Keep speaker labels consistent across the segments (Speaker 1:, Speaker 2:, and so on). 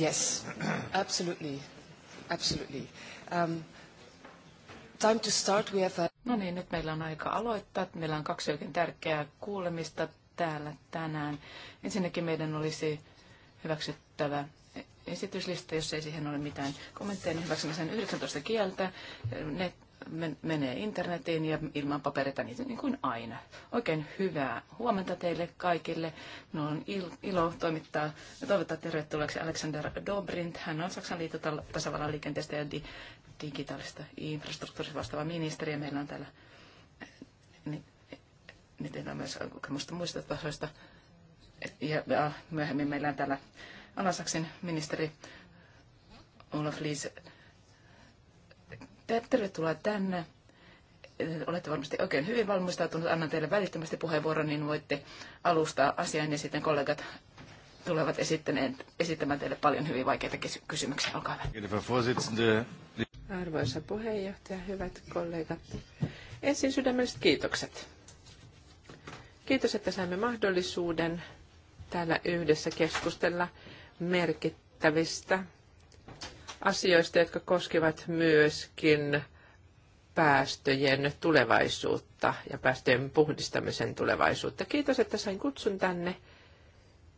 Speaker 1: Yes, absolutely. Absolutely. Um,
Speaker 2: time to start. We have a... No niin, nyt meillä on aika aloittaa. Meillä on kaksi oikein tärkeää kuulemista täällä tänään. Ensinnäkin meidän olisi hyväksyttävä esityslista, jos ei siihen ole mitään kommentteja, niin hyväksymme sen 19 kieltä. Net, menee internetiin ja ilman paperita niin, niin kuin aina. Oikein hyvää huomenta teille kaikille. Minulla on ilo toimittaa ja toivottaa tervetulleeksi Alexander Dobrint. Hän on Saksan tasavallan liikenteestä ja di- digitaalista infrastruktuurista vastaava ministeri. Ja meillä on täällä eh, niin, niin teillä on myös kokemusta muista tasoista. Ja, ja myöhemmin meillä on täällä Alasaksin ministeri Olaf Lies Tervetuloa tänne. Eh, olette varmasti oikein hyvin valmistautunut. Annan teille välittömästi puheenvuoron, niin voitte alustaa asian ja sitten kollegat tulevat esittämään
Speaker 1: teille paljon hyvin vaikeita kysymyksiä. Olkaa
Speaker 3: hyvä.
Speaker 1: Arvoisa puheenjohtaja, hyvät kollegat. Ensin sydämelliset kiitokset. Kiitos, että saimme mahdollisuuden täällä yhdessä keskustella merkittävistä asioista, jotka koskevat myöskin päästöjen tulevaisuutta ja päästöjen puhdistamisen tulevaisuutta. Kiitos, että sain kutsun tänne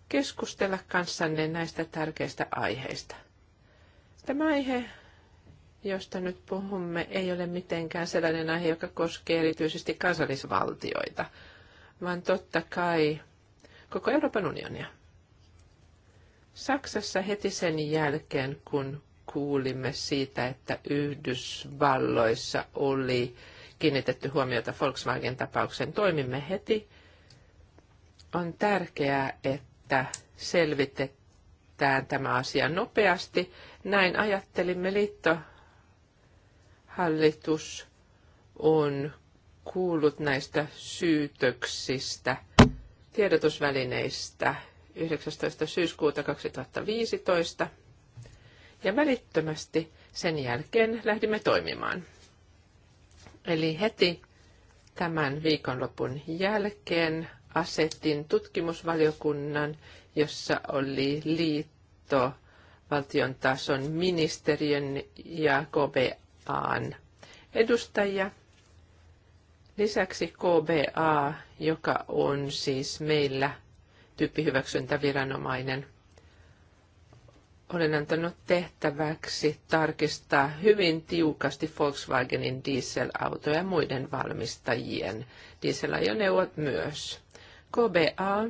Speaker 1: keskustella kanssanne näistä tärkeistä aiheista. Tämä aihe, josta nyt puhumme, ei ole mitenkään sellainen aihe, joka koskee erityisesti kansallisvaltioita, vaan totta kai koko Euroopan unionia. Saksassa heti sen jälkeen, kun kuulimme siitä, että Yhdysvalloissa oli kiinnitetty huomiota Volkswagen-tapauksen. Toimimme heti. On tärkeää, että selvitetään tämä asia nopeasti. Näin ajattelimme liittohallitus on kuullut näistä syytöksistä tiedotusvälineistä 19. syyskuuta 2015 ja välittömästi sen jälkeen lähdimme toimimaan. Eli heti tämän viikonlopun jälkeen asetin tutkimusvaliokunnan, jossa oli liitto valtion tason ministeriön ja KBAn edustajia. Lisäksi KBA, joka on siis meillä tyyppihyväksyntäviranomainen, olen antanut tehtäväksi tarkistaa hyvin tiukasti Volkswagenin dieselautoja ja muiden valmistajien dieselajoneuvot myös. KBA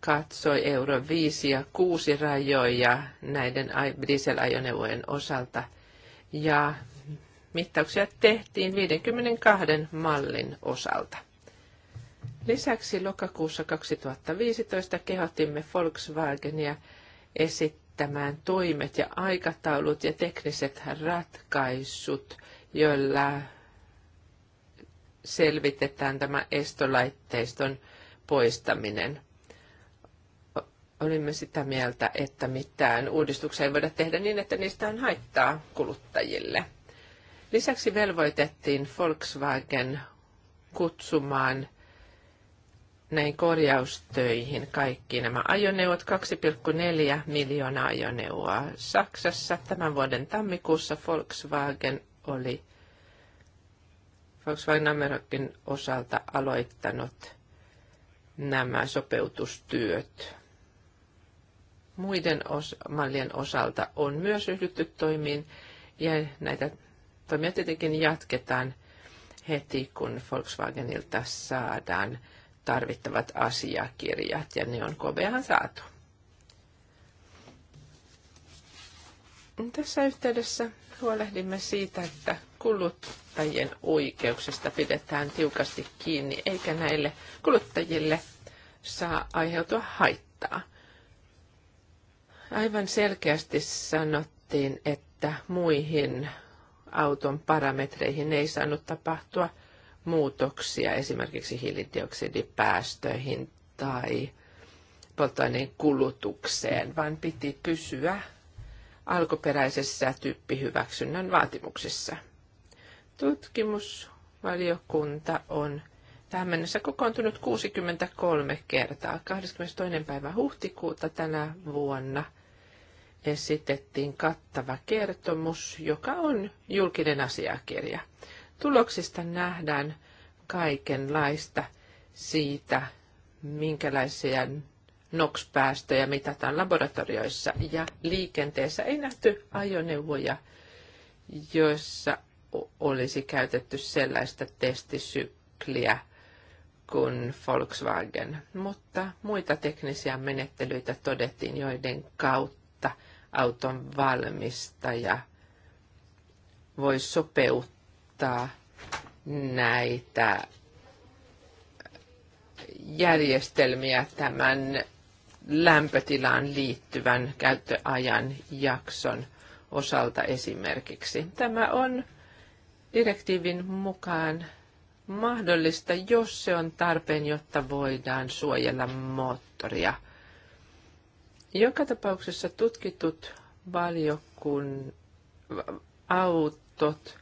Speaker 1: katsoi euro 5 ja 6 rajoja näiden dieselajoneuvojen osalta ja mittauksia tehtiin 52 mallin osalta. Lisäksi lokakuussa 2015 kehotimme Volkswagenia esittämään toimet ja aikataulut ja tekniset ratkaisut, joilla selvitetään tämä estolaitteiston poistaminen. Olimme sitä mieltä, että mitään uudistuksia ei voida tehdä niin, että niistä on haittaa kuluttajille. Lisäksi velvoitettiin Volkswagen kutsumaan näihin korjaustöihin kaikki nämä ajoneuvot, 2,4 miljoonaa ajoneuvoa Saksassa. Tämän vuoden tammikuussa Volkswagen oli Volkswagen Amerokin osalta aloittanut nämä sopeutustyöt. Muiden os- mallien osalta on myös yhdytty toimiin ja näitä toimia tietenkin jatketaan heti, kun Volkswagenilta saadaan tarvittavat asiakirjat, ja ne on kovehan saatu. Tässä yhteydessä huolehdimme siitä, että kuluttajien oikeuksista pidetään tiukasti kiinni, eikä näille kuluttajille saa aiheutua haittaa. Aivan selkeästi sanottiin, että muihin auton parametreihin ei saanut tapahtua – muutoksia esimerkiksi hiilidioksidipäästöihin tai polttoaineen kulutukseen, vaan piti pysyä alkuperäisessä tyyppihyväksynnän vaatimuksissa. Tutkimusvaliokunta on tähän mennessä kokoontunut 63 kertaa. 22. päivä huhtikuuta tänä vuonna esitettiin kattava kertomus, joka on julkinen asiakirja. Tuloksista nähdään kaikenlaista siitä, minkälaisia NOx-päästöjä mitataan laboratorioissa ja liikenteessä. Ei nähty ajoneuvoja, joissa olisi käytetty sellaista testisykliä kuin Volkswagen, mutta muita teknisiä menettelyitä todettiin, joiden kautta auton valmistaja voi sopeuttaa auttaa näitä järjestelmiä tämän lämpötilaan liittyvän käyttöajan jakson osalta esimerkiksi. Tämä on direktiivin mukaan mahdollista, jos se on tarpeen, jotta voidaan suojella moottoria. Joka tapauksessa tutkitut valiokun autot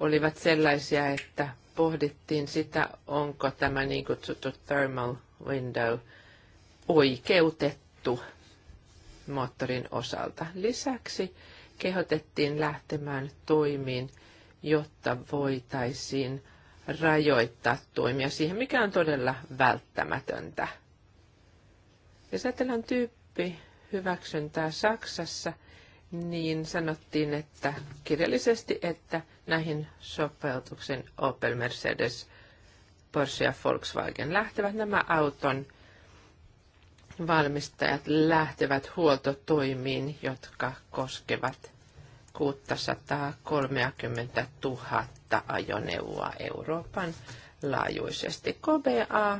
Speaker 1: olivat sellaisia, että pohdittiin sitä, onko tämä niin kutsuttu thermal window oikeutettu moottorin osalta. Lisäksi kehotettiin lähtemään toimiin, jotta voitaisiin rajoittaa toimia siihen, mikä on todella välttämätöntä. Ja tyyppi hyväksyntää Saksassa – niin sanottiin, että kirjallisesti, että näihin sopeutuksen Opel, Mercedes, Porsche ja Volkswagen lähtevät nämä auton valmistajat lähtevät huoltotoimiin, jotka koskevat 630 000 ajoneuvoa Euroopan laajuisesti. KBA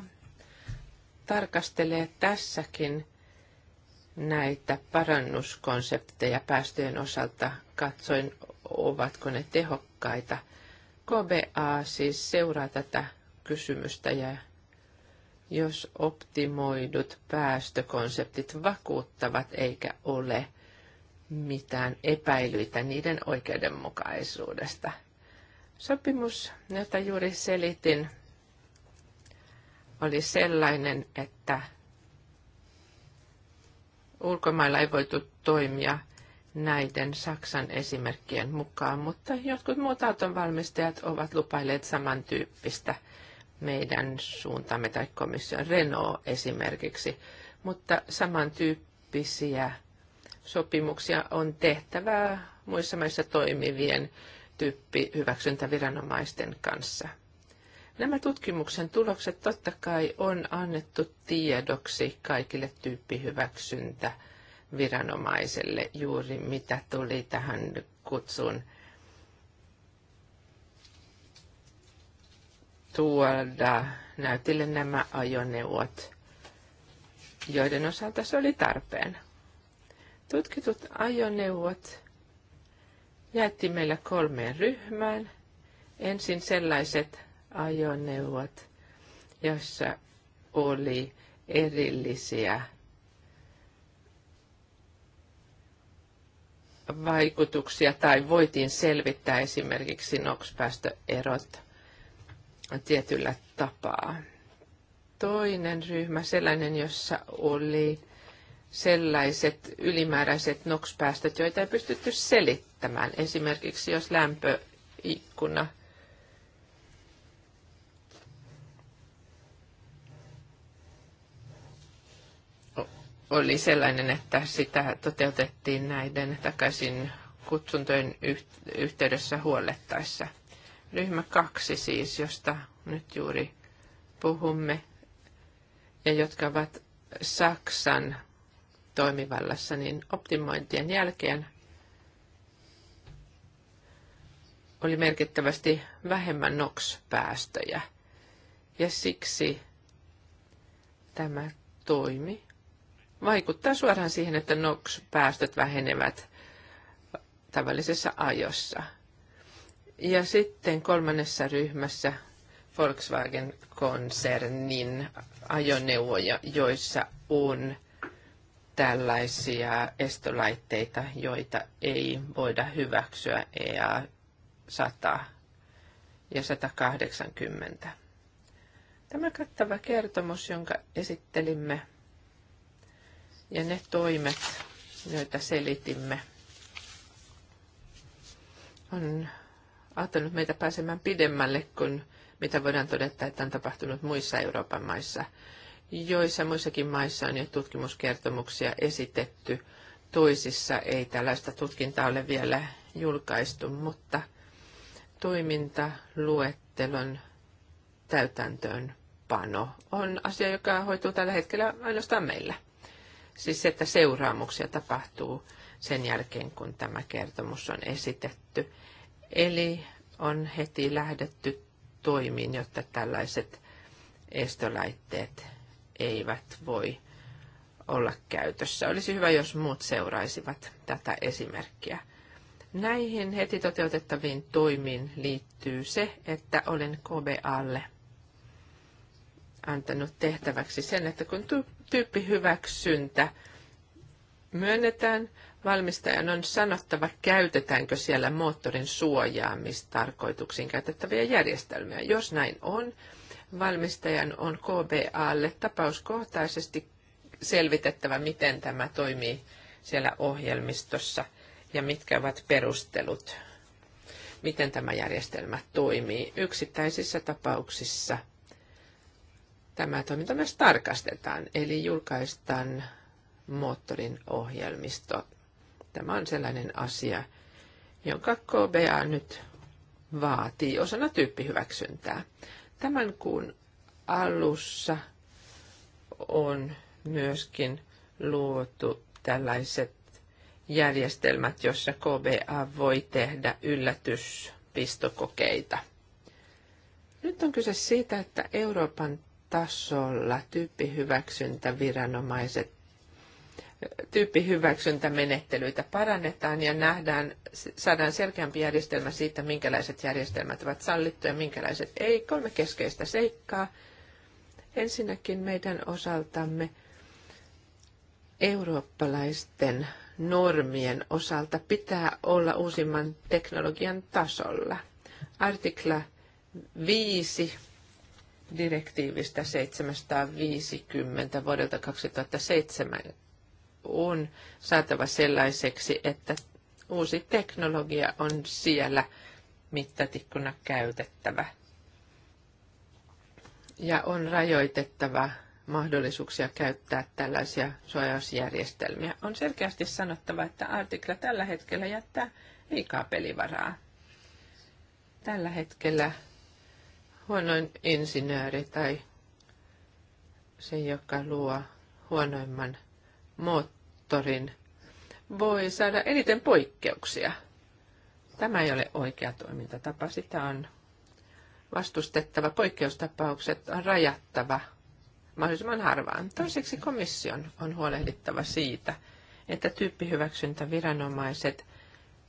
Speaker 1: tarkastelee tässäkin näitä parannuskonsepteja päästöjen osalta katsoin, ovatko ne tehokkaita. KBA siis seuraa tätä kysymystä ja jos optimoidut päästökonseptit vakuuttavat eikä ole mitään epäilyitä niiden oikeudenmukaisuudesta. Sopimus, jota juuri selitin, oli sellainen, että ulkomailla ei voitu toimia näiden Saksan esimerkkien mukaan, mutta jotkut muut autonvalmistajat ovat lupailleet samantyyppistä meidän suuntamme tai komission Renault esimerkiksi, mutta samantyyppisiä sopimuksia on tehtävää muissa maissa toimivien hyväksyntäviranomaisten kanssa. Nämä tutkimuksen tulokset totta kai on annettu tiedoksi kaikille tyyppihyväksyntä viranomaiselle juuri mitä tuli tähän kutsun tuoda näytille nämä ajoneuvot, joiden osalta se oli tarpeen. Tutkitut ajoneuvot jäätti meillä kolmeen ryhmään. Ensin sellaiset ajoneuvot, jossa oli erillisiä vaikutuksia tai voitiin selvittää esimerkiksi NOx-päästöerot tietyllä tapaa. Toinen ryhmä, sellainen, jossa oli sellaiset ylimääräiset NOx-päästöt, joita ei pystytty selittämään. Esimerkiksi jos lämpöikkuna oli sellainen, että sitä toteutettiin näiden takaisin kutsuntojen yhteydessä huolettaessa. Ryhmä kaksi siis, josta nyt juuri puhumme, ja jotka ovat Saksan toimivallassa, niin optimointien jälkeen oli merkittävästi vähemmän NOx-päästöjä. Ja siksi tämä toimi vaikuttaa suoraan siihen, että NOx-päästöt vähenevät tavallisessa ajossa. Ja sitten kolmannessa ryhmässä Volkswagen-konsernin ajoneuvoja, joissa on tällaisia estolaitteita, joita ei voida hyväksyä EA 100 ja 180. Tämä kattava kertomus, jonka esittelimme ja ne toimet, joita selitimme, on auttanut meitä pääsemään pidemmälle kuin mitä voidaan todeta, että on tapahtunut muissa Euroopan maissa. Joissa muissakin maissa on jo tutkimuskertomuksia esitetty, toisissa ei tällaista tutkintaa ole vielä julkaistu, mutta toimintaluettelon täytäntöönpano on asia, joka hoituu tällä hetkellä ainoastaan meillä. Siis että seuraamuksia tapahtuu sen jälkeen, kun tämä kertomus on esitetty. Eli on heti lähdetty toimiin, jotta tällaiset estolaitteet eivät voi olla käytössä. Olisi hyvä, jos muut seuraisivat tätä esimerkkiä. Näihin heti toteutettaviin toimiin liittyy se, että olen KBAlle antanut tehtäväksi sen, että kun tyyppihyväksyntä myönnetään, valmistajan on sanottava, käytetäänkö siellä moottorin suojaamistarkoituksiin käytettäviä järjestelmiä. Jos näin on, valmistajan on KBAlle tapauskohtaisesti selvitettävä, miten tämä toimii siellä ohjelmistossa ja mitkä ovat perustelut, miten tämä järjestelmä toimii. Yksittäisissä tapauksissa – tämä toiminta myös tarkastetaan, eli julkaistaan moottorin ohjelmisto. Tämä on sellainen asia, jonka KBA nyt vaatii osana tyyppihyväksyntää. Tämän kuun alussa on myöskin luotu tällaiset järjestelmät, jossa KBA voi tehdä yllätyspistokokeita. Nyt on kyse siitä, että Euroopan tasolla tyyppihyväksyntäviranomaiset tyyppihyväksyntämenettelyitä parannetaan ja nähdään, saadaan selkeämpi järjestelmä siitä, minkälaiset järjestelmät ovat sallittuja, minkälaiset ei. Kolme keskeistä seikkaa. Ensinnäkin meidän osaltamme eurooppalaisten normien osalta pitää olla uusimman teknologian tasolla. Artikla 5 direktiivistä 750 vuodelta 2007 on saatava sellaiseksi, että uusi teknologia on siellä mittatikkuna käytettävä. Ja on rajoitettava mahdollisuuksia käyttää tällaisia suojausjärjestelmiä. On selkeästi sanottava, että artikla tällä hetkellä jättää liikaa pelivaraa. Tällä hetkellä huonoin insinööri tai se, joka luo huonoimman moottorin, voi saada eniten poikkeuksia. Tämä ei ole oikea toimintatapa. Sitä on vastustettava. Poikkeustapaukset on rajattava mahdollisimman harvaan. Toiseksi komission on huolehdittava siitä, että tyyppihyväksyntäviranomaiset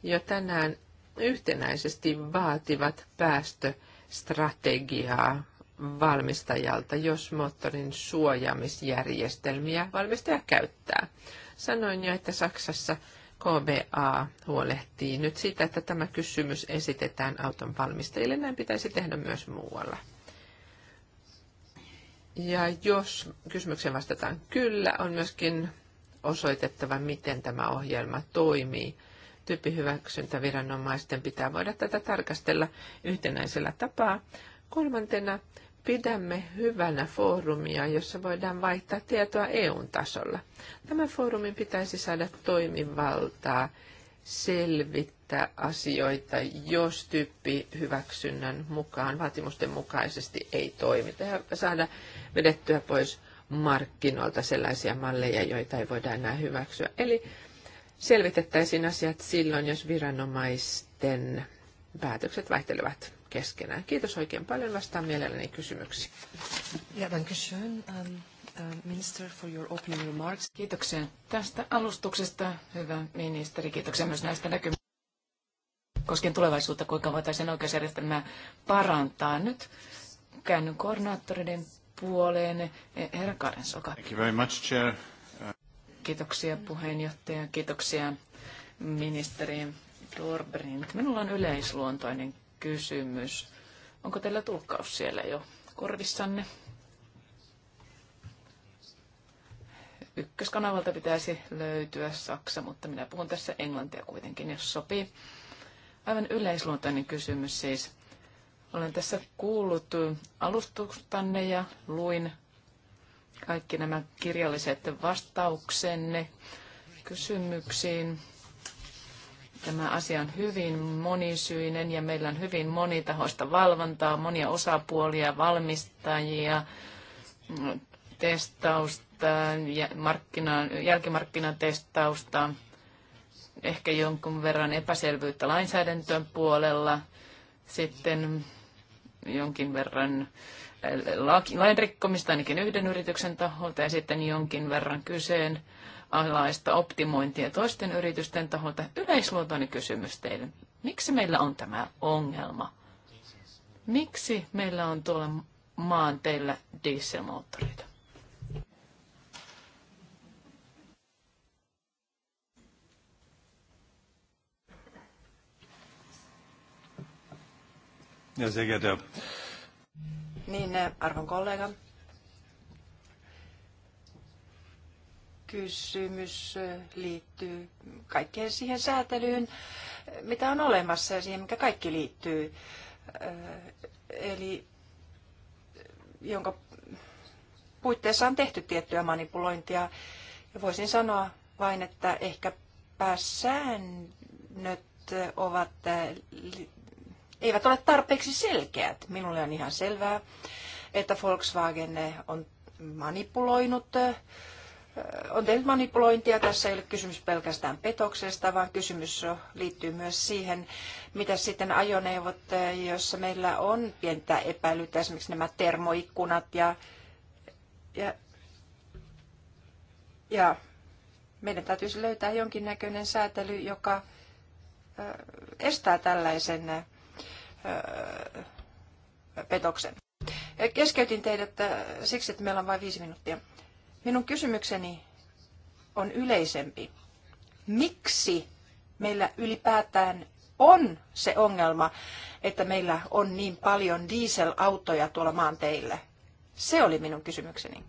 Speaker 1: jo tänään yhtenäisesti vaativat päästö- strategiaa valmistajalta, jos moottorin suojaamisjärjestelmiä valmistaja käyttää. Sanoin jo, että Saksassa KBA huolehtii nyt siitä, että tämä kysymys esitetään auton valmistajille. Näin pitäisi tehdä myös muualla. Ja jos kysymykseen vastataan kyllä, on myöskin osoitettava, miten tämä ohjelma toimii Tyyppihyväksyntäviranomaisten pitää voida tätä tarkastella yhtenäisellä tapaa. Kolmantena pidämme hyvänä foorumia, jossa voidaan vaihtaa tietoa eu tasolla. Tämä foorumin pitäisi saada toimivaltaa selvittää asioita, jos tyyppi hyväksynnän mukaan, vaatimusten mukaisesti ei toimita ja saada vedettyä pois markkinoilta sellaisia malleja, joita ei voida enää hyväksyä. Eli selvitettäisiin asiat silloin, jos viranomaisten päätökset vaihtelevat keskenään. Kiitos oikein paljon. Vastaan mielelläni kysymyksiin. Ja, danke schön.
Speaker 2: Um, minister, for your opening remarks. Kiitoksia tästä alustuksesta, hyvä ministeri. Kiitoksia myös näistä näkymistä koskien tulevaisuutta, kuinka voitaisiin oikeusjärjestelmää parantaa. Nyt käännyn koordinaattoreiden puoleen. Herra Karens, olkaa. Thank you
Speaker 1: very much, Chair.
Speaker 2: Kiitoksia puheenjohtaja, kiitoksia ministeri Dorbrink. Minulla on yleisluontoinen kysymys. Onko teillä tulkkaus siellä jo korvissanne? Ykköskanavalta pitäisi löytyä Saksa, mutta minä puhun tässä englantia kuitenkin, jos sopii. Aivan yleisluontoinen kysymys siis. Olen tässä kuullut alustustanne ja luin kaikki nämä kirjalliset vastauksenne kysymyksiin. Tämä asia on hyvin monisyinen ja meillä on hyvin monitahoista valvontaa, monia osapuolia, valmistajia, testausta, markkina, jälkimarkkinatestausta, ehkä jonkun verran epäselvyyttä lainsäädäntön puolella, sitten jonkin verran lain rikkomista ainakin yhden yrityksen taholta ja sitten jonkin verran kyseen alaista optimointia toisten yritysten taholta. Yleisluontoinen kysymys teille. Miksi meillä on tämä ongelma? Miksi meillä on tuolla teillä dieselmoottoreita?
Speaker 3: Ja sehr geehrter
Speaker 4: niin, eh, arvon kollega. Kysymys eh, liittyy kaikkeen siihen säätelyyn, eh, mitä on olemassa ja siihen, mikä kaikki liittyy. Eli jonka puitteissa on tehty tiettyä manipulointia. Ja voisin sanoa vain, että ehkä pääsäännöt ovat eivät ole tarpeeksi selkeät. Minulle on ihan selvää, että Volkswagen on manipuloinut, on tehnyt manipulointia. Tässä ei ole kysymys pelkästään petoksesta, vaan kysymys liittyy myös siihen, mitä sitten ajoneuvot, joissa meillä on pientä epäilytä, esimerkiksi nämä termoikkunat ja, ja, ja meidän täytyisi löytää jonkinnäköinen säätely, joka estää tällaisen petoksen. Keskeytin teidät siksi, että meillä on vain viisi minuuttia. Minun kysymykseni on yleisempi. Miksi meillä ylipäätään on se ongelma, että meillä on niin paljon dieselautoja tuolla maanteillä? Se oli minun kysymykseni.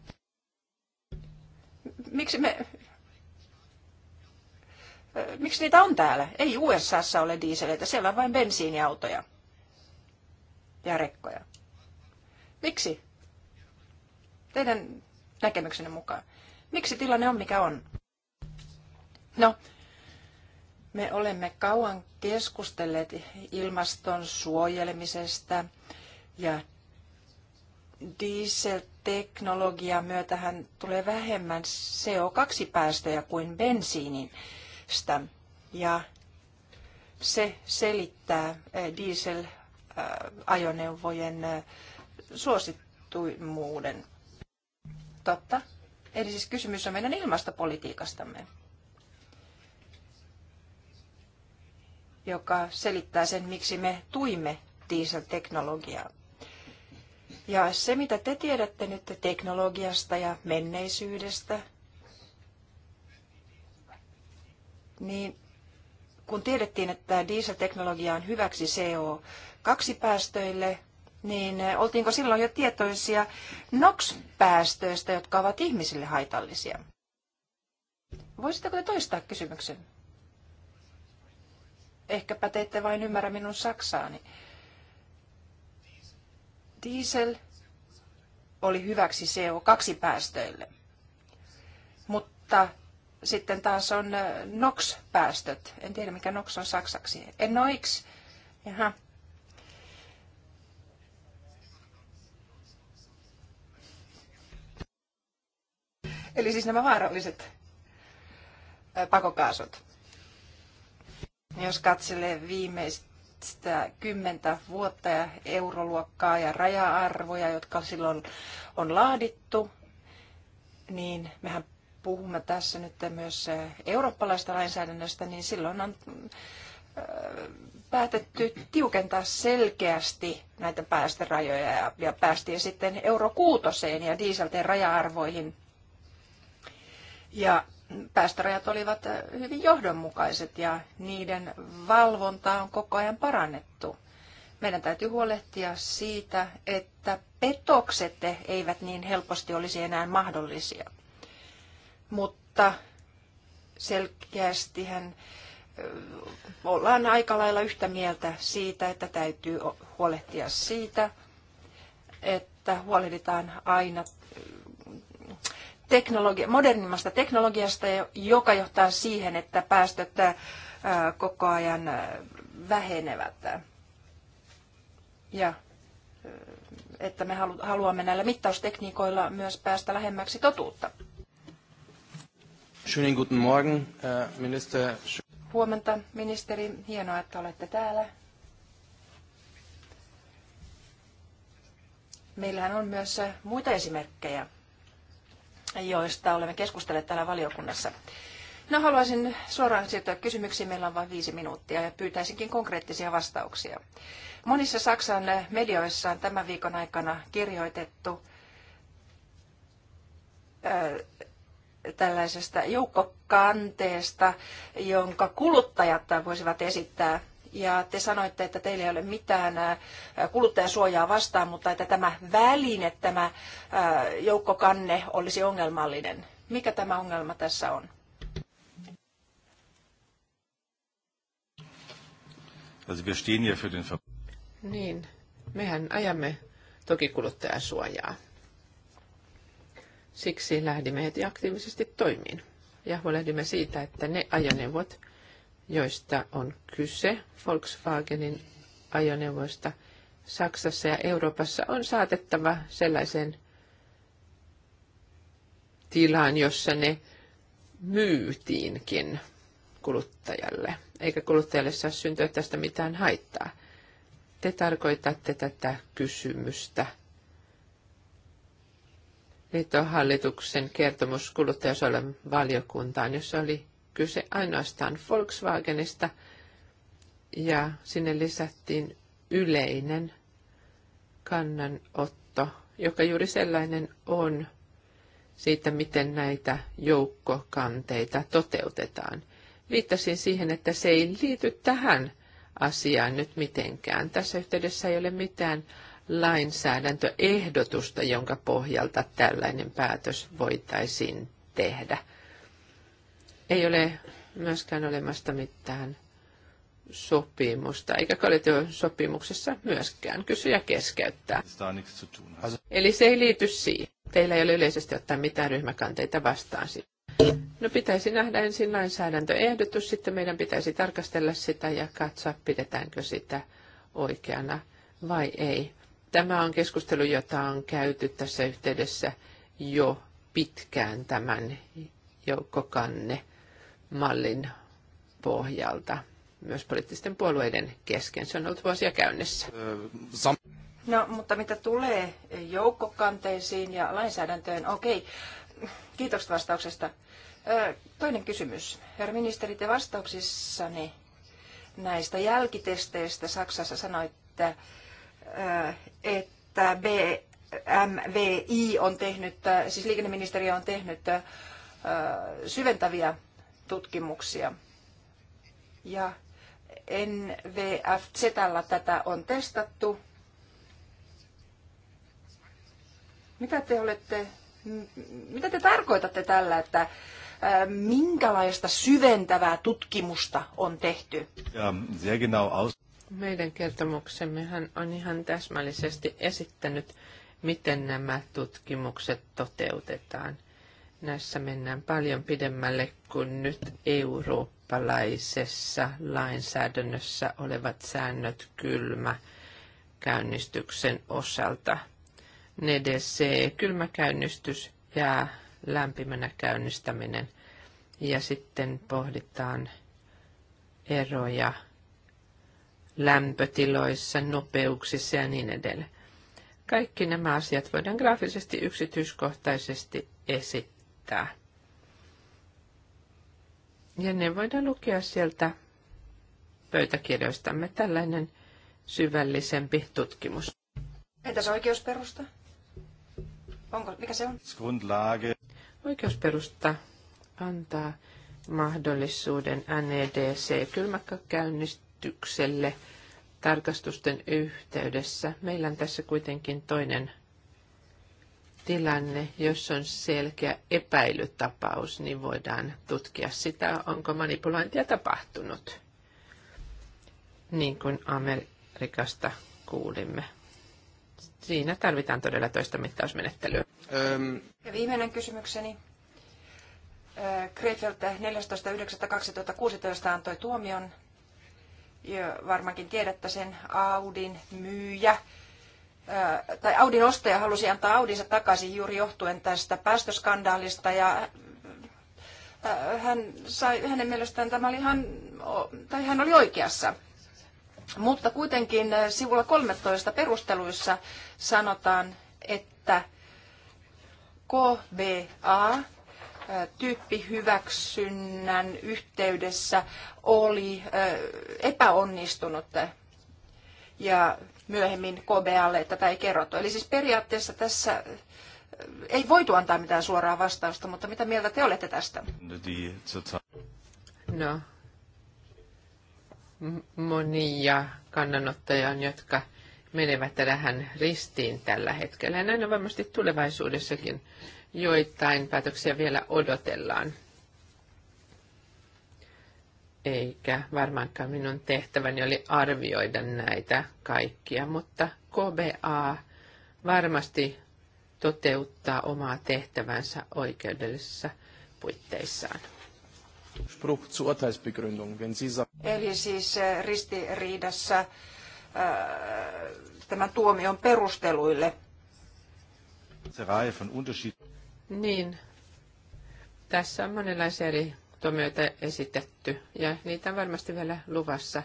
Speaker 4: Miksi me... Miksi niitä on täällä? Ei USAssa ole dieseleitä, siellä on vain bensiiniautoja ja rekkoja. Miksi? Teidän näkemyksenne mukaan. Miksi tilanne on mikä on? No, me olemme kauan keskustelleet ilmaston suojelemisesta ja dieselteknologia myötähän tulee vähemmän CO2-päästöjä kuin bensiinistä. Ja se selittää eh, diesel Äh, ajoneuvojen äh, suosittuimuuden. Totta. Eli siis kysymys on meidän ilmastopolitiikastamme, joka selittää sen, miksi me tuimme dieselteknologiaa. Ja se, mitä te tiedätte nyt teknologiasta ja menneisyydestä, niin kun tiedettiin, että dieselteknologia on hyväksi CO2-päästöille, niin oltiinko silloin jo tietoisia NOx-päästöistä, jotka ovat ihmisille haitallisia? Voisitteko te toistaa kysymyksen? Ehkäpä te ette vain ymmärrä minun saksaani. Diesel oli hyväksi CO2-päästöille, mutta sitten taas on äh, NOx-päästöt. En tiedä, mikä NOx on saksaksi. NOx. Jaha. Eli siis nämä vaaralliset äh, pakokaasut. Jos katselee viimeistä kymmentä vuotta ja euroluokkaa ja raja-arvoja, jotka silloin on laadittu, niin mehän puhumme tässä nyt myös eurooppalaista lainsäädännöstä, niin silloin on päätetty tiukentaa selkeästi näitä päästörajoja ja, ja päästiin sitten euro kuutoseen ja dieselten raja-arvoihin. Ja päästörajat olivat hyvin johdonmukaiset ja niiden valvontaa on koko ajan parannettu. Meidän täytyy huolehtia siitä, että petokset eivät niin helposti olisi enää mahdollisia mutta selkeästi hän ollaan aika lailla yhtä mieltä siitä, että täytyy huolehtia siitä, että huolehditaan aina teknologi- modernimmasta teknologiasta, joka johtaa siihen, että päästöt koko ajan vähenevät. Ja että me haluamme näillä mittaustekniikoilla myös päästä lähemmäksi totuutta.
Speaker 3: Schönen guten Morgen, äh, minister.
Speaker 4: Huomenta, ministeri. Hienoa, että olette täällä. Meillähän on myös äh, muita esimerkkejä, joista olemme keskustelleet täällä valiokunnassa. No haluaisin suoraan siirtyä kysymyksiin. Meillä on vain viisi minuuttia ja pyytäisinkin konkreettisia vastauksia. Monissa Saksan äh, medioissa on tämän viikon aikana kirjoitettu tällaisesta joukkokanteesta, jonka kuluttajat voisivat esittää. Ja te sanoitte, että teillä ei ole mitään kuluttajasuojaa vastaan, mutta että tämä väline, tämä joukkokanne olisi ongelmallinen. Mikä tämä ongelma tässä on?
Speaker 3: Also wir stehen ja für den
Speaker 4: niin,
Speaker 1: mehän ajamme toki kuluttajasuojaa. Siksi lähdimme heti aktiivisesti toimiin ja huolehdimme siitä, että ne ajoneuvot, joista on kyse Volkswagenin ajoneuvoista Saksassa ja Euroopassa, on saatettava sellaiseen tilaan, jossa ne myytiinkin kuluttajalle, eikä kuluttajalle saa syntyä tästä mitään haittaa. Te tarkoitatte tätä kysymystä – liiton hallituksen kertomus kuluttajasuojelun valiokuntaan, jossa oli kyse ainoastaan Volkswagenista ja sinne lisättiin yleinen kannanotto, joka juuri sellainen on siitä, miten näitä joukkokanteita toteutetaan. Viittasin siihen, että se ei liity tähän asiaan nyt mitenkään. Tässä yhteydessä ei ole mitään lainsäädäntöehdotusta, jonka pohjalta tällainen päätös voitaisiin tehdä. Ei ole myöskään olemasta mitään sopimusta, eikä sopimuksessa myöskään kysyjä keskeyttää. Eli se ei liity siihen. Teillä ei ole yleisesti ottaa mitään ryhmäkanteita vastaan No pitäisi nähdä ensin lainsäädäntöehdotus, sitten meidän pitäisi tarkastella sitä ja katsoa, pidetäänkö sitä oikeana vai ei. Tämä on keskustelu, jota on käyty tässä yhteydessä jo pitkään tämän joukkokanne mallin pohjalta myös poliittisten puolueiden kesken. Se on ollut vuosia käynnissä.
Speaker 4: No, mutta mitä tulee joukkokanteisiin ja lainsäädäntöön, okei, kiitos vastauksesta. Toinen kysymys. Herra ministeri, te vastauksissani näistä jälkitesteistä Saksassa sanoitte, että että BMWI on tehnyt, siis liikenneministeriö on tehnyt syventäviä tutkimuksia. Ja NVFZ tätä on testattu. Mitä te olette, mitä te tarkoitatte tällä, että minkälaista syventävää tutkimusta on tehty?
Speaker 3: Ja, sehr genau aus.
Speaker 4: Meidän kertomuksemmehan on
Speaker 1: ihan täsmällisesti esittänyt, miten nämä tutkimukset toteutetaan. Näissä mennään paljon pidemmälle kuin nyt eurooppalaisessa lainsäädännössä olevat säännöt kylmä käynnistyksen osalta. NDC, e kylmä käynnistys ja lämpimänä käynnistäminen. Ja sitten pohditaan eroja lämpötiloissa, nopeuksissa ja niin edelleen. Kaikki nämä asiat voidaan graafisesti yksityiskohtaisesti esittää. Ja ne voidaan lukea sieltä pöytäkirjoistamme tällainen syvällisempi tutkimus.
Speaker 4: Entäs oikeusperusta? Onko, mikä se on?
Speaker 1: Oikeusperusta antaa mahdollisuuden NEDC kylmäkäynnistä esitykselle tarkastusten yhteydessä. Meillä on tässä kuitenkin toinen tilanne, jos on selkeä epäilytapaus, niin voidaan tutkia sitä, onko manipulointia tapahtunut, niin kuin Amerikasta kuulimme. Siinä tarvitaan todella toista mittausmenettelyä.
Speaker 4: Öm. Ja viimeinen kysymykseni. Krefeltä 14.9.2016 antoi tuomion ja varmaankin tiedätte sen Audin myyjä, tai Audin ostaja halusi antaa Audinsa takaisin juuri johtuen tästä päästöskandaalista ja hän sai, hänen mielestään tämä oli ihan, tai hän oli oikeassa. Mutta kuitenkin sivulla 13 perusteluissa sanotaan, että KBA tyyppihyväksynnän yhteydessä oli epäonnistunut ja myöhemmin KBAlle tätä ei kerrottu. Eli siis periaatteessa tässä ei voitu antaa mitään suoraa vastausta, mutta mitä mieltä te olette tästä?
Speaker 1: No, monia kannanottoja on, jotka menevät tähän ristiin tällä hetkellä. Ja näin on varmasti tulevaisuudessakin joitain päätöksiä vielä odotellaan. Eikä varmaankaan minun tehtäväni oli arvioida näitä kaikkia, mutta KBA varmasti toteuttaa omaa tehtävänsä oikeudellisessa puitteissaan. Spruch zur Urteilsbegründung,
Speaker 3: wenn Sie sagen...
Speaker 4: Eli siis äh, ristiriidassa äh, tämän tuomion perusteluille.
Speaker 1: Niin, tässä on monenlaisia eri tuomioita esitetty ja niitä on varmasti vielä luvassa.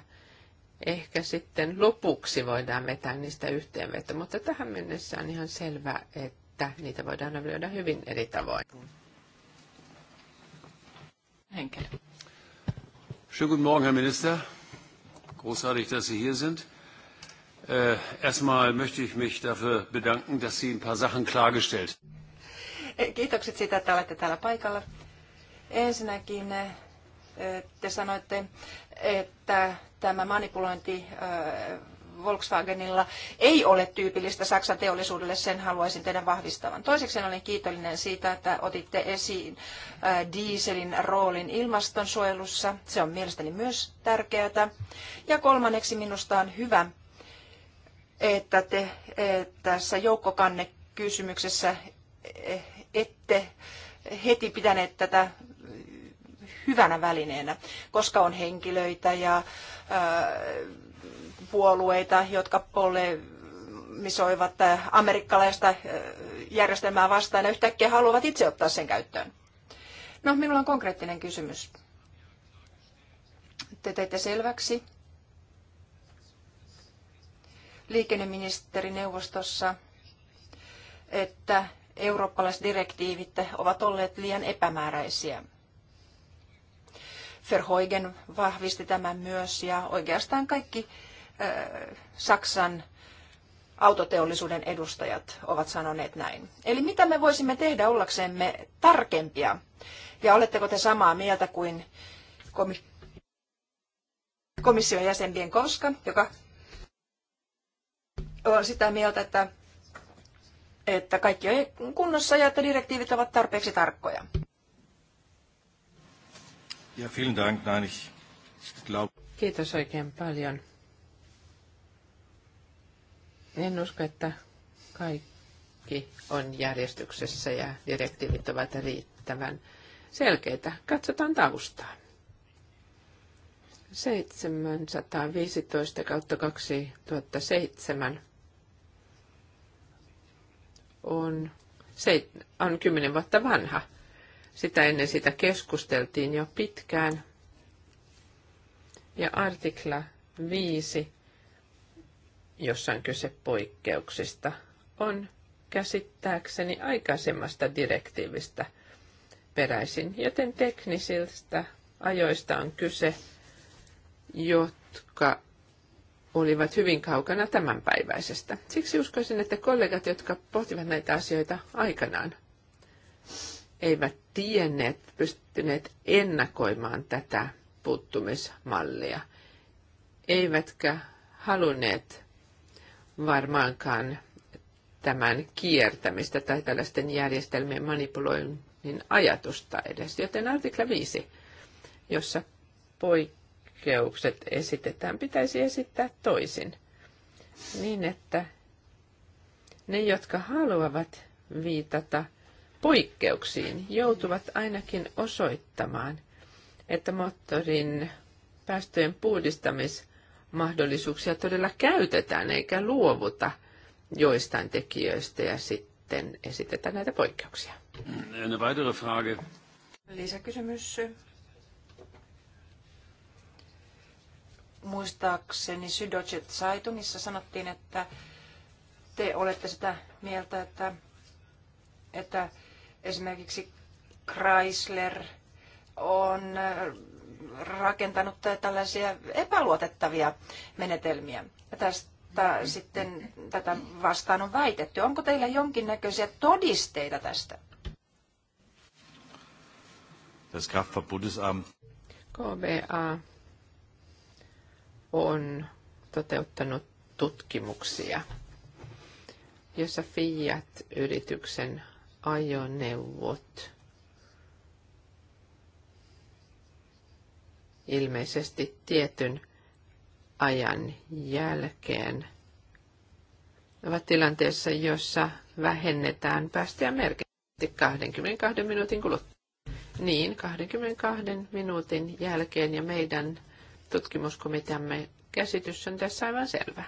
Speaker 1: Ehkä sitten lopuksi voidaan vetää niistä yhteenveto, mutta tähän mennessä on ihan selvää, että niitä voidaan arvioida hyvin eri tavoin.
Speaker 2: Henkel.
Speaker 3: Schönen guten Morgen, Herr Minister. Großartig, dass Sie hier sind. Äh, erstmal möchte ich mich dafür bedanken, dass Sie ein paar Sachen klargestellt haben.
Speaker 4: Kiitokset siitä, että olette täällä paikalla. Ensinnäkin eh, te sanoitte, että tämä manipulointi eh, Volkswagenilla ei ole tyypillistä Saksan teollisuudelle, sen haluaisin teidän vahvistavan. Toiseksi olen kiitollinen siitä, että otitte esiin eh, dieselin roolin ilmastonsuojelussa. Se on mielestäni myös tärkeää. Ja kolmanneksi minusta on hyvä, että te tässä joukkokannekysymyksessä ette heti pitäneet tätä hyvänä välineenä, koska on henkilöitä ja puolueita, jotka polemisoivat amerikkalaista järjestelmää vastaan ja yhtäkkiä haluavat itse ottaa sen käyttöön. No, minulla on konkreettinen kysymys. Te teitte selväksi liikenneministerineuvostossa, että eurooppalaisdirektiivit ovat olleet liian epämääräisiä. Verhoigen vahvisti tämän myös ja oikeastaan kaikki Saksan autoteollisuuden edustajat ovat sanoneet näin. Eli mitä me voisimme tehdä ollaksemme tarkempia? Ja oletteko te samaa mieltä kuin komission jäsen Bienkowska, joka on sitä mieltä, että että kaikki on kunnossa ja että direktiivit ovat tarpeeksi tarkkoja.
Speaker 3: Ja vielen Dank. Nein, ich
Speaker 1: glaub... Kiitos oikein paljon. En usko, että kaikki on järjestyksessä ja direktiivit ovat riittävän selkeitä. Katsotaan taustaa. 715 kautta 2007 on, se on kymmenen vuotta vanha. Sitä ennen sitä keskusteltiin jo pitkään. Ja artikla 5, jossa on kyse poikkeuksista, on käsittääkseni aikaisemmasta direktiivistä peräisin, joten teknisistä ajoista on kyse, jotka olivat hyvin kaukana tämänpäiväisestä. Siksi uskoisin, että kollegat, jotka pohtivat näitä asioita aikanaan, eivät tienneet, pystyneet ennakoimaan tätä puuttumismallia, eivätkä halunneet varmaankaan tämän kiertämistä tai tällaisten järjestelmien manipuloinnin ajatusta edes. Joten artikla 5, jossa poikkeaa poikkeukset esitetään, pitäisi esittää toisin. Niin, että ne, jotka haluavat viitata poikkeuksiin, joutuvat ainakin osoittamaan, että moottorin päästöjen puhdistamismahdollisuuksia todella käytetään eikä luovuta joistain tekijöistä ja sitten esitetään näitä poikkeuksia.
Speaker 4: Lisäkysymys muistaakseni Sydoche saitunissa sanottiin, että te olette sitä mieltä, että, että esimerkiksi Chrysler on äh, rakentanut tällaisia epäluotettavia menetelmiä. Ja tästä mm-hmm. sitten tätä vastaan on väitetty. Onko teillä jonkinnäköisiä todisteita tästä?
Speaker 3: Das Kraftfahrtbundesamt.
Speaker 4: KBA
Speaker 1: on toteuttanut tutkimuksia, jossa Fiat-yrityksen ajoneuvot ilmeisesti tietyn ajan jälkeen ovat tilanteessa, jossa vähennetään päästöjä merkittävästi 22 minuutin kuluttua. Niin, 22 minuutin jälkeen ja meidän tutkimuskomiteamme käsitys on tässä aivan selvä.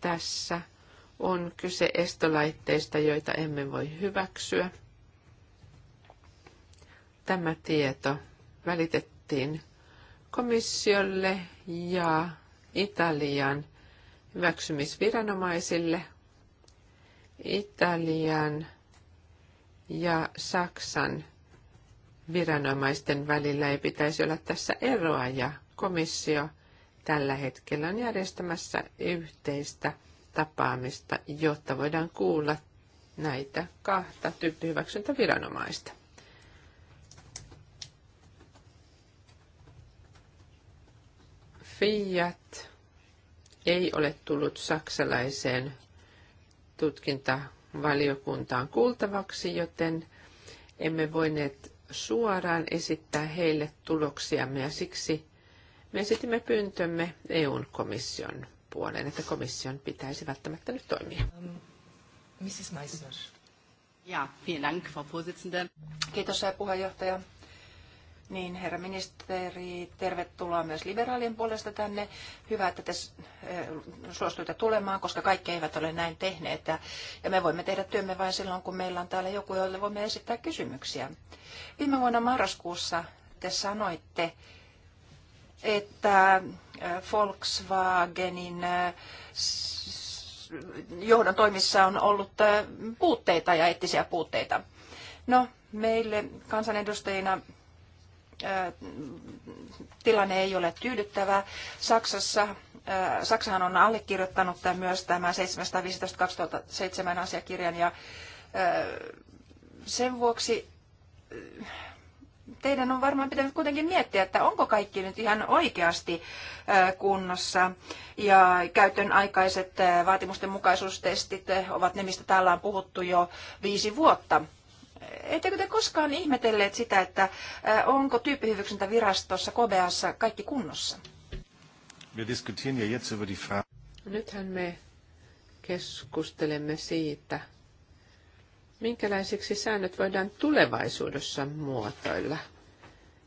Speaker 1: Tässä on kyse estolaitteista, joita emme voi hyväksyä. Tämä tieto välitettiin komissiolle ja Italian hyväksymisviranomaisille. Italian ja Saksan viranomaisten välillä ei pitäisi olla tässä eroa ja komissio tällä hetkellä on järjestämässä yhteistä tapaamista, jotta voidaan kuulla näitä kahta tyyppihyväksyntäviranomaista. Fiat ei ole tullut saksalaiseen tutkintavaliokuntaan kuultavaksi, joten emme voineet suoraan esittää heille tuloksiamme ja siksi me esitimme pyyntömme EUn komission puoleen, että komission pitäisi välttämättä nyt toimia.
Speaker 4: Mrs. Ähm, Meissner. Ja, vielen Dank, Frau Vorsitzende. Kiitos, puheenjohtaja. Niin, herra ministeri, tervetuloa myös liberaalien puolesta tänne. Hyvä, että te suostuitte tulemaan, koska kaikki eivät ole näin tehneet. Ja me voimme tehdä työmme vain silloin, kun meillä on täällä joku, jolle voimme esittää kysymyksiä. Viime vuonna marraskuussa te sanoitte, että Volkswagenin johdon toimissa on ollut puutteita ja eettisiä puutteita. No, meille kansanedustajina tilanne ei ole tyydyttävä. Saksassa, Saksahan on allekirjoittanut myös tämän 715-2007 asiakirjan ja sen vuoksi teidän on varmaan pitänyt kuitenkin miettiä, että onko kaikki nyt ihan oikeasti kunnossa. Ja käytön aikaiset vaatimusten mukaisuustestit ovat ne, mistä täällä on puhuttu jo viisi vuotta. Ettekö te koskaan ihmetelleet sitä, että onko tyyppihyväksyntävirastossa Kobeassa kaikki kunnossa? Nythän me
Speaker 1: keskustelemme siitä, minkälaisiksi säännöt voidaan tulevaisuudessa muotoilla,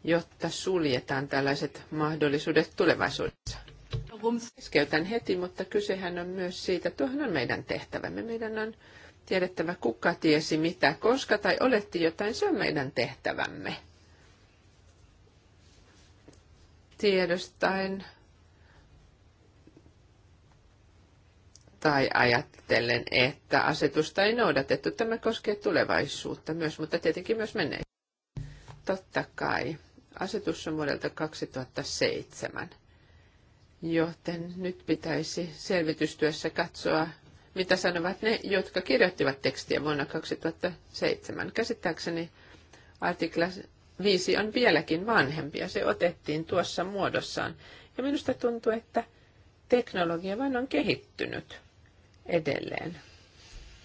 Speaker 1: jotta suljetaan tällaiset mahdollisuudet tulevaisuudessa. Keskeytän heti, mutta kysehän on myös siitä, tuohon on meidän tehtävämme. Meidän on tiedettävä, kuka tiesi mitä, koska tai oletti jotain, se on meidän tehtävämme. Tiedostain tai ajattelen, että asetusta ei noudatettu. Tämä koskee tulevaisuutta myös, mutta tietenkin myös menee. Totta kai. Asetus on vuodelta 2007, joten nyt pitäisi selvitystyössä katsoa mitä sanovat ne, jotka kirjoittivat tekstiä vuonna 2007. Käsittääkseni artikla 5 on vieläkin vanhempi ja se otettiin tuossa muodossaan. Ja minusta tuntuu, että teknologia vain on kehittynyt edelleen.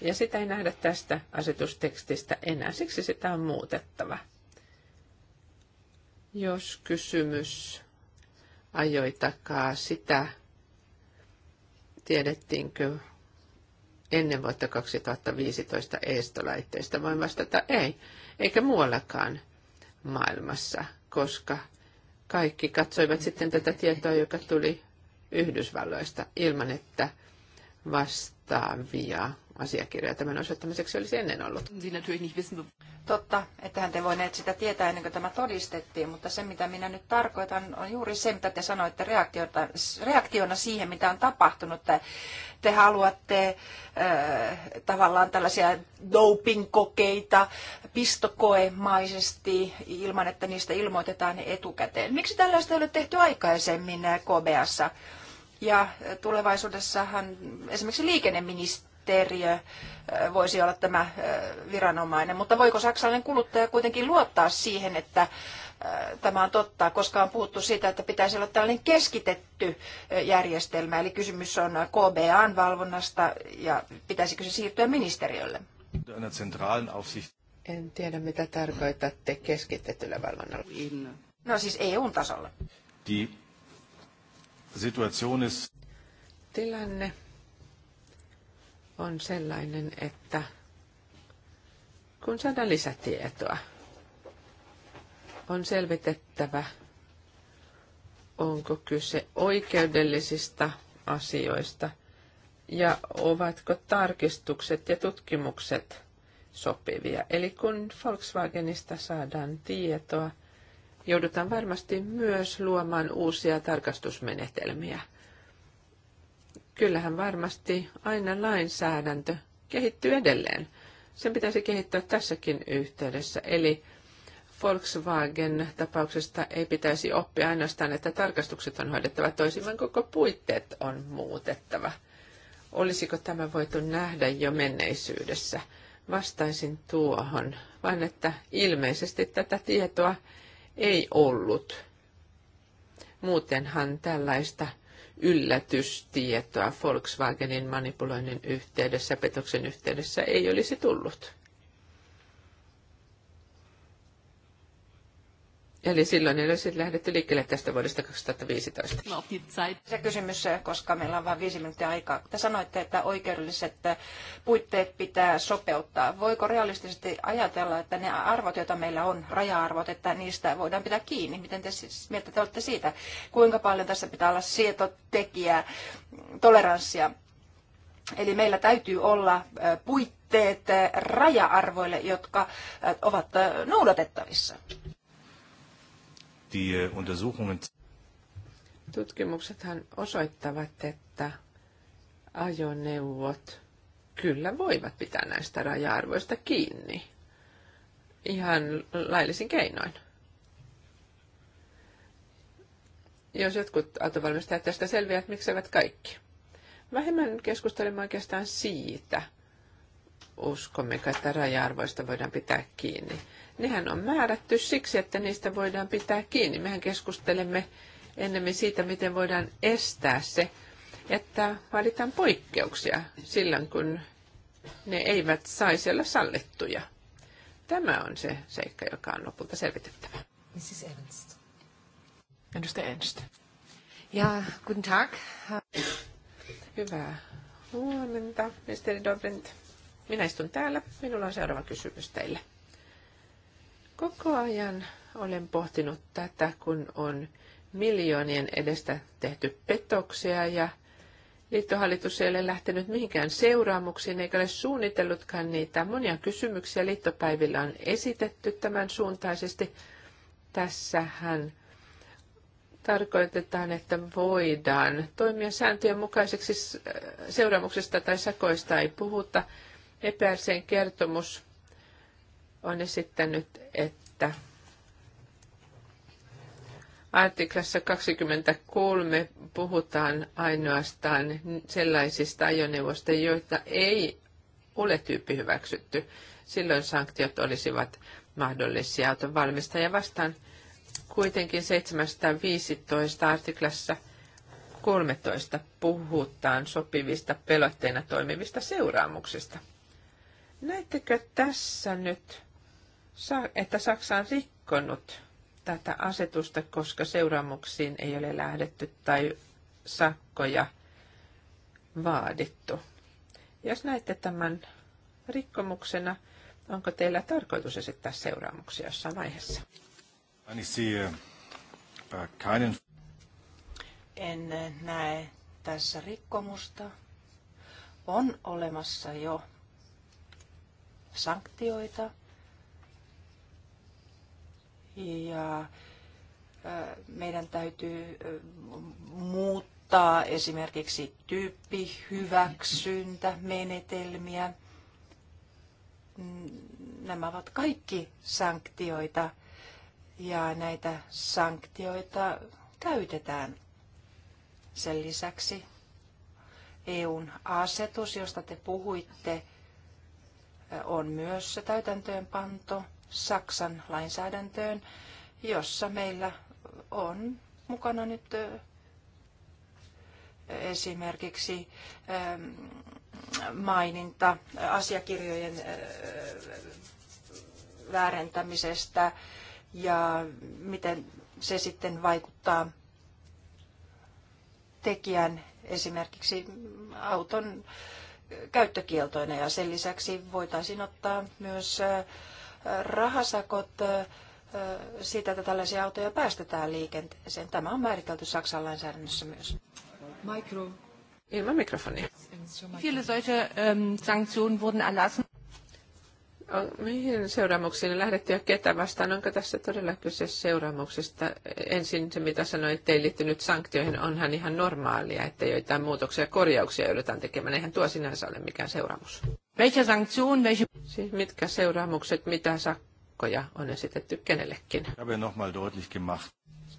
Speaker 1: Ja sitä ei nähdä tästä asetustekstistä enää, siksi sitä on muutettava. Jos kysymys ajoitakaa sitä, tiedettiinkö ennen vuotta 2015 eestolaitteista? Voin vastata ei, eikä muuallakaan maailmassa, koska kaikki katsoivat sitten tätä tietoa, joka tuli Yhdysvalloista, ilman että vastaavia asiakirjoja tämän osoittamiseksi olisi ennen ollut.
Speaker 4: Totta, ettehän te voineet sitä tietää ennen kuin tämä todistettiin, mutta se mitä minä nyt tarkoitan on juuri se, mitä te sanoitte reaktiota, reaktiona siihen, mitä on tapahtunut. Te, te haluatte äh, tavallaan tällaisia doping-kokeita pistokoemaisesti ilman, että niistä ilmoitetaan etukäteen. Miksi tällaista ei ole tehty aikaisemmin KBassa? Ja tulevaisuudessahan esimerkiksi liikenneministeri ministeriö voisi olla tämä viranomainen, mutta voiko saksalainen kuluttaja kuitenkin luottaa siihen, että tämä on totta, koska on puhuttu siitä, että pitäisi olla tällainen keskitetty järjestelmä, eli kysymys on KBAn valvonnasta ja pitäisikö se siirtyä ministeriölle? En tiedä, mitä tarkoitatte keskitetyllä valvonnalla. No siis EU-tasolla. Tilanne
Speaker 1: on sellainen, että kun saadaan lisätietoa, on selvitettävä, onko kyse oikeudellisista asioista ja ovatko tarkistukset ja tutkimukset sopivia. Eli kun Volkswagenista saadaan tietoa, joudutaan varmasti myös luomaan uusia tarkastusmenetelmiä – kyllähän varmasti aina lainsäädäntö kehittyy edelleen. Sen pitäisi kehittyä tässäkin yhteydessä. Eli Volkswagen-tapauksesta ei pitäisi oppia ainoastaan, että tarkastukset on hoidettava toisin, vaan koko puitteet on muutettava. Olisiko tämä voitu nähdä jo menneisyydessä? Vastaisin tuohon, vaan että ilmeisesti tätä tietoa ei ollut. Muutenhan tällaista yllätystietoa Volkswagenin manipuloinnin yhteydessä, petoksen yhteydessä ei olisi tullut. Eli silloin ei olisi lähdetty liikkeelle tästä vuodesta 2015.
Speaker 4: No, Se kysymys, eh, koska meillä on vain viisi minuuttia aikaa. Te sanoitte, että oikeudelliset eh, puitteet pitää sopeuttaa. Voiko realistisesti ajatella, että ne arvot, joita meillä on, raja-arvot, että niistä voidaan pitää kiinni? Miten te siis mieltä te olette siitä? Kuinka paljon tässä pitää olla sietotekijää, toleranssia? Eli meillä täytyy olla eh, puitteet raja-arvoille, jotka ovat noudatettavissa
Speaker 3: die Untersuchungen
Speaker 1: Tutkimuksethan osoittavat, että ajoneuvot kyllä voivat pitää näistä raja-arvoista kiinni. Ihan laillisin keinoin. Jos jotkut autovalmistajat tästä selviävät, eivät kaikki. Vähemmän keskustelemme oikeastaan siitä, uskommeko, että raja-arvoista voidaan pitää kiinni. Nehän on määrätty siksi, että niistä voidaan pitää kiinni. Mehän keskustelemme ennemmin siitä, miten voidaan estää se, että vaaditaan poikkeuksia silloin, kun ne eivät saisi olla sallittuja. Tämä on se seikka, joka on lopulta selvitettävä.
Speaker 4: Mrs. Ernst.
Speaker 1: Edustaja Ernst. Ja, guten Tag. Hyvää huomenta, ministeri Dobrindt. Minä istun täällä. Minulla on seuraava kysymys teille. Koko ajan olen pohtinut tätä, kun on miljoonien edestä tehty petoksia ja liittohallitus ei ole lähtenyt mihinkään seuraamuksiin eikä ole suunnitellutkaan niitä. Monia kysymyksiä liittopäivillä on esitetty tämän suuntaisesti. Tässähän tarkoitetaan, että voidaan toimia sääntöjen mukaiseksi seuraamuksista tai sakoista ei puhuta. EPRCn kertomus on esittänyt, että artiklassa 23 puhutaan ainoastaan sellaisista ajoneuvoista, joita ei ole tyyppi hyväksytty. Silloin sanktiot olisivat mahdollisia auton valmistaja vastaan. Kuitenkin 715 artiklassa 13 puhutaan sopivista pelotteina toimivista seuraamuksista. Näettekö tässä nyt että Saksa on rikkonut tätä asetusta, koska seuraamuksiin ei ole lähdetty tai sakkoja vaadittu. Jos näette tämän rikkomuksena, onko teillä tarkoitus esittää seuraamuksia
Speaker 4: jossain vaiheessa? Äh, en näe tässä rikkomusta. On olemassa jo sanktioita ja meidän täytyy muuttaa esimerkiksi menetelmiä Nämä ovat kaikki sanktioita ja näitä sanktioita käytetään. Sen lisäksi EUn asetus, josta te puhuitte, on myös se täytäntöönpanto. Saksan lainsäädäntöön, jossa meillä on mukana nyt esimerkiksi maininta asiakirjojen väärentämisestä ja miten se sitten vaikuttaa tekijän esimerkiksi auton käyttökieltoina ja sen lisäksi voitaisiin ottaa myös rahasakot siitä, että tällaisia autoja päästetään liikenteeseen. Tämä on määritelty Saksan lainsäädännössä myös.
Speaker 1: Mikro. Ilman mikrofonia.
Speaker 4: Viele solche ähm, Sanktionen wurden erlassen. Mihin seuraamuksiin
Speaker 1: lähdettiin ja ketä vastaan? Onko tässä todella kyse seuraamuksista? Ensin se, mitä sanoit, ei liittynyt sanktioihin, onhan ihan normaalia, että joitain muutoksia ja korjauksia joudutaan tekemään. Eihän tuo sinänsä ole mikään seuraamus. Welche Sanktionen, welche... Siis mitkä seuraamukset, mitä sakkoja on esitetty kenellekin?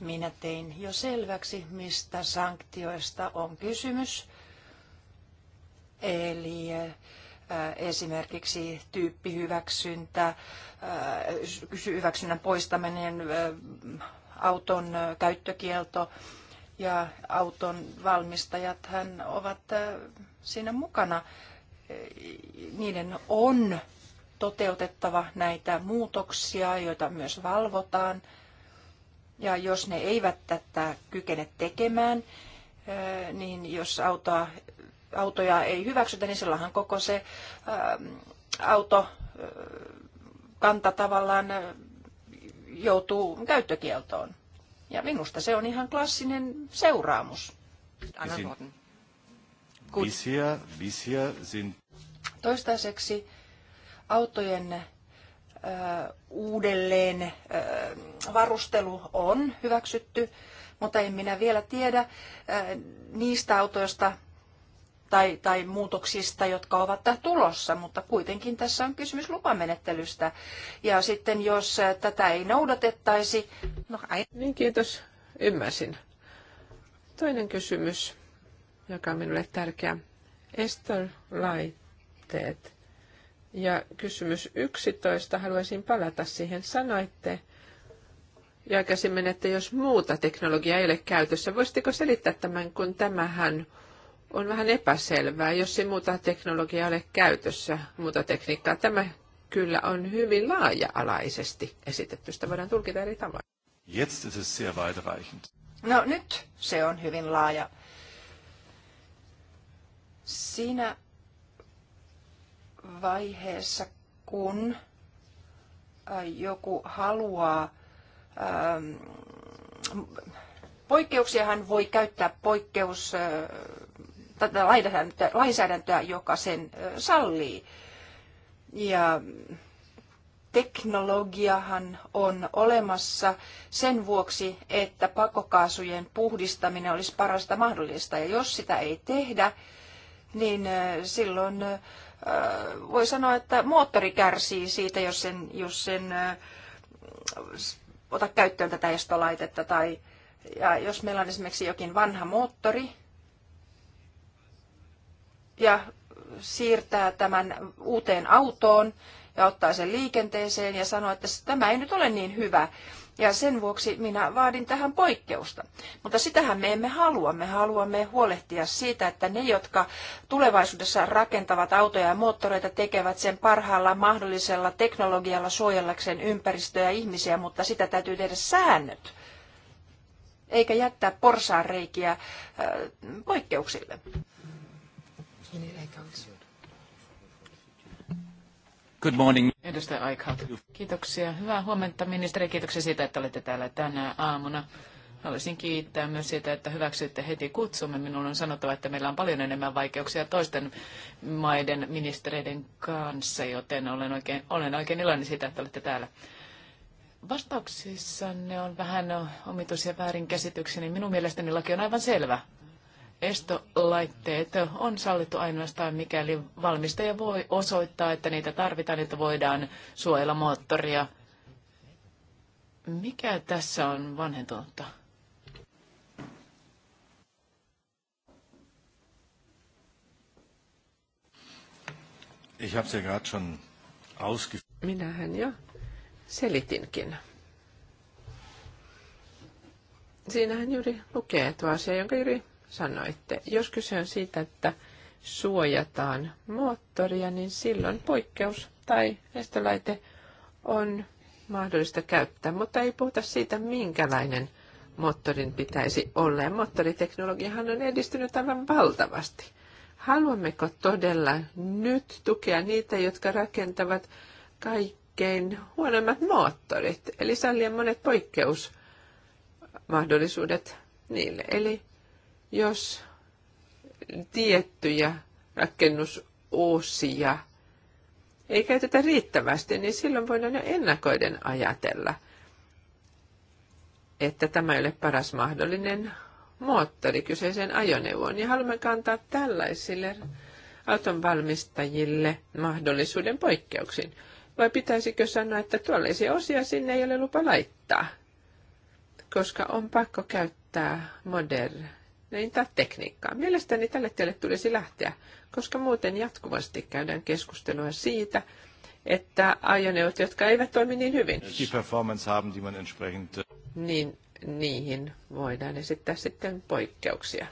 Speaker 4: Minä tein jo selväksi, mistä sanktioista on kysymys. Eli äh, esimerkiksi tyyppihyväksyntä, äh, hyväksynnän poistaminen, äh, auton käyttökielto ja auton valmistajat hän ovat siinä mukana niiden on toteutettava näitä muutoksia, joita myös valvotaan. Ja jos ne eivät tätä kykene tekemään, eh, niin jos autoa, autoja ei hyväksytä, niin silloinhan koko se eh, auto eh, kanta tavallaan joutuu käyttökieltoon. Ja minusta se on ihan klassinen seuraamus. Anna
Speaker 3: Gut. Bisher,
Speaker 4: bisher sind... Toistaiseksi autojen äh, uudelleen äh, varustelu on hyväksytty, mutta en minä vielä tiedä äh, niistä autoista tai, tai muutoksista, jotka ovat tulossa, mutta kuitenkin tässä on kysymys lupamenettelystä. Ja sitten jos tätä ei noudatettaisi... No, ai... Niin, kiitos. Ymmärsin.
Speaker 1: Toinen kysymys joka on minulle tärkeä. Esther laitteet Ja kysymys 11, haluaisin palata siihen. Sanoitte, ja käsimen, että jos muuta teknologiaa ei ole käytössä, voisitteko selittää tämän, kun tämähän on vähän epäselvää, jos ei muuta teknologiaa ole käytössä, muuta tekniikkaa. Tämä kyllä on hyvin laaja-alaisesti esitetty. Sitä
Speaker 4: voidaan tulkita eri tavoin.
Speaker 1: Jetzt ist es sehr weitreichend.
Speaker 4: No nyt se on hyvin laaja Siinä vaiheessa, kun joku haluaa, poikkeuksiahan voi käyttää poikkeus tätä lainsäädäntöä, lainsäädäntöä, joka sen sallii. Ja teknologiahan on olemassa sen vuoksi, että pakokaasujen puhdistaminen olisi parasta mahdollista. Ja jos sitä ei tehdä, niin silloin voi sanoa, että moottori kärsii siitä, jos sen, jos sen ota käyttöön tätä estolaitetta. Tai, ja jos meillä on esimerkiksi jokin vanha moottori ja siirtää tämän uuteen autoon ja ottaa sen liikenteeseen ja sanoo, että tämä ei nyt ole niin hyvä, ja sen vuoksi minä vaadin tähän poikkeusta. Mutta sitähän me emme halua. Me haluamme huolehtia siitä, että ne, jotka tulevaisuudessa rakentavat autoja ja moottoreita, tekevät sen parhaalla mahdollisella teknologialla suojellakseen ympäristöä ja ihmisiä, mutta sitä täytyy tehdä säännöt eikä jättää porsaanreikiä äh, poikkeuksille. Good morning. Edustaja Aika.
Speaker 2: Kiitoksia. Hyvää huomenta ministeri. Kiitoksia siitä, että olette täällä tänä aamuna. Haluaisin kiittää myös siitä, että hyväksytte heti kutsumme. Minun on sanottava, että meillä on paljon enemmän vaikeuksia toisten maiden ministereiden kanssa, joten olen oikein, olen oikein iloinen siitä, että olette täällä. Vastauksissanne on vähän omituisia väärinkäsityksiä, niin minun mielestäni laki on aivan selvä. Estolaitteet on sallittu ainoastaan, mikäli valmistaja voi osoittaa, että niitä tarvitaan, että voidaan suojella moottoria. Mikä tässä on vanhentunutta?
Speaker 3: ja
Speaker 1: Minähän jo selitinkin. Siinähän juuri lukee tuo asia, jonka juuri sanoitte. Jos kyse on siitä, että suojataan moottoria, niin silloin poikkeus tai estolaite on mahdollista käyttää, mutta ei puhuta siitä, minkälainen moottorin pitäisi olla. Ja moottoriteknologiahan on edistynyt aivan valtavasti. Haluammeko todella nyt tukea niitä, jotka rakentavat kaikkein huonommat moottorit, eli sallia monet poikkeusmahdollisuudet niille. Eli jos tiettyjä rakennusosia ei käytetä riittävästi, niin silloin voidaan jo ennakoiden ajatella, että tämä ei ole paras mahdollinen moottori kyseiseen ajoneuvoon. Ja haluamme kantaa tällaisille auton valmistajille mahdollisuuden poikkeuksiin. Vai pitäisikö sanoa, että tuollaisia osia sinne ei ole lupa laittaa, koska on pakko käyttää modernia löytää niin, tekniikkaa. Mielestäni tälle tielle tulisi lähteä, koska muuten jatkuvasti käydään keskustelua siitä, että ajoneuvot, jotka eivät toimi niin hyvin, äh, niin niihin voidaan esittää sitten poikkeuksia.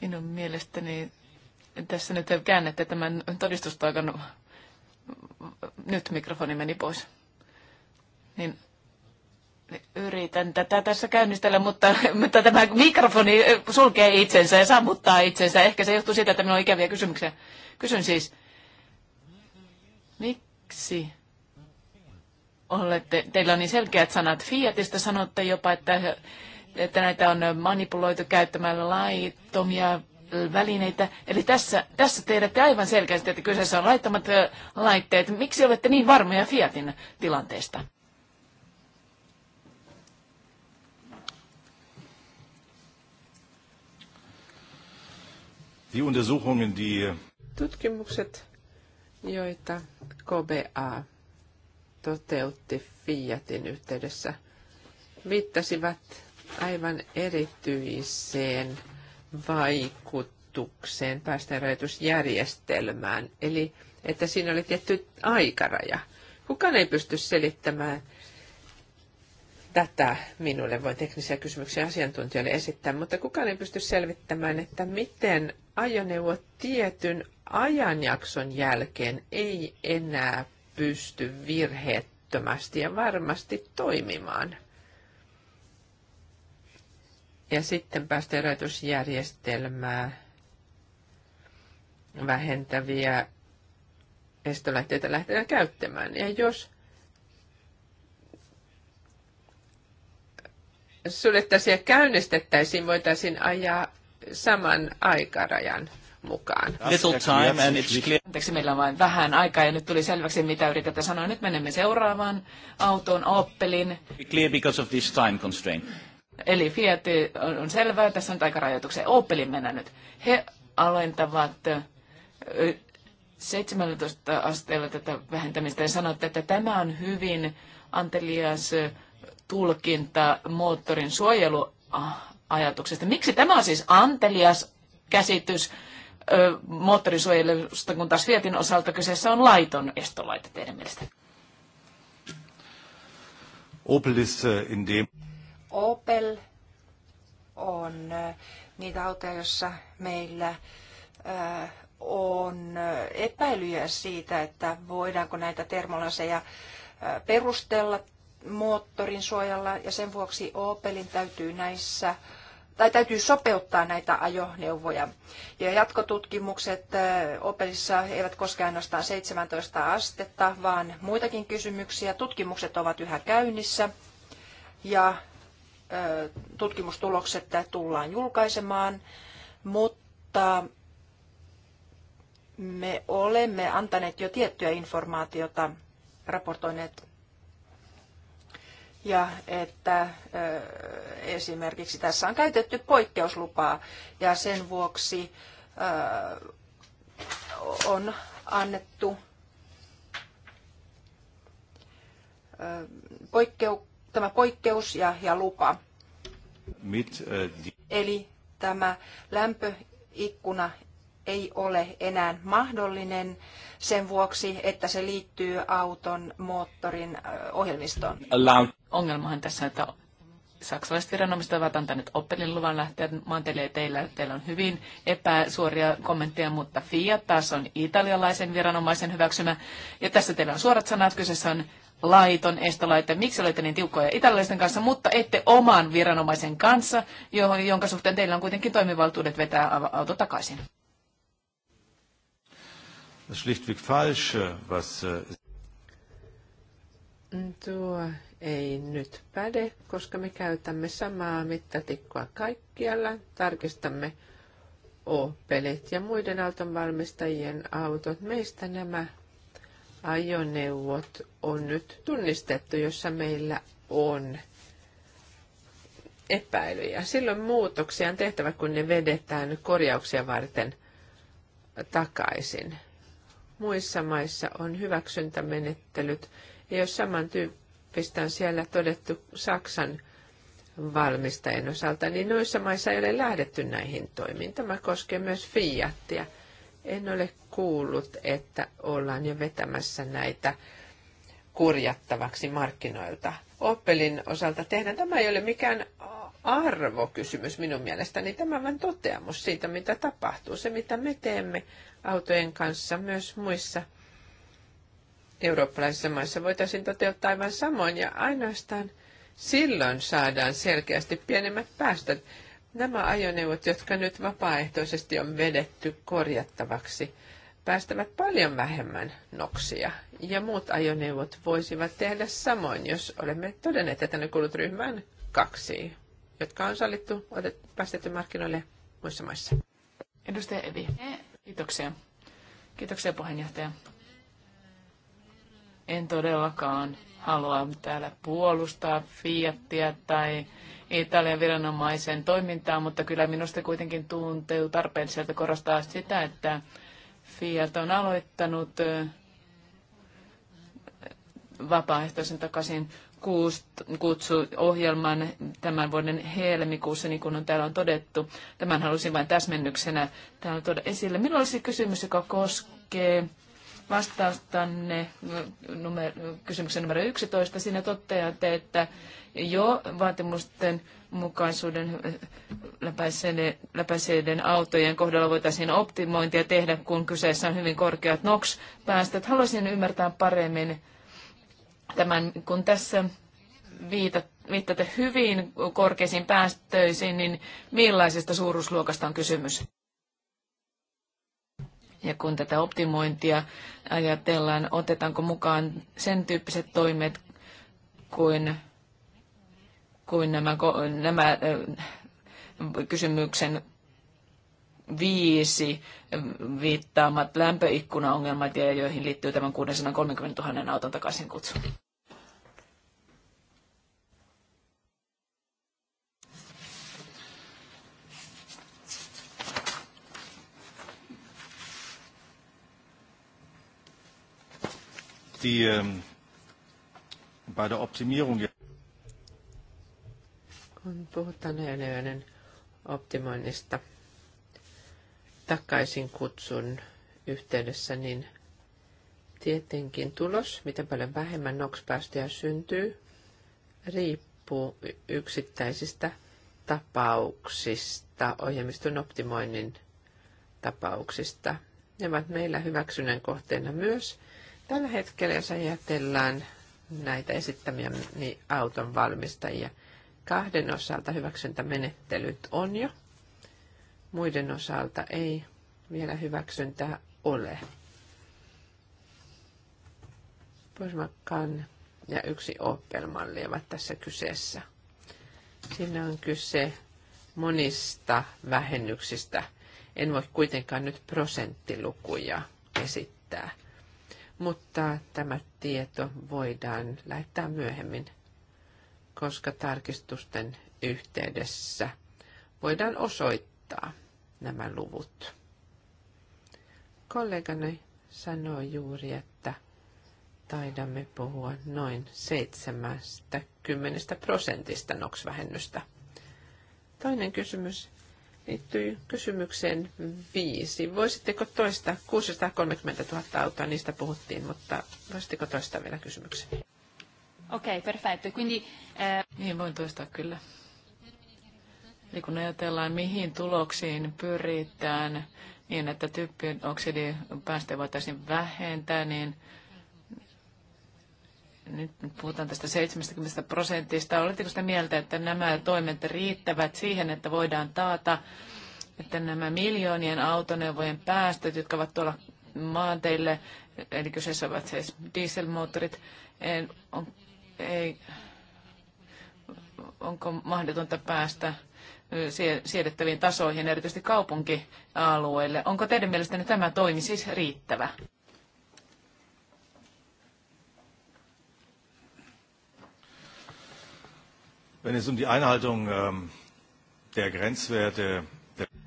Speaker 1: Minun mielestäni
Speaker 2: tässä nyt käännätte tämän todistustaikan. Nyt mikrofoni meni pois. Niin Yritän tätä tässä käynnistellä, mutta, mutta tämä mikrofoni sulkee itsensä ja sammuttaa itsensä. Ehkä se johtuu siitä, että minulla on ikäviä kysymyksiä. Kysyn siis, miksi olette, teillä on niin selkeät sanat Fiatista, sanotte jopa, että, että näitä on manipuloitu käyttämällä laittomia välineitä. Eli tässä, tässä tiedätte aivan selkeästi, että kyseessä on laittomat laitteet. Miksi olette niin varmoja Fiatin tilanteesta?
Speaker 3: Die Untersuchungen, die...
Speaker 1: Tutkimukset, joita KBA toteutti Fiatin yhteydessä, viittasivat aivan erityiseen vaikutukseen päästörajoitusjärjestelmään, eli että siinä oli tietty aikaraja. Kukaan ei pysty selittämään tätä minulle, voi teknisiä kysymyksiä asiantuntijoille esittää, mutta kukaan ei pysty selvittämään, että miten ajoneuvo tietyn ajanjakson jälkeen ei enää pysty virheettömästi ja varmasti toimimaan. Ja sitten päästöerätysjärjestelmää vähentäviä estolähteitä lähdetään käyttämään. Ja jos suljettaisiin ja käynnistettäisiin, voitaisiin ajaa saman aikarajan mukaan.
Speaker 4: Little time and it's clear.
Speaker 1: Anteeksi, meillä on vain vähän aikaa ja nyt tuli selväksi, mitä yritätte sanoa. Nyt menemme
Speaker 2: seuraavaan autoon, Opelin.
Speaker 4: Clear because of this time constraint.
Speaker 2: Eli Fiat on selvää, tässä on aikarajoituksia. Opelin mennään nyt. He alentavat 17 asteella tätä vähentämistä ja sanotte, että tämä on hyvin antelias tulkinta moottorin suojelu ajatuksesta. Miksi tämä on siis antelias käsitys moottorisuojelusta, kun taas vietin osalta kyseessä on laiton estolaite teidän mielestä?
Speaker 3: Opel is in
Speaker 4: Opel on niitä autoja, joissa meillä on epäilyjä siitä, että voidaanko näitä termolaseja perustella moottorin suojalla ja sen vuoksi Opelin täytyy näissä tai täytyy sopeuttaa näitä ajoneuvoja. Ja jatkotutkimukset Opelissa eivät koske ainoastaan 17 astetta, vaan muitakin kysymyksiä. Tutkimukset ovat yhä käynnissä ja tutkimustulokset tullaan julkaisemaan, mutta me olemme antaneet jo tiettyä informaatiota, raportoineet ja että esimerkiksi tässä on käytetty poikkeuslupaa ja sen vuoksi on annettu poikkeu, tämä poikkeus ja, ja lupa.
Speaker 3: Mit, äh,
Speaker 4: Eli tämä lämpöikkuna ei ole enää mahdollinen sen vuoksi, että se liittyy auton moottorin ohjelmistoon.
Speaker 2: Ongelmahan tässä, että saksalaiset viranomaiset ovat antaneet Opelin luvan lähteä maanteille teillä. Teillä on hyvin epäsuoria kommentteja, mutta Fiat taas on italialaisen viranomaisen hyväksymä. Ja tässä teillä on suorat sanat. Kyseessä on laiton estolaite. Miksi olette niin tiukkoja italialaisten kanssa, mutta ette oman viranomaisen kanssa, johon, jonka suhteen teillä on kuitenkin toimivaltuudet vetää auto takaisin?
Speaker 3: schlichtweg falsch, äh, was... Äh,
Speaker 1: Tuo ei nyt päde, koska me käytämme samaa mittatikkoa kaikkialla. Tarkistamme Opelit ja muiden autonvalmistajien autot. Meistä nämä ajoneuvot on nyt tunnistettu, jossa meillä on epäilyjä. Silloin muutoksia on tehtävä, kun ne vedetään korjauksia varten takaisin muissa maissa on hyväksyntämenettelyt. ei ole samantyyppistä on siellä todettu Saksan valmistajien osalta, niin noissa maissa ei ole lähdetty näihin toimiin. Tämä koskee myös Fiatia. En ole kuullut, että ollaan jo vetämässä näitä kurjattavaksi markkinoilta. Opelin osalta tehdään. Tämä ei ole mikään arvokysymys minun mielestäni. Tämä vain toteamus siitä, mitä tapahtuu. Se, mitä me teemme autojen kanssa myös muissa eurooppalaisissa maissa, voitaisiin toteuttaa aivan samoin. Ja ainoastaan silloin saadaan selkeästi pienemmät päästöt. Nämä ajoneuvot, jotka nyt vapaaehtoisesti on vedetty korjattavaksi, päästävät paljon vähemmän noksia. Ja muut ajoneuvot voisivat tehdä samoin, jos olemme todenneet, että ne kulut ryhmään kaksi jotka on sallittu, päästetty markkinoille muissa maissa. Edustaja Evi, kiitoksia.
Speaker 2: Kiitoksia puheenjohtaja. En todellakaan halua täällä puolustaa Fiatia tai Italian viranomaisen toimintaa, mutta kyllä minusta kuitenkin tuntuu tarpeelliselta korostaa sitä, että Fiat on aloittanut vapaaehtoisen takaisin kutsuohjelman tämän vuoden helmikuussa, niin kuin on täällä on todettu. Tämän halusin vain täsmennyksenä täällä tuoda esille. Minulla olisi kysymys, joka koskee vastaustanne numero, kysymyksen numero 11. Siinä toteatte, että jo vaatimusten mukaisuuden läpäiseiden, läpäiseiden autojen kohdalla voitaisiin optimointia tehdä, kun kyseessä on hyvin korkeat NOx-päästöt. Haluaisin ymmärtää paremmin, tämän, kun tässä viitat, viittatte hyvin korkeisiin päästöisiin, niin millaisesta suuruusluokasta on kysymys? Ja kun tätä optimointia ajatellaan, otetaanko mukaan sen tyyppiset toimet kuin, kuin nämä, nämä kysymyksen viisi viittaamat lämpöikkunaongelmat, ja joihin liittyy tämän 630 000 auton takaisin kutsu.
Speaker 3: Die, ähm, bei der Optimierung
Speaker 1: kun puhutaan öljyiden optimoinnista, takaisin kutsun yhteydessä, niin tietenkin tulos, miten paljon vähemmän NOx-päästöjä syntyy, riippuu yksittäisistä tapauksista, ohjelmiston optimoinnin tapauksista. Ne ovat meillä hyväksynnän kohteena myös. Tällä hetkellä, jos ajatellaan näitä esittämiä niin auton valmistajia, kahden osalta hyväksyntämenettelyt on jo Muiden osalta ei vielä hyväksyntää ole. Pohjoismakkaan ja yksi Opel-malli ovat tässä kyseessä. Siinä on kyse monista vähennyksistä. En voi kuitenkaan nyt prosenttilukuja esittää, mutta tämä tieto voidaan lähettää myöhemmin, koska tarkistusten yhteydessä voidaan osoittaa, nämä luvut. Kollegani sanoi juuri, että taidamme puhua noin 70 prosentista NOX-vähennystä. Toinen kysymys liittyy kysymykseen viisi. Voisitteko toista, 630 000 autoa, niistä puhuttiin, mutta voisitteko toistaa vielä kysymyksen?
Speaker 2: Okei, okay, perfetto. Quindi, eh... Niin, voin toistaa kyllä. Eli niin kun ajatellaan, mihin tuloksiin pyritään niin, että typpioksidipäästöjä voitaisiin vähentää, niin nyt puhutaan tästä 70 prosentista. Oletteko sitä mieltä, että nämä toimet riittävät siihen, että voidaan taata, että nämä miljoonien autoneuvojen päästöt, jotka ovat tuolla maanteille, eli kyseessä ovat siis dieselmoottorit, on, ei, onko mahdotonta päästä siedettäviin tasoihin, erityisesti kaupunkialueille. Onko teidän mielestänne tämä toimi siis riittävä?
Speaker 3: Wenn es um die Einhaltung ähm, der Grenzwerte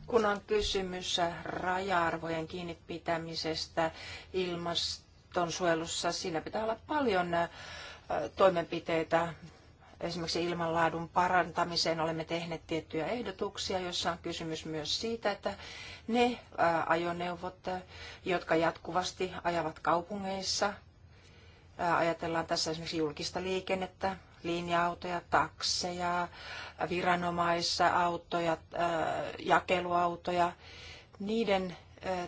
Speaker 4: kun on kysymys raja-arvojen kiinni pitämisestä ilmastonsuojelussa, siinä pitää olla paljon äh, toimenpiteitä, esimerkiksi ilmanlaadun parantamiseen olemme tehneet tiettyjä ehdotuksia, joissa on kysymys myös siitä, että ne ajoneuvot, jotka jatkuvasti ajavat kaupungeissa, ajatellaan tässä esimerkiksi julkista liikennettä, linja-autoja, takseja, viranomaisautoja, jakeluautoja, niiden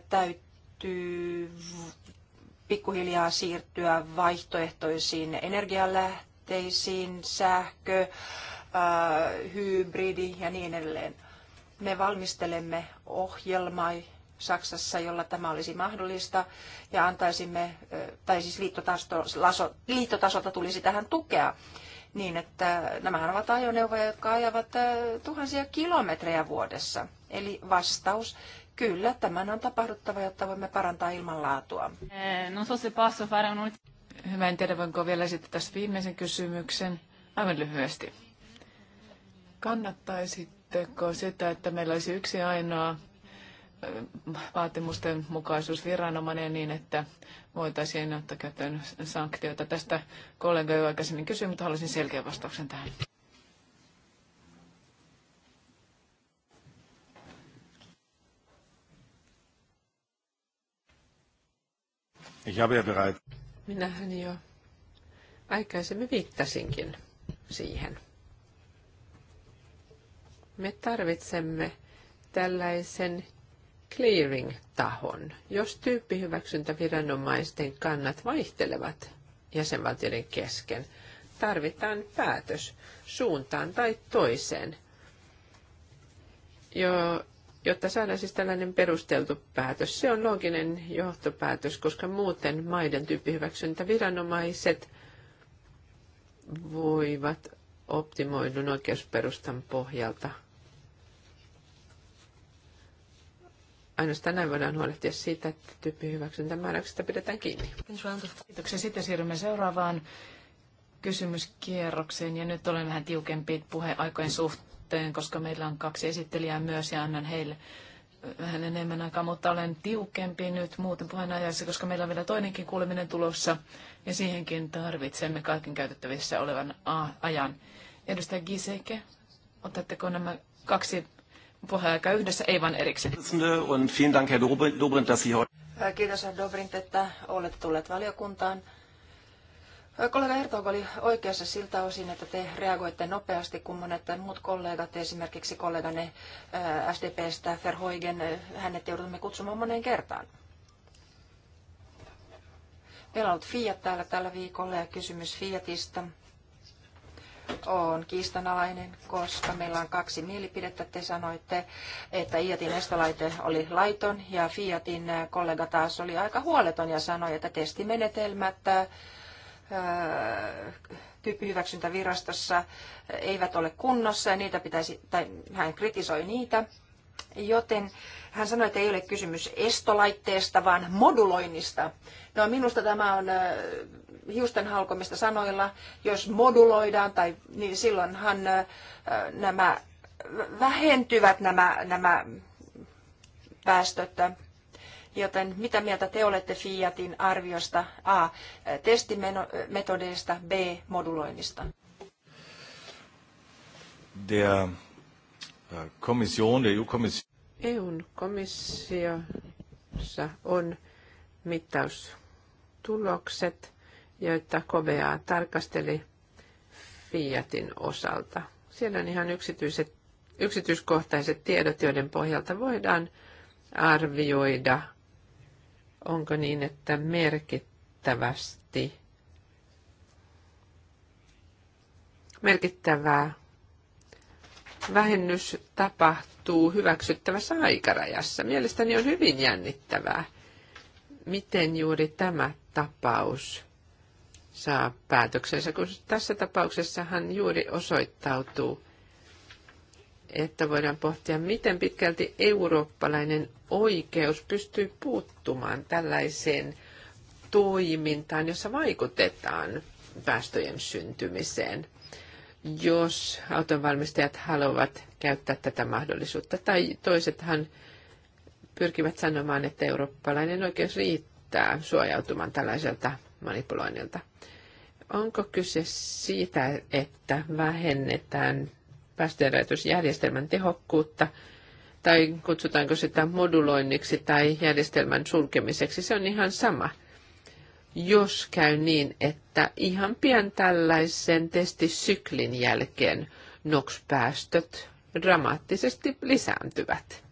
Speaker 4: täytyy pikkuhiljaa siirtyä vaihtoehtoisiin energialähteisiin laitteisiin, sähkö, äh, hybridi ja niin edelleen. Me valmistelemme ohjelmaa Saksassa, jolla tämä olisi mahdollista, ja antaisimme, äh, tai siis liittotasolta, liittotasolta tulisi tähän tukea, niin että nämähän ovat ajoneuvoja, jotka ajavat äh, tuhansia kilometrejä vuodessa. Eli vastaus, kyllä, tämän on tapahduttava, jotta voimme parantaa ilmanlaatua.
Speaker 2: Eh, non so se posso fare un
Speaker 4: Mä en tiedä voinko vielä sitten
Speaker 2: tässä viimeisen kysymyksen. Aivan lyhyesti. Kannattaisitteko sitä, että meillä olisi yksi ainoa äh, vaatimusten mukaisuus viranomainen niin, että voitaisiin ottaa käyttöön sanktioita. Tästä kollega jo aikaisemmin kysyi, mutta haluaisin selkeän vastauksen tähän.
Speaker 3: Ich habe ja bereits
Speaker 1: Minähän jo aikaisemmin viittasinkin siihen. Me tarvitsemme tällaisen clearing-tahon, jos tyyppihyväksyntäviranomaisten kannat vaihtelevat jäsenvaltioiden kesken. Tarvitaan päätös suuntaan tai toiseen, jo, jotta saadaan siis tällainen perusteltu päätös. Se on looginen johtopäätös, koska muuten maiden tyyppihyväksyntäviranomaiset voivat optimoidun oikeusperustan pohjalta ainoastaan näin voidaan huolehtia siitä, että tyyppihyväksyntämääräyksestä pidetään kiinni. Kiitoksia. Sitten siirrymme seuraavaan
Speaker 2: kysymyskierrokseen ja nyt olen vähän tiukempi puheaikojen suhteen suhteen, koska meillä on kaksi esittelijää myös ja annan heille vähän enemmän aikaa, mutta olen tiukempi nyt muuten puheenajassa, koska meillä on vielä toinenkin kuuleminen tulossa ja siihenkin tarvitsemme kaiken käytettävissä olevan ajan. Edustaja Giseke, otatteko nämä kaksi puheenaikaa yhdessä, ei vaan erikseen?
Speaker 4: Äh, kiitos Herr Dobrindt, että olette tulleet valiokuntaan. Kollega Ertog oli oikeassa siltä osin, että te reagoitte nopeasti, kun monet muut kollegat, esimerkiksi kollegani SDPstä, Verhoigen, hänet joudumme kutsumaan moneen kertaan. Meillä on ollut Fiat täällä tällä viikolla ja kysymys Fiatista on kiistanalainen, koska meillä on kaksi mielipidettä. Te sanoitte, että Iatin estolaite oli laiton ja Fiatin kollega taas oli aika huoleton ja sanoi, että testimenetelmät Äh, tyyppihyväksyntävirastossa eivät ole kunnossa ja niitä pitäisi, tai hän kritisoi niitä. Joten hän sanoi, että ei ole kysymys estolaitteesta, vaan moduloinnista. No minusta tämä on äh, hiusten halkomista sanoilla. Jos moduloidaan, tai, niin silloinhan äh, nämä vähentyvät nämä, nämä päästöt Joten mitä mieltä te olette Fiatin arviosta A. testimetodeista B. moduloinnista?
Speaker 3: Der äh, Kommission, der EU-Kommission.
Speaker 1: komissiossa on mittaustulokset, joita KBA tarkasteli Fiatin osalta. Siellä on ihan yksityiset, yksityiskohtaiset tiedot, joiden pohjalta voidaan arvioida – onko niin, että merkittävästi merkittävää vähennys tapahtuu hyväksyttävässä aikarajassa. Mielestäni on hyvin jännittävää, miten juuri tämä tapaus saa päätöksensä, kun tässä tapauksessa hän juuri osoittautuu, että voidaan pohtia, miten pitkälti eurooppalainen oikeus pystyy puuttumaan tällaiseen toimintaan, jossa vaikutetaan päästöjen syntymiseen, jos autonvalmistajat haluavat käyttää tätä mahdollisuutta. Tai toisethan pyrkivät sanomaan, että eurooppalainen oikeus riittää suojautumaan tällaiselta manipuloinnilta. Onko kyse siitä, että vähennetään päästöjärjestelmän tehokkuutta, tai kutsutaanko sitä moduloinniksi tai järjestelmän sulkemiseksi, se on ihan sama. Jos käy niin, että ihan pian tällaisen testisyklin jälkeen NOx-päästöt dramaattisesti lisääntyvät,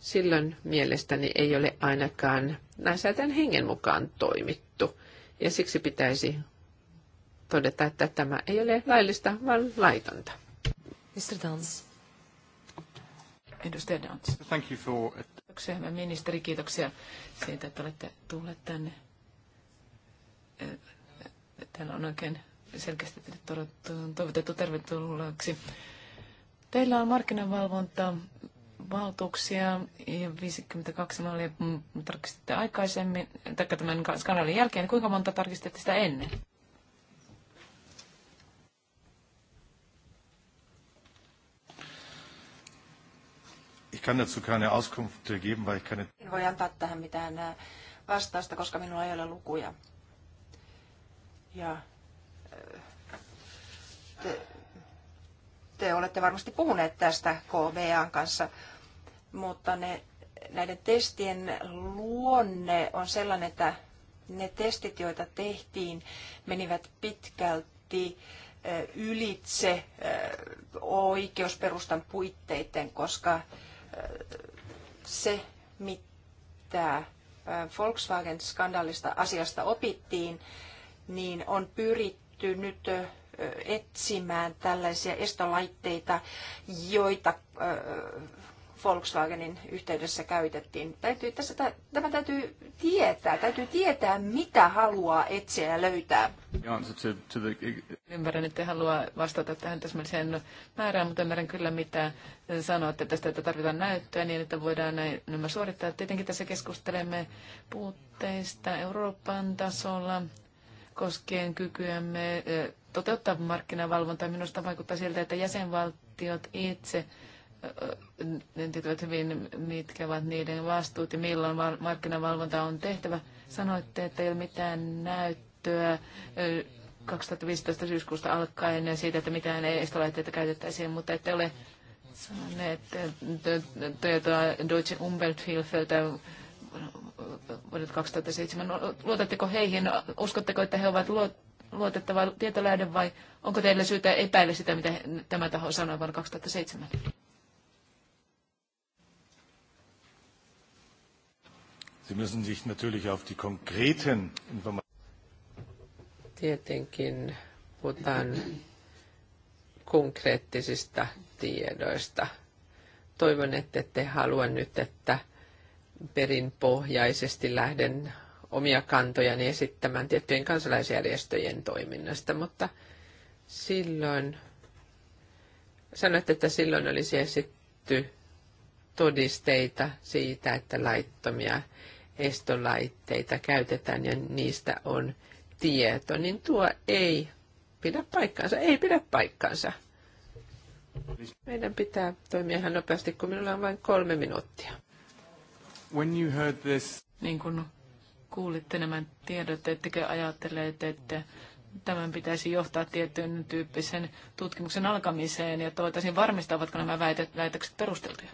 Speaker 1: silloin mielestäni ei ole ainakaan lainsäätäjän hengen mukaan toimittu. Ja siksi pitäisi todeta, että tämä ei ole laillista, vaan laitonta. Mr. Dance.
Speaker 2: Edustaja Dance. Thank you for... Kiitoksia, ministeri. Kiitoksia siitä, että olette tulleet tänne. Täällä on oikein selkeästi toivotettu tervetulleeksi. Teillä on markkinavalvonta valtuuksia ja 52 mallia mm, tarkistitte aikaisemmin, tai tämän skandaalin jälkeen. Kuinka monta tarkistitte sitä ennen?
Speaker 3: Ich kann dazu keine Auskunft geben, weil ich keine...
Speaker 4: En voi antaa tähän mitään äh, vastausta, koska minulla ei ole lukuja. Ja äh, te, te olette varmasti puhuneet tästä KVAn kanssa, mutta ne, näiden testien luonne on sellainen, että ne testit, joita tehtiin, menivät pitkälti äh, ylitse oikeusperustan puitteiden, koska se, mitä Volkswagen-skandaalista asiasta opittiin, niin on pyritty nyt etsimään tällaisia estolaitteita, joita Volkswagenin yhteydessä käytettiin. Täytyy, tässä, tämä täytyy tietää, täytyy tietää, mitä haluaa etsiä ja löytää.
Speaker 2: Ymmärrän, että halua vastata tähän täsmälliseen määrään, mutta ymmärrän kyllä, mitä sanoitte tästä, että tarvitaan näyttöä niin, että voidaan näin, nämä suorittaa. Tietenkin tässä keskustelemme puutteista Euroopan tasolla koskien kykyämme eh, toteuttaa markkinavalvontaa. Minusta vaikuttaa siltä, että jäsenvaltiot itse tietävät hyvin, mitkä ovat niiden vastuut ja milloin markkinavalvonta on tehtävä. Sanoitte, että ei ole mitään näyttöä 2015 syyskuusta alkaen siitä, että mitään estolaitteita käytettäisiin, mutta ette ole sanoneet Toyota Deutsche Umwelthilfeltä vuodet 2007. No, luotatteko heihin? Uskotteko, että he ovat luotettava tietolähde vai onko teillä syytä epäillä sitä, mitä tämä taho sanoi vuonna 2007?
Speaker 3: Sie müssen sich natürlich auf die konkreten Informationen.
Speaker 1: Tietenkin puhutaan konkreettisista tiedoista. Toivon, että te halua nyt, että perinpohjaisesti lähden omia kantojani esittämään tiettyjen kansalaisjärjestöjen toiminnasta, mutta silloin, sanoit, että silloin olisi esitty todisteita siitä, että laittomia estolaitteita käytetään ja niistä on tieto, niin tuo ei pidä paikkaansa. Ei pidä paikkaansa. Meidän pitää toimia ihan nopeasti, kun minulla on vain kolme minuuttia.
Speaker 3: When you heard this...
Speaker 2: Niin kun kuulitte nämä tiedot, ettekö ajattelet, että tämän pitäisi johtaa tietyn tyyppisen tutkimuksen alkamiseen ja toivottavasti varmistavatko nämä väitökset
Speaker 4: perusteltuja.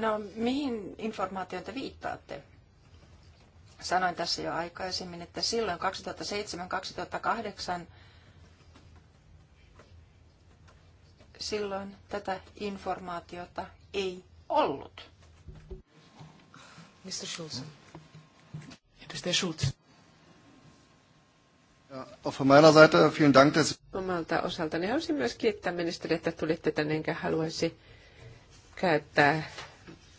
Speaker 4: No, mihin informaatioon te viittaatte? Sanoin tässä jo aikaisemmin, että silloin 2007-2008 silloin tätä informaatiota ei
Speaker 1: ollut.
Speaker 4: Mr. Schulz. Hmm.
Speaker 1: Edustaja Schulz. Omalta osaltani haluaisin myös kiittää ministeriä, että tulitte tänne, enkä haluaisi käyttää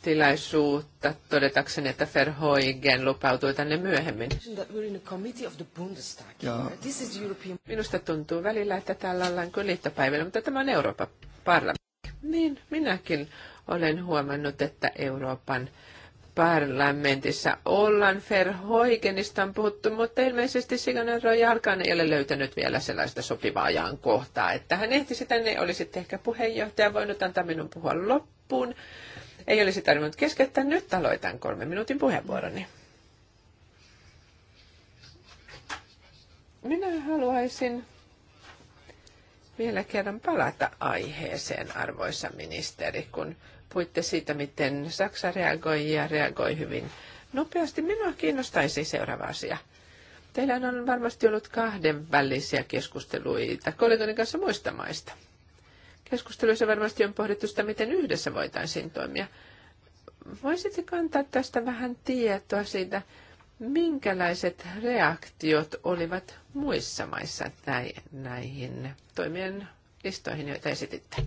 Speaker 1: tilaisuutta todetakseni, että Verhoigen lupautui tänne myöhemmin. Minusta tuntuu välillä, että täällä ollaan kuin liittopäivillä, mutta tämä on Euroopan parlamentti. Niin, minäkin olen huomannut, että Euroopan parlamentissa ollaan Verhoigenista on puhuttu, mutta ilmeisesti Siganen Rojalkan ei ole löytänyt vielä sellaista sopivaa ajankohtaa, että hän ehtisi tänne, olisi ehkä puheenjohtaja voinut antaa minun puhua loppuun loppuun. Ei olisi tarvinnut keskeyttää. Nyt aloitan kolmen minuutin puheenvuoroni. Minä haluaisin vielä kerran palata aiheeseen, arvoisa ministeri, kun puitte siitä, miten Saksa reagoi ja reagoi hyvin nopeasti. Minua kiinnostaisi seuraava asia. Teillä on varmasti ollut kahdenvälisiä keskusteluita kollegoiden kanssa muista maista. Keskusteluissa varmasti on pohdittu sitä, miten yhdessä voitaisiin toimia. Voisitteko antaa tästä vähän tietoa siitä, minkälaiset reaktiot olivat muissa maissa näihin toimien listoihin, joita esititte?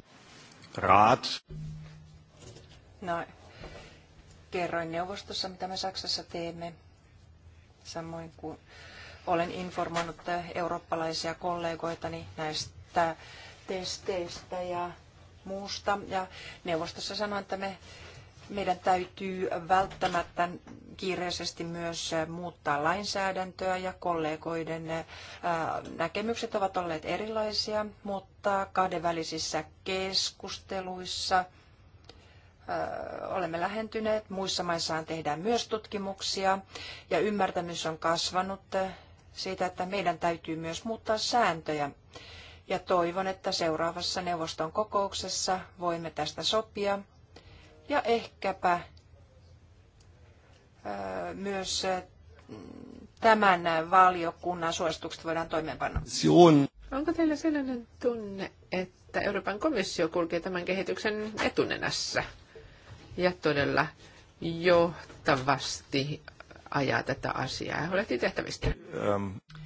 Speaker 1: Raat.
Speaker 4: No, kerroin neuvostossa, mitä me Saksassa teemme, samoin kuin olen informoinut eurooppalaisia kollegoitani näistä testeistä ja muusta. Ja neuvostossa sanoin, että me, meidän täytyy välttämättä kiireisesti myös muuttaa lainsäädäntöä ja kollegoiden näkemykset ovat olleet erilaisia, mutta kahdenvälisissä keskusteluissa olemme lähentyneet. Muissa maissaan tehdään myös tutkimuksia ja ymmärtämys on kasvanut siitä, että meidän täytyy myös muuttaa sääntöjä ja toivon, että seuraavassa neuvoston kokouksessa voimme tästä sopia ja ehkäpä myös tämän valiokunnan suositukset voidaan toimeenpanna. Onko
Speaker 1: teillä sellainen tunne, että Euroopan komissio kulkee tämän kehityksen etunenässä ja todella johtavasti ajaa tätä asiaa ja huolehtii tehtävistä?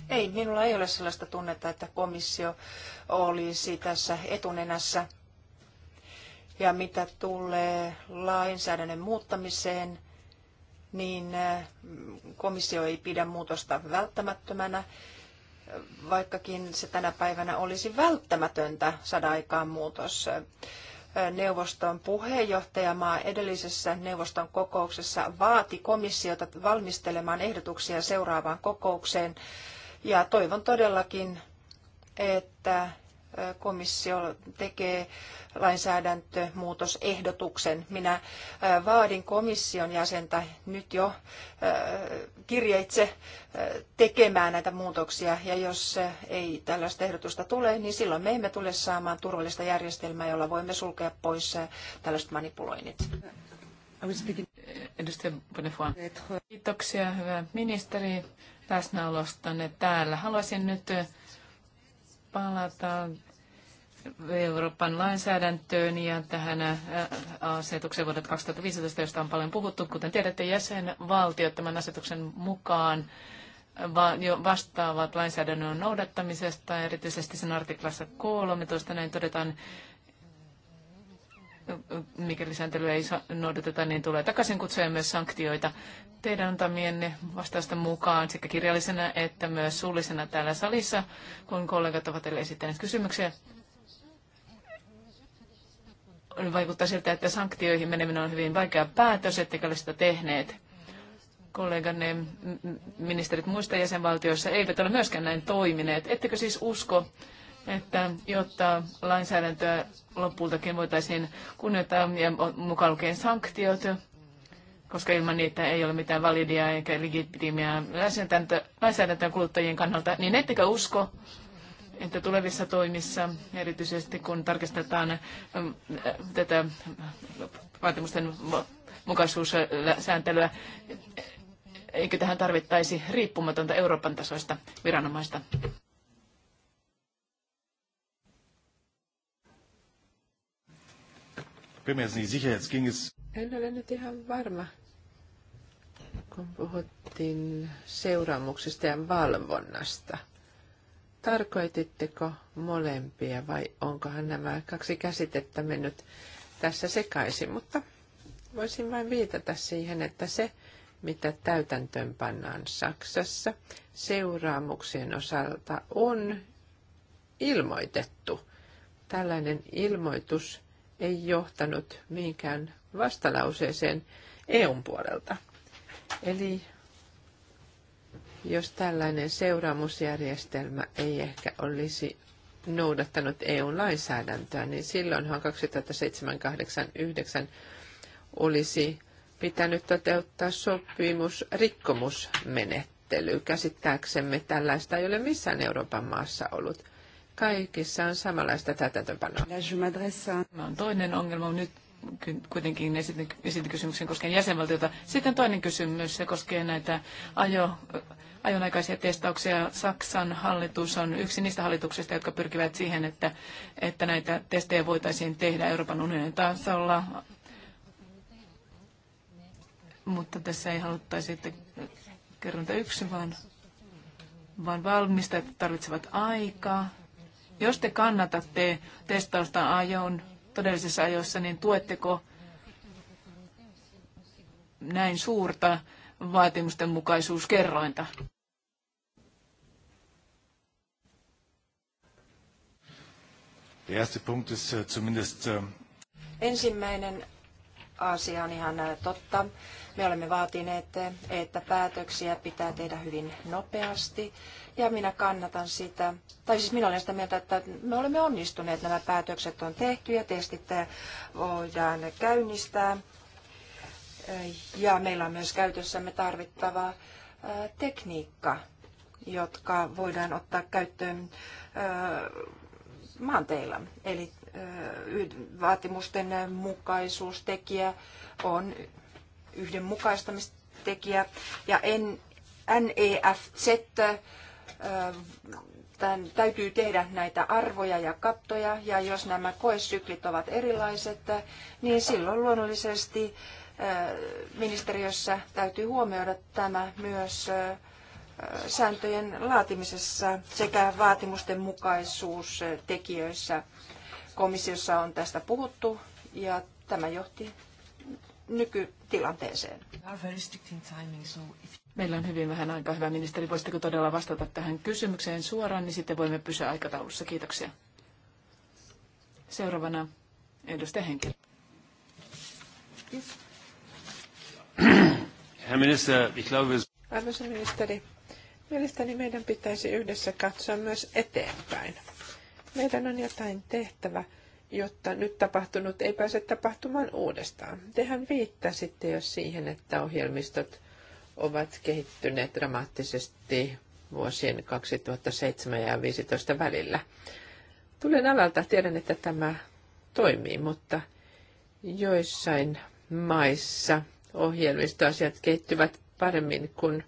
Speaker 4: Ei, minulla ei ole sellaista tunnetta, että komissio olisi tässä etunenässä. Ja mitä tulee lainsäädännön muuttamiseen, niin mm, komissio ei pidä muutosta välttämättömänä, vaikkakin se tänä päivänä olisi välttämätöntä saada aikaan muutos. Neuvoston puheenjohtajamaa edellisessä neuvoston kokouksessa vaati komissiota valmistelemaan ehdotuksia seuraavaan kokoukseen ja toivon todellakin, että komissio tekee lainsäädäntömuutosehdotuksen. Minä vaadin komission jäsentä nyt jo kirjeitse tekemään näitä muutoksia, ja jos ei tällaista ehdotusta tule, niin silloin me emme tule saamaan turvallista järjestelmää, jolla voimme sulkea pois tällaiset manipuloinnit.
Speaker 2: Edustaja Bonifuan. Kiitoksia, hyvä ministeri läsnäolostanne täällä. Haluaisin nyt palata Euroopan lainsäädäntöön ja tähän asetukseen vuodelta 2015, josta on paljon puhuttu. Kuten tiedätte, jäsenvaltiot tämän asetuksen mukaan vastaavat lainsäädännön noudattamisesta, erityisesti sen artiklassa 13. Näin todetaan mikäli sääntelyä ei noudateta, niin tulee takaisin kutsuja myös sanktioita. Teidän antamienne vastausta mukaan sekä kirjallisena että myös suullisena täällä salissa, kun kollegat ovat teille esittäneet kysymyksiä. Vaikuttaa siltä, että sanktioihin meneminen on hyvin vaikea päätös, ettekä ole sitä tehneet. Kolleganne ministerit muista jäsenvaltioissa eivät ole myöskään näin toimineet. Ettekö siis usko, että jotta lainsäädäntöä lopultakin voitaisiin kunnioittaa ja mukaan lukien sanktiot, koska ilman niitä ei ole mitään validia eikä legitiimiä lainsäädäntöä kuluttajien kannalta, niin ettekö usko, että tulevissa toimissa, erityisesti kun tarkistetaan mm, äh, tätä vaatimusten mukaisuussääntelyä, eikö tähän tarvittaisi riippumatonta Euroopan tasoista viranomaista?
Speaker 3: bin mir jetzt nicht sicher,
Speaker 1: jetzt ging es... En ole nyt ihan varma, kun puhuttiin seuraamuksesta ja valvonnasta. Tarkoititteko molempia vai onkohan nämä kaksi käsitettä mennyt tässä sekaisin? Mutta voisin vain viitata siihen, että se, mitä täytäntöön pannaan Saksassa, seuraamuksien osalta on ilmoitettu. Tällainen ilmoitus ei johtanut mihinkään vastalauseeseen EUn puolelta. Eli jos tällainen seuraamusjärjestelmä ei ehkä olisi noudattanut EU:n lainsäädäntöä niin silloinhan 2789 olisi pitänyt toteuttaa sopimusrikkomusmenettely. Käsittääksemme tällaista ei ole missään Euroopan maassa ollut – kaikissa on samanlaista täytäntöpanoa.
Speaker 2: Tämä on toinen ongelma. Nyt kuitenkin esitin, esitin kysymyksen koskien jäsenvaltiota. Sitten toinen kysymys, se koskee näitä ajo, ajonaikaisia testauksia. Saksan hallitus on yksi niistä hallituksista, jotka pyrkivät siihen, että, että näitä testejä voitaisiin tehdä Euroopan unionin tasolla. Mutta tässä ei haluttaisi, että kerronta yksi, vaan, vaan valmistajat tarvitsevat aikaa jos te kannatatte testausta ajoon todellisessa ajoissa, niin tuetteko näin suurta vaatimusten mukaisuuskerrointa?
Speaker 3: Äh, äh,
Speaker 4: Ensimmäinen asia on ihan äh, totta. Me olemme vaatineet, että päätöksiä pitää tehdä hyvin nopeasti ja minä kannatan sitä. Tai siis minä olen sitä mieltä, että me olemme onnistuneet, nämä päätökset on tehty ja testit voidaan käynnistää. Ja meillä on myös käytössämme tarvittava tekniikka, jotka voidaan ottaa käyttöön maanteilla. Eli vaatimusten mukaisuustekijä on yhdenmukaistamistekijä ja NEFZ tämän täytyy tehdä näitä arvoja ja kattoja, ja jos nämä koesyklit ovat erilaiset, niin silloin luonnollisesti ministeriössä täytyy huomioida tämä myös sääntöjen laatimisessa sekä vaatimusten mukaisuustekijöissä. Komissiossa on tästä puhuttu ja tämä johti nykytilanteeseen.
Speaker 2: Meillä on hyvin vähän aikaa. Hyvä ministeri, voisitteko todella vastata tähän kysymykseen suoraan, niin sitten voimme pysyä aikataulussa. Kiitoksia. Seuraavana edustaja Henkilö.
Speaker 1: Arvoisa ministeri, mielestäni meidän pitäisi yhdessä katsoa myös eteenpäin. Meidän on jotain tehtävä jotta nyt tapahtunut ei pääse tapahtumaan uudestaan. Tehän viittasitte jo siihen, että ohjelmistot ovat kehittyneet dramaattisesti vuosien 2007 ja 2015 välillä. Tulen alalta, tiedän, että tämä toimii, mutta joissain maissa ohjelmistoasiat kehittyvät paremmin kuin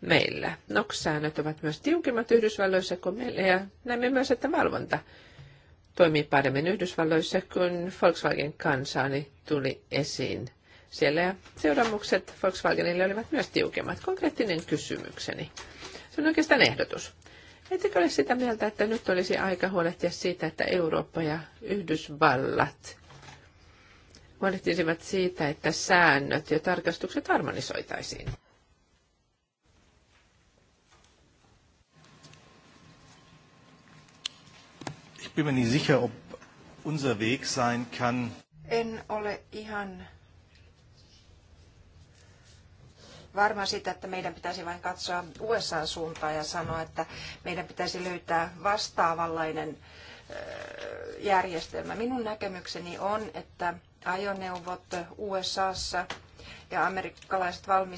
Speaker 1: meillä. NOX-säännöt ovat myös tiukimmat Yhdysvalloissa kuin meillä ja näemme myös, että valvonta toimii paremmin Yhdysvalloissa, kun Volkswagen kansaani tuli esiin siellä. Ja seuraamukset Volkswagenille olivat myös tiukemmat. Konkreettinen kysymykseni. Se on oikeastaan ehdotus. Ettekö ole sitä mieltä, että nyt olisi aika huolehtia siitä, että Eurooppa ja Yhdysvallat huolehtisivat siitä, että säännöt ja tarkastukset harmonisoitaisiin?
Speaker 3: bin mir nicht sicher, ob unser Weg sein kann.
Speaker 4: En ole ihan varma siitä, että meidän pitäisi vain katsoa USAn suuntaan ja sanoa, että meidän pitäisi löytää vastaavanlainen äh, järjestelmä. Minun näkemykseni on, että ajoneuvot USAssa ja amerikkalaiset äh, äh,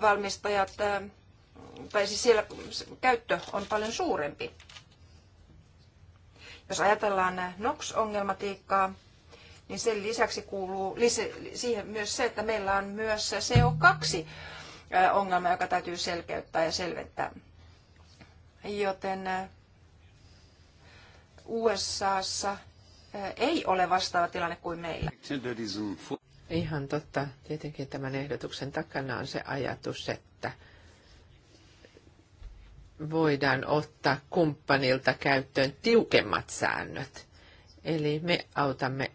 Speaker 4: valmistajat, valmistajat tai siis siellä käyttö on paljon suurempi. Jos ajatellaan NOx-ongelmatiikkaa, niin sen lisäksi kuuluu siihen myös se, että meillä on myös CO2-ongelma, joka täytyy selkeyttää ja selventää. Joten USAssa ei ole vastaava tilanne kuin meillä.
Speaker 1: Ihan totta. Tietenkin tämän ehdotuksen takana on se ajatus, että voidaan ottaa kumppanilta käyttöön tiukemmat säännöt. Eli me autamme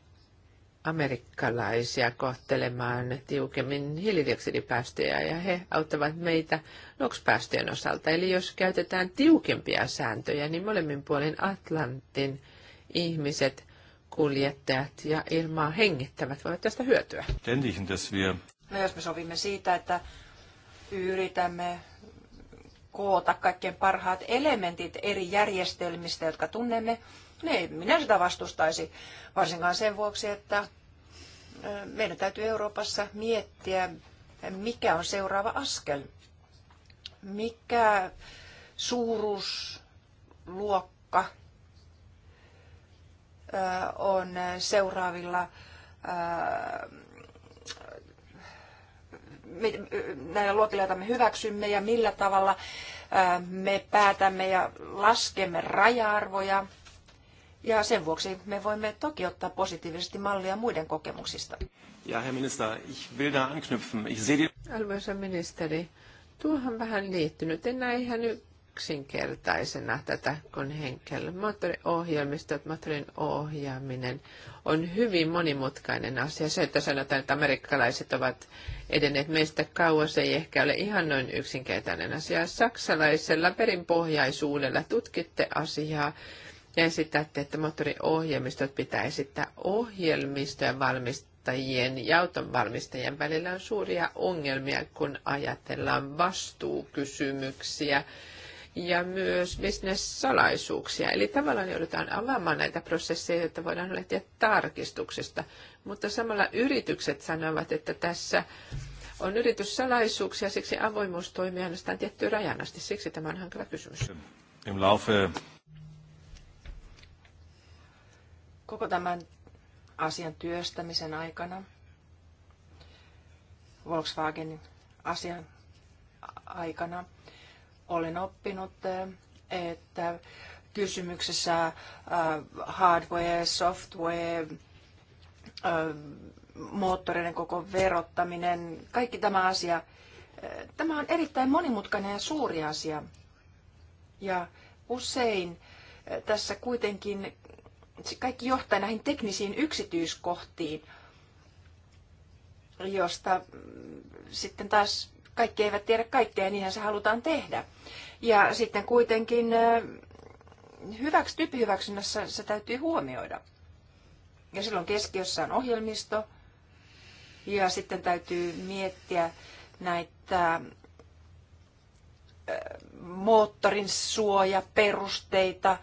Speaker 1: amerikkalaisia kohtelemaan tiukemmin hiilidioksidipäästöjä ja he auttavat meitä NOx-päästöjen osalta. Eli jos käytetään tiukempia sääntöjä, niin molemmin puolin Atlantin ihmiset, kuljettajat ja ilmaa hengittävät voivat tästä hyötyä.
Speaker 4: No jos me sovimme siitä, että yritämme koota kaikkein parhaat elementit eri järjestelmistä, jotka tunnemme, niin minä sitä vastustaisi varsinkaan sen vuoksi, että meidän täytyy Euroopassa miettiä, mikä on seuraava askel, mikä suuruusluokka on seuraavilla näillä luokilla, joita me hyväksymme ja millä tavalla me päätämme ja laskemme raja-arvoja. Ja sen vuoksi me voimme toki ottaa positiivisesti mallia muiden kokemuksista. Ja herr minister, ich
Speaker 3: will da anknüpfen. Ich sehe die...
Speaker 4: Arvoisa ministeri, tuohon vähän liittynyt. En näe ihan
Speaker 1: yksinkertaisena tätä kuin henkilö. Moottoriohjelmistot, moottorin ohjaaminen on hyvin monimutkainen asia. Se, että sanotaan, että amerikkalaiset ovat edenneet meistä kauas, ei ehkä ole ihan noin yksinkertainen asia. Saksalaisella perinpohjaisuudella tutkitte asiaa ja esitätte, että moottoriohjelmistot pitää esittää ohjelmistojen valmistajien ja auton valmistajien välillä on suuria ongelmia, kun ajatellaan vastuukysymyksiä ja myös bisnessalaisuuksia. Eli tavallaan joudutaan avaamaan näitä prosesseja, jotta voidaan huolehtia tarkistuksesta. Mutta samalla yritykset sanovat, että tässä on yrityssalaisuuksia, siksi avoimuus toimii ainoastaan tiettyyn rajan asti. Siksi
Speaker 4: tämä on hankala kysymys. Koko tämän asian työstämisen aikana Volkswagenin asian aikana olen oppinut, että kysymyksessä äh, hardware, software, äh, moottoreiden koko verottaminen, kaikki tämä asia. Tämä on erittäin monimutkainen ja suuri asia. Ja usein äh, tässä kuitenkin kaikki johtaa näihin teknisiin yksityiskohtiin, josta sitten taas kaikki eivät tiedä kaikkea ja niinhän se halutaan tehdä. Ja sitten kuitenkin hyväks, tyyppihyväksynnässä se täytyy huomioida. Ja silloin keskiössä on ohjelmisto ja sitten täytyy miettiä näitä moottorin suojaperusteita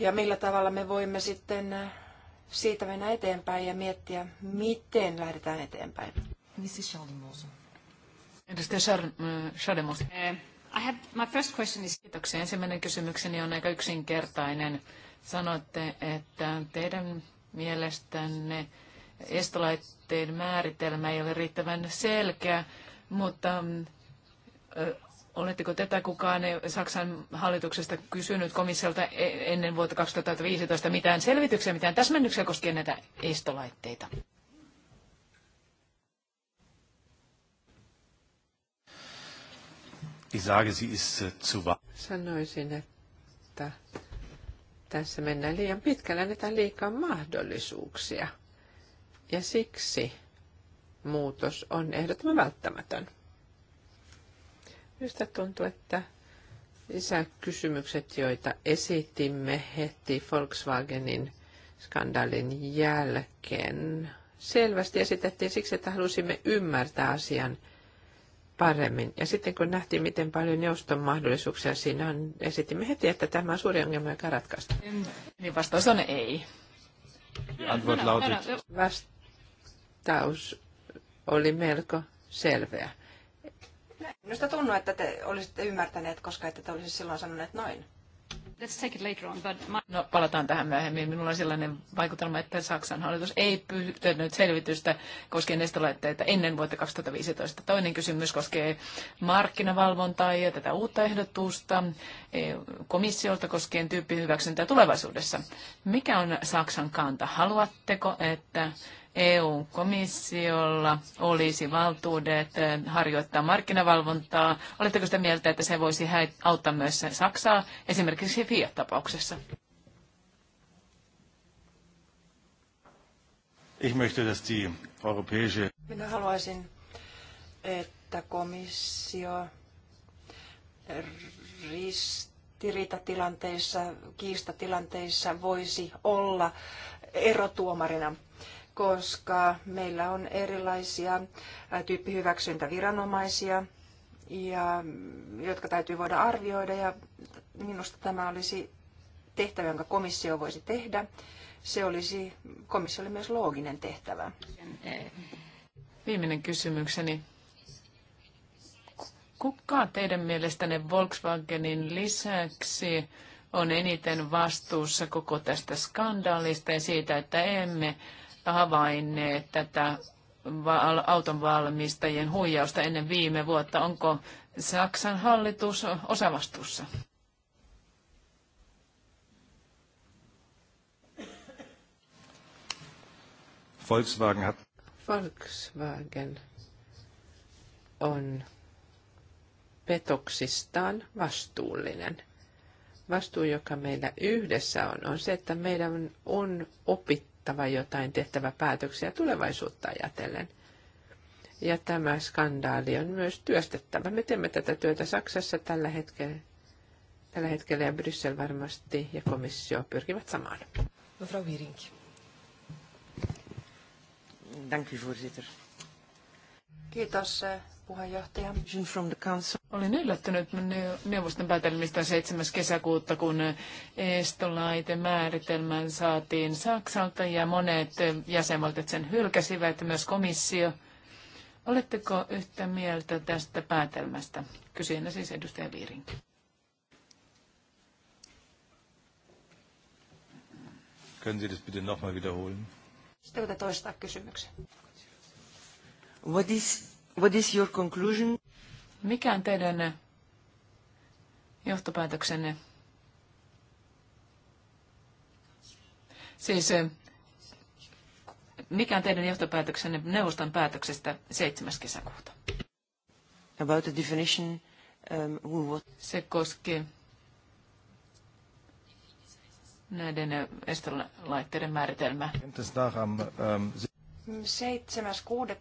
Speaker 4: ja millä tavalla me voimme sitten siitä mennä eteenpäin ja miettiä, miten lähdetään eteenpäin.
Speaker 2: Mrs. Edustaja Shademus. Äh, eh, I have, my first question is... Kiitoksia. Ensimmäinen kysymykseni on aika yksinkertainen. Sanoitte, että teidän mielestänne estolaitteen määritelmä ei ole riittävän selkeä, mutta mm, oletteko tätä kukaan Saksan hallituksesta kysynyt komissiolta e-, ennen vuotta 2015 mitään selvityksiä, mitään täsmennyksiä koskien näitä estolaitteita?
Speaker 3: Ich sage, sie ist äh, zu
Speaker 1: Sanoisin, että tässä mennään liian pitkälle, annetaan liikaa mahdollisuuksia. Ja siksi muutos on ehdottoman välttämätön. Minusta tuntuu, että lisäkysymykset, joita esitimme heti Volkswagenin skandaalin jälkeen, selvästi esitettiin siksi, että halusimme ymmärtää asian – paremmin. Ja sitten kun nähtiin, miten paljon neuvoston mahdollisuuksia siinä on, esitimme heti, että tämä on suuri ongelma, joka ratkaista. Niin vastaus on ei. Vastaus oli melko selveä.
Speaker 4: Minusta tunnu, että te olisitte ymmärtäneet, koska ette te olisitte silloin sanoneet noin. Let's take it later on, but my... No, palataan
Speaker 1: tähän
Speaker 2: myöhemmin. Minulla on sellainen vaikutelma, että Saksan hallitus ei pyytänyt selvitystä koskien nestolaitteita ennen vuotta 2015. Toinen kysymys koskee markkinavalvontaa ja tätä uutta ehdotusta e, komissiolta koskien tyyppihyväksyntää tulevaisuudessa. Mikä on Saksan kanta? Haluatteko, että EU-komissiolla olisi valtuudet eh, harjoittaa markkinavalvontaa. Oletteko sitä mieltä, että se voisi auttaa myös Saksaa esimerkiksi Fiat-tapauksessa?
Speaker 4: Minä haluaisin, että komissio ristiriitatilanteissa, kiistatilanteissa voisi olla erotuomarina koska meillä on erilaisia tyyppihyväksyntäviranomaisia, ja, jotka täytyy voida arvioida. Ja minusta tämä olisi tehtävä, jonka komissio voisi tehdä. Se olisi komissiolle myös looginen tehtävä.
Speaker 2: Viimeinen kysymykseni. Kuka teidän mielestänne Volkswagenin lisäksi on eniten vastuussa koko tästä skandaalista ja siitä, että emme havainneet tätä auton valmistajien huijausta ennen viime vuotta. Onko Saksan hallitus
Speaker 1: osavastuussa?
Speaker 3: Volkswagen hat
Speaker 1: Volkswagen on petoksistaan vastuullinen. Vastuu, joka meillä yhdessä on, on se, että meidän on opittu muutettava jotain, tehtävä päätöksiä tulevaisuutta ajatellen. Ja tämä skandaali on myös työstettävä. Me teemme tätä työtä Saksassa tällä hetkellä, tällä hetkellä ja Bryssel varmasti ja komissio pyrkivät samaan.
Speaker 4: No, Frau Wiering. Danke, voorzitter. Kiitos puheenjohtaja. From the council. Olin yllättynyt
Speaker 2: neuvoston päätelmistä 7. kesäkuuta, kun määritelmän saatiin Saksalta ja monet jäsenvaltiot sen hylkäsivät, myös komissio. Oletteko yhtä mieltä tästä päätelmästä? Kysyjänä siis edustaja
Speaker 4: Viirin.
Speaker 3: Können Sie das bitte nochmal wiederholen?
Speaker 4: Sitten toistaa kysymyksen.
Speaker 2: What is What is your conclusion? Mikä on teidän johtopäätöksenne? Siis eh, mikä on teidän johtopäätöksenne neuvoston päätöksestä 7. kesäkuuta?
Speaker 4: About the definition, um, who
Speaker 2: what? Se koskee näiden eh,
Speaker 4: estolaitteiden
Speaker 2: määritelmää.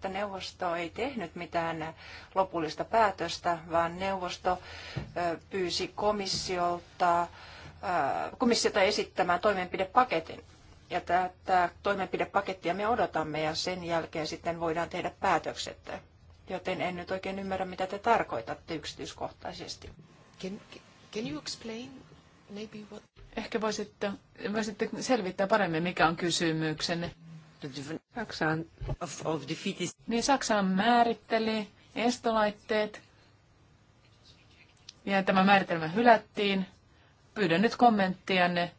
Speaker 4: 7.6. neuvosto ei tehnyt mitään lopullista päätöstä, vaan neuvosto pyysi komissiolta, komissiota esittämään toimenpidepaketin. Ja tätä toimenpidepakettia me odotamme ja sen jälkeen sitten voidaan tehdä päätökset. Joten en nyt oikein ymmärrä, mitä te tarkoitatte yksityiskohtaisesti. Can, can you explain maybe what... Ehkä voisitte, voisitte
Speaker 2: selvittää paremmin, mikä on kysymyksenne. The different Saksaan. Niin Saksa määritteli estolaitteet ja tämä määritelmä hylättiin. Pyydän nyt kommenttianne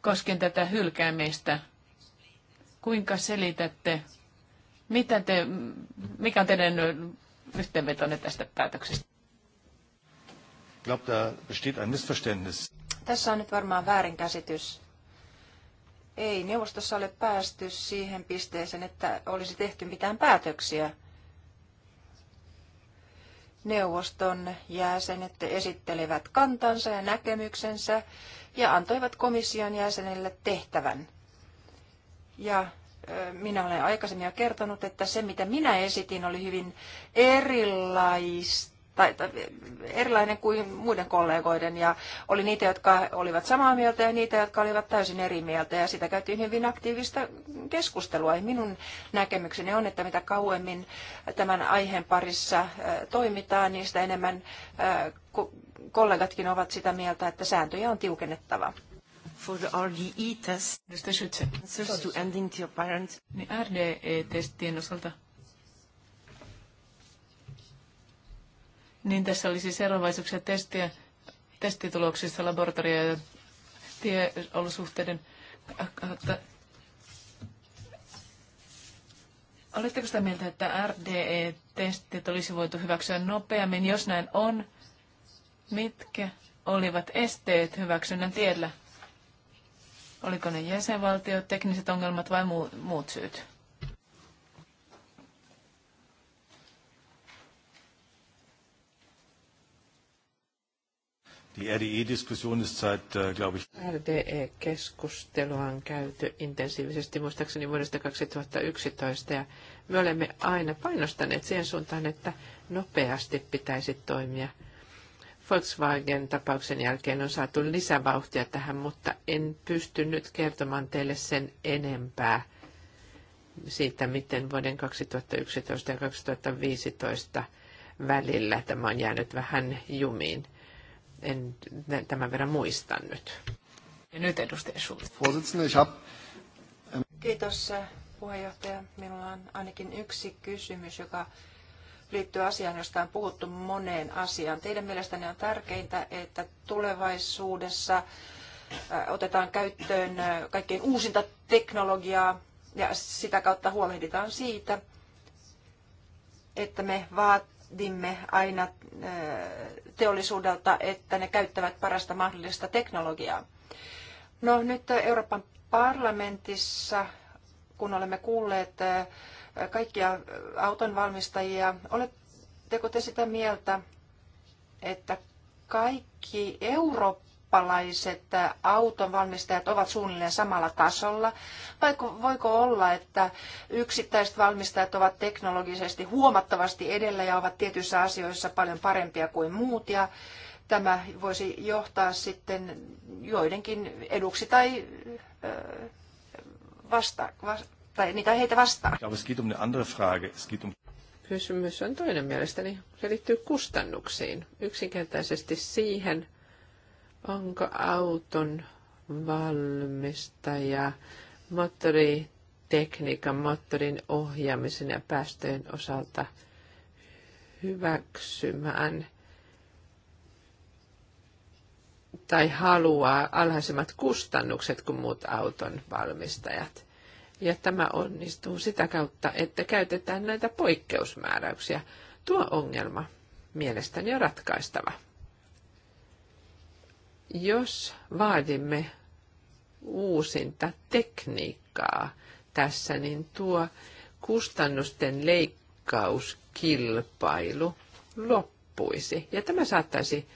Speaker 2: koskien tätä hylkäämistä. Kuinka selitätte, mitä te, mikä on teidän yhteenvetonne tästä päätöksestä?
Speaker 3: Glaub, da besteht ein Missverständnis.
Speaker 4: Tässä on nyt varmaan väärinkäsitys ei neuvostossa ole päästy siihen pisteeseen, että olisi tehty mitään päätöksiä. Neuvoston jäsenet esittelivät kantansa ja näkemyksensä ja antoivat komission jäsenelle tehtävän. Ja minä olen aikaisemmin jo kertonut, että se mitä minä esitin oli hyvin erilaista tai, tai erilainen kuin muiden kollegoiden. Ja oli niitä, jotka olivat samaa mieltä ja niitä, jotka olivat täysin eri mieltä. Ja sitä käytiin hyvin aktiivista keskustelua. Ja minun näkemykseni on, että mitä kauemmin tämän aiheen parissa toimitaan, niin sitä enemmän kollegatkin ovat sitä mieltä, että sääntöjä on tiukennettava for the RDE
Speaker 2: test, answers to ending to your parents. Niin RDE-testien osalta Niin tässä oli siis eroavaisuuksia testiä, testituloksissa laboratorio- ja tieolosuhteiden kautta. Oletteko sitä mieltä, että RDE-testit olisi voitu hyväksyä nopeammin? Jos näin on, mitkä olivat esteet hyväksynnän tiellä? Oliko ne jäsenvaltiot, tekniset ongelmat vai muut syyt?
Speaker 3: rde
Speaker 1: RDE-keskustelua äh, on käyty intensiivisesti muistaakseni vuodesta 2011 ja me olemme aina painostaneet siihen suuntaan, että nopeasti pitäisi toimia. Volkswagen-tapauksen jälkeen on saatu lisävauhtia tähän, mutta en pysty nyt kertomaan teille sen enempää siitä, miten vuoden 2011 ja 2015 välillä tämä on jäänyt vähän jumiin en tämän verran muista nyt.
Speaker 2: Ja nyt edustaja Schultz.
Speaker 4: Kiitos äh, puheenjohtaja. Minulla on ainakin yksi kysymys, joka liittyy asiaan, josta on puhuttu moneen asiaan. Teidän mielestänne on tärkeintä, että tulevaisuudessa äh, otetaan käyttöön äh, kaikkein uusinta teknologiaa ja sitä kautta huolehditaan siitä, että me vaat, vaadimme aina äh, teollisuudelta, että ne käyttävät parasta mahdollista teknologiaa. No nyt Euroopan parlamentissa, kun olemme kuulleet äh, kaikkia autonvalmistajia, oletteko te sitä mieltä, että kaikki Eurooppa eurooppalaiset autonvalmistajat ovat suunnilleen samalla tasolla? Vai voiko olla, että yksittäiset valmistajat ovat teknologisesti huomattavasti edellä ja ovat tietyissä asioissa paljon parempia kuin muut ja tämä voisi johtaa sitten joidenkin eduksi tai vasta, vasta tai niitä heitä vastaan.
Speaker 3: Um
Speaker 1: um Kysymys on toinen mielestäni. Se liittyy kustannuksiin. Yksinkertaisesti siihen, onko auton valmistaja moottoritekniikan, moottorin ohjaamisen ja päästöjen osalta hyväksymään tai haluaa alhaisemmat kustannukset kuin muut auton valmistajat. Ja tämä onnistuu sitä kautta, että käytetään näitä poikkeusmääräyksiä. Tuo ongelma mielestäni on ratkaistava. Jos vaadimme uusinta tekniikkaa tässä, niin tuo kustannusten leikkauskilpailu loppuisi. Ja tämä saattaisi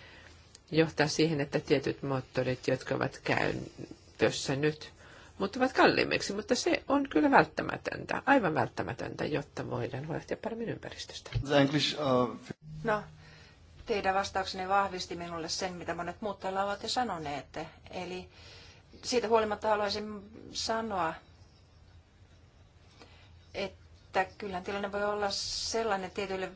Speaker 1: johtaa siihen, että tietyt moottorit, jotka ovat käytössä nyt, muuttuvat kalliimmiksi, mutta se on kyllä välttämätöntä, aivan välttämätöntä, jotta voidaan huolehtia
Speaker 4: paremmin ympäristöstä. Uh, no, teidän vastauksenne vahvisti minulle sen, mitä monet muut täällä ovat jo sanoneet. Eli siitä huolimatta haluaisin sanoa, että kyllä tilanne voi olla sellainen tietyille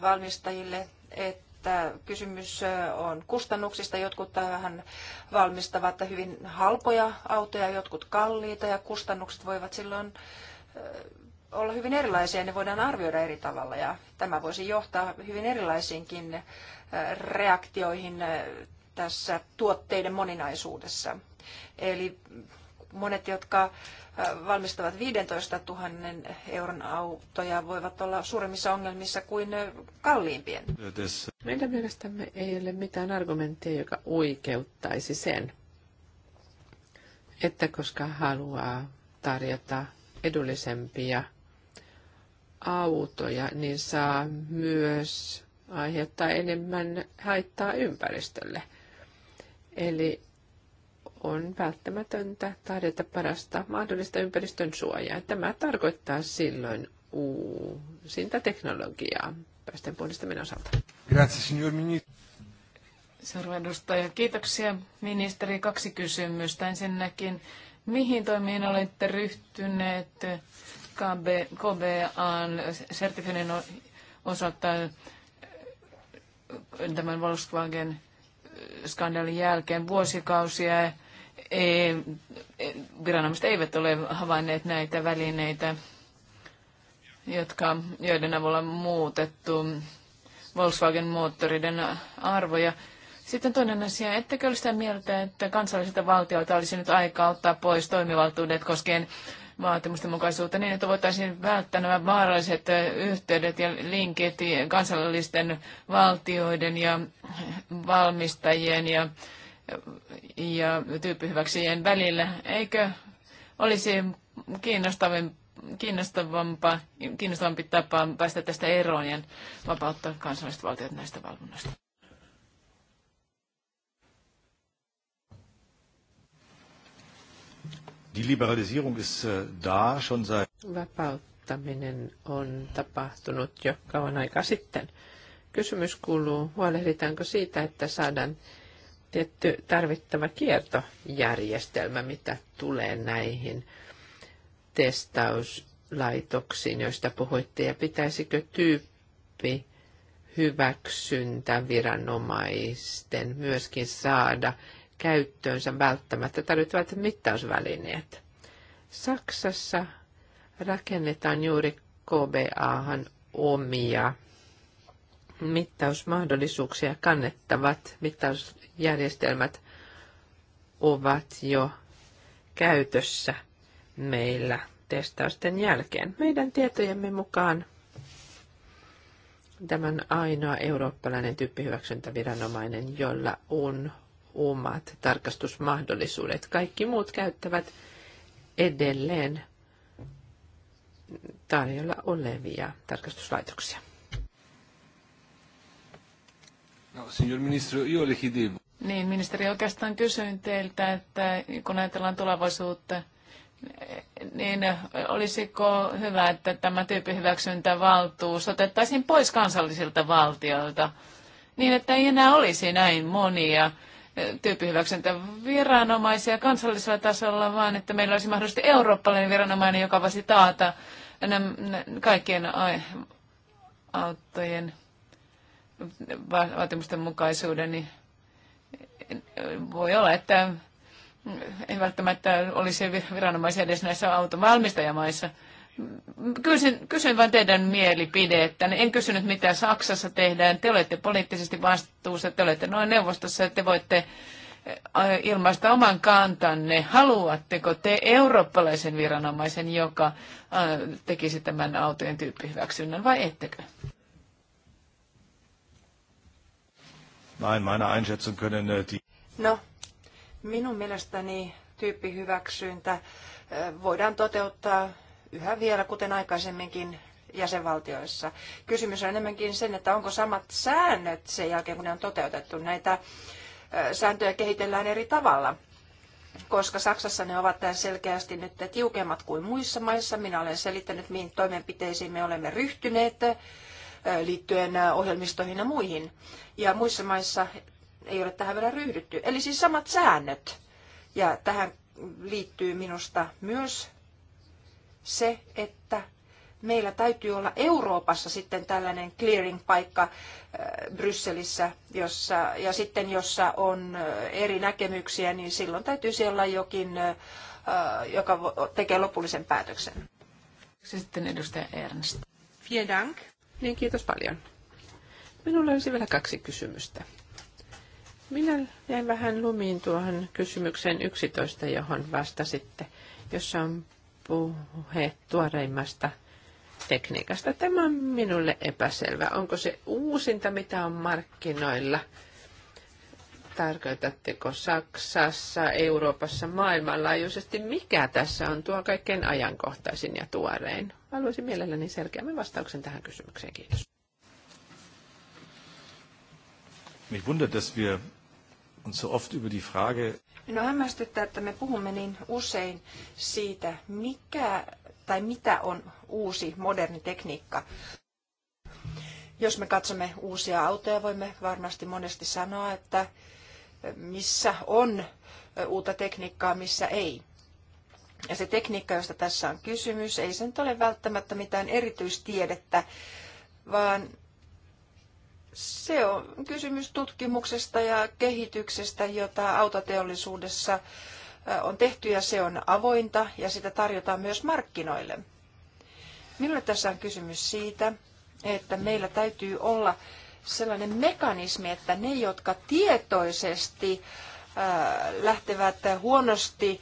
Speaker 4: valmistajille, että kysymys on kustannuksista. Jotkut vähän valmistavat hyvin halpoja autoja, jotkut kalliita ja kustannukset voivat silloin olla hyvin erilaisia ja ne voidaan arvioida eri tavalla. Ja tämä voisi johtaa hyvin erilaisiinkin äh, reaktioihin äh, tässä tuotteiden moninaisuudessa. Eli monet, jotka äh, valmistavat 15 000 euron autoja, voivat olla suuremmissa ongelmissa kuin kalliimpien. Meidän
Speaker 1: mielestämme ei ole mitään argumenttia, joka oikeuttaisi sen, että koska haluaa tarjota edullisempia autoja, niin saa myös aiheuttaa enemmän haittaa ympäristölle. Eli on välttämätöntä tarjota parasta mahdollista ympäristön suojaa. Tämä tarkoittaa silloin uusinta teknologiaa päästön puhdistaminen osalta.
Speaker 3: Grazie, signor ministeri.
Speaker 2: Seuraava edustaja. Kiitoksia, ministeri. Kaksi kysymystä. Ensinnäkin, mihin toimiin olette ryhtyneet KB, KBAn sertifioinnin osalta eh, tämän Volkswagen eh, skandaalin jälkeen vuosikausia ei, eh, viranomaiset eivät ole havainneet näitä välineitä, jotka, joiden avulla on muutettu Volkswagen-moottoriden arvoja. Sitten toinen asia, ettekö ole sitä mieltä, että kansallisilta valtioilta olisi nyt aika ottaa pois toimivaltuudet koskien vaatimusten mukaisuutta niin, että voitaisiin välttää nämä vaaralliset yhteydet ja linkit kansallisten valtioiden ja valmistajien ja, ja tyyppihyväksyjien välillä. Eikö olisi kiinnostavampaa, kiinnostavampa, kiinnostavampi tapa päästä tästä eroon ja vapauttaa kansalliset valtiot näistä valvonnoista?
Speaker 3: Die Liberalisierung ist äh, da schon seit...
Speaker 1: Vapauttaminen on tapahtunut jo kauan aikaa sitten. Kysymys kuuluu, huolehditaanko siitä, että saadaan tietty tarvittava kiertojärjestelmä, mitä tulee näihin testauslaitoksiin, joista puhuitte, ja pitäisikö tyyppi hyväksyntä viranomaisten myöskin saada käyttöönsä välttämättä tarvittavat mittausvälineet. Saksassa rakennetaan juuri KBAhan omia mittausmahdollisuuksia kannettavat mittausjärjestelmät ovat jo käytössä meillä testausten jälkeen. Meidän tietojemme mukaan tämän ainoa eurooppalainen tyyppihyväksyntäviranomainen, jolla on omat tarkastusmahdollisuudet. Kaikki muut käyttävät edelleen tarjolla olevia tarkastuslaitoksia.
Speaker 3: No, signor ministro, io le chiedevo.
Speaker 2: Niin, ministeri, oikeastaan kysyin teiltä, että kun ajatellaan tulevaisuutta, niin olisiko hyvä, että tämä tyyppihyväksyntävaltuus otettaisiin pois kansallisilta valtioilta, niin että ei enää olisi näin monia viranomaisia kansallisella tasolla, vaan että meillä olisi mahdollisesti eurooppalainen viranomainen, joka voisi taata kaikkien autojen vaatimusten mukaisuuden, niin voi olla, että ei välttämättä olisi viranomaisia edes näissä auton valmistajamaissa. Kysyn, kysyn vain teidän mielipidettänne. En kysynyt, mitä Saksassa tehdään. Te olette poliittisesti vastuussa, te olette noin neuvostossa, ja te voitte eh, ilmaista oman kantanne. Haluatteko te eurooppalaisen viranomaisen, joka eh, tekisi tämän autojen
Speaker 4: tyyppihyväksynnän vai ettekö?
Speaker 3: Äh,
Speaker 4: no, minun mielestäni tyyppihyväksyntä äh, voidaan toteuttaa yhä vielä, kuten aikaisemminkin, jäsenvaltioissa. Kysymys on enemmänkin sen, että onko samat säännöt sen jälkeen, kun ne on toteutettu. Näitä sääntöjä kehitellään eri tavalla, koska Saksassa ne ovat tämän selkeästi nyt tiukemmat kuin muissa maissa. Minä olen selittänyt, mihin toimenpiteisiin me olemme ryhtyneet liittyen ohjelmistoihin ja muihin. Ja muissa maissa ei ole tähän vielä ryhdytty. Eli siis samat säännöt. Ja tähän liittyy minusta myös se, että meillä täytyy olla Euroopassa sitten tällainen clearing-paikka äh, Brysselissä, jossa, ja sitten jossa on äh, eri näkemyksiä, niin silloin täytyisi olla jokin, äh, joka tekee lopullisen päätöksen.
Speaker 1: Sitten edustaja Ernst. Vielen dank. Niin, kiitos paljon. Minulla olisi vielä kaksi kysymystä. Minä jäin vähän lumiin tuohon kysymykseen 11, johon vastasitte, jossa on puhe tuoreimmasta tekniikasta. Tämä on minulle epäselvä. Onko se uusinta, mitä on markkinoilla? Tarkoitatteko Saksassa, Euroopassa, maailmanlaajuisesti? Mikä tässä on tuo kaikkein ajankohtaisin ja tuorein? Haluaisin mielelläni
Speaker 4: selkeämmin vastauksen tähän kysymykseen. Kiitos.
Speaker 3: Mich wundert, dass wir uns so oft über die Frage
Speaker 4: Minua hämmästyttää, että me puhumme niin usein siitä, mikä tai mitä on uusi moderni tekniikka. Jos me katsomme uusia autoja, voimme varmasti monesti sanoa, että missä on uutta tekniikkaa, missä ei. Ja se tekniikka, josta tässä on kysymys, ei sen ole välttämättä mitään erityistiedettä, vaan se on kysymys tutkimuksesta ja kehityksestä, jota autoteollisuudessa on tehty ja se on avointa ja sitä tarjotaan myös markkinoille. Minulle tässä on kysymys siitä, että meillä täytyy olla sellainen mekanismi, että ne, jotka tietoisesti lähtevät huonosti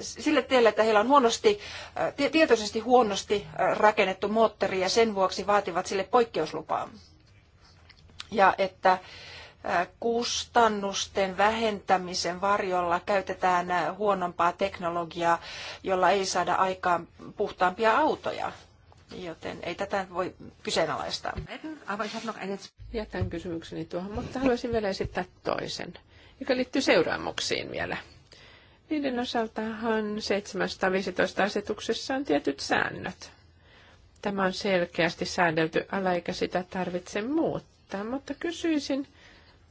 Speaker 4: sille tielle, että heillä on huonosti, äh, tietoisesti huonosti äh, rakennettu moottori ja sen vuoksi vaativat sille poikkeuslupaa. Ja että äh, kustannusten vähentämisen varjolla käytetään huonompaa teknologiaa, jolla ei saada aikaan puhtaampia autoja. Joten ei tätä voi kyseenalaistaa. Jätän kysymykseni tuohon,
Speaker 1: mutta haluaisin vielä esittää toisen, joka liittyy seuraamuksiin vielä. Niiden osaltahan 715 asetuksessa on tietyt säännöt. Tämä on selkeästi säädelty ala, eikä sitä tarvitse muuttaa, mutta kysyisin,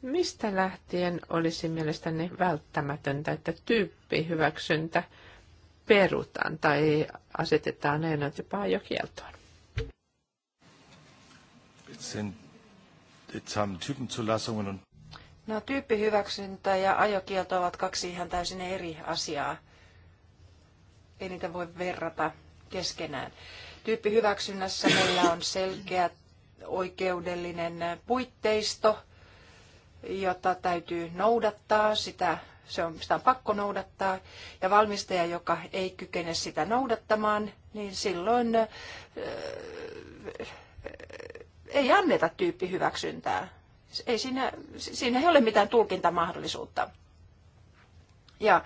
Speaker 1: mistä lähtien olisi mielestäni välttämätöntä, että tyyppihyväksyntä perutaan tai asetetaan ennatypää ajokieltoon?
Speaker 3: Sen, että Typenzulassungen und
Speaker 4: No tyyppihyväksyntä ja ajokielto ovat kaksi ihan täysin eri asiaa. Ei niitä voi verrata keskenään. Tyyppihyväksynnässä meillä on selkeä oikeudellinen puitteisto, jota täytyy noudattaa, sitä, se on, sitä on pakko noudattaa, ja valmistaja, joka ei kykene sitä noudattamaan, niin silloin äh, ei anneta tyyppihyväksyntää ei siinä, siinä ei ole mitään tulkintamahdollisuutta. Ja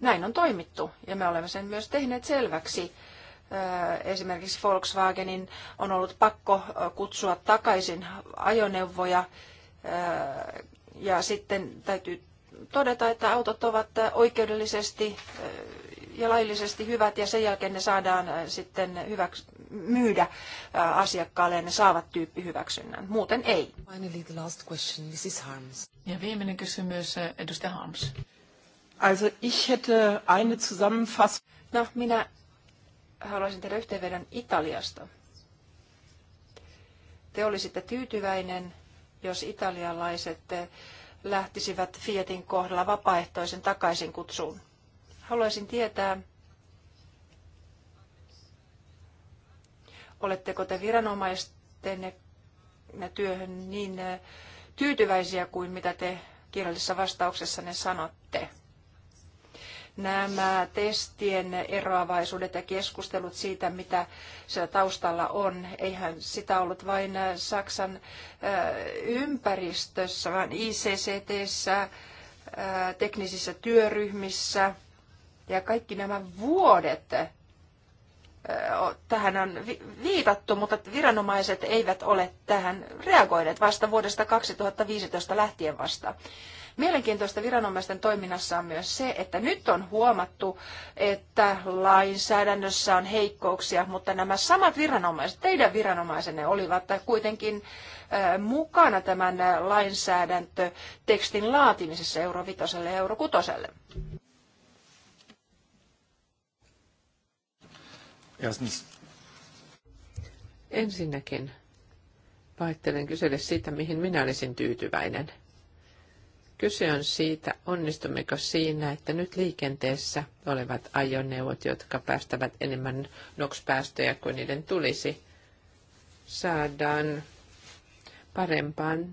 Speaker 4: näin on toimittu ja me olemme sen myös tehneet selväksi. Äh, esimerkiksi Volkswagenin on ollut pakko äh, kutsua takaisin ajoneuvoja äh, ja sitten täytyy todeta, että autot ovat oikeudellisesti ja laillisesti hyvät ja sen jälkeen ne saadaan äh, sitten hyväks- myydä äh, asiakkaalle ja ne saavat tyyppihyväksynnän. Muuten ei.
Speaker 2: Finally the last question, Mrs. Harms. Ja viimeinen kysymys, äh, edustaja Harms.
Speaker 4: Also ich hätte eine Zusammenfassung. No, minä haluaisin tehdä yhteenvedon Italiasta. Te olisitte tyytyväinen, jos italialaiset lähtisivät Fiatin kohdalla vapaaehtoisen takaisin kutsuun. Haluaisin tietää, oletteko te viranomaisten työhön niin eh, tyytyväisiä kuin mitä te kirjallisessa vastauksessanne sanotte. Nämä testien eroavaisuudet ja keskustelut siitä, mitä siellä taustalla on, eihän sitä ollut vain eh, Saksan eh, ympäristössä, vaan ICCTssä, teknisissä työryhmissä, ja kaikki nämä vuodet tähän on viitattu, mutta viranomaiset eivät ole tähän reagoineet vasta vuodesta 2015 lähtien vasta. Mielenkiintoista viranomaisten toiminnassa on myös se, että nyt on huomattu, että lainsäädännössä on heikkouksia, mutta nämä samat viranomaiset, teidän viranomaisenne olivat kuitenkin mukana tämän lainsäädäntötekstin laatimisessa Eurovitoselle ja Eurokutoselle.
Speaker 3: Erstens.
Speaker 1: Ensinnäkin pahittelen kysele siitä, mihin minä olisin tyytyväinen. Kyse on siitä, onnistummeko siinä, että nyt liikenteessä olevat ajoneuvot, jotka päästävät enemmän NOx-päästöjä kuin niiden tulisi, saadaan parempaan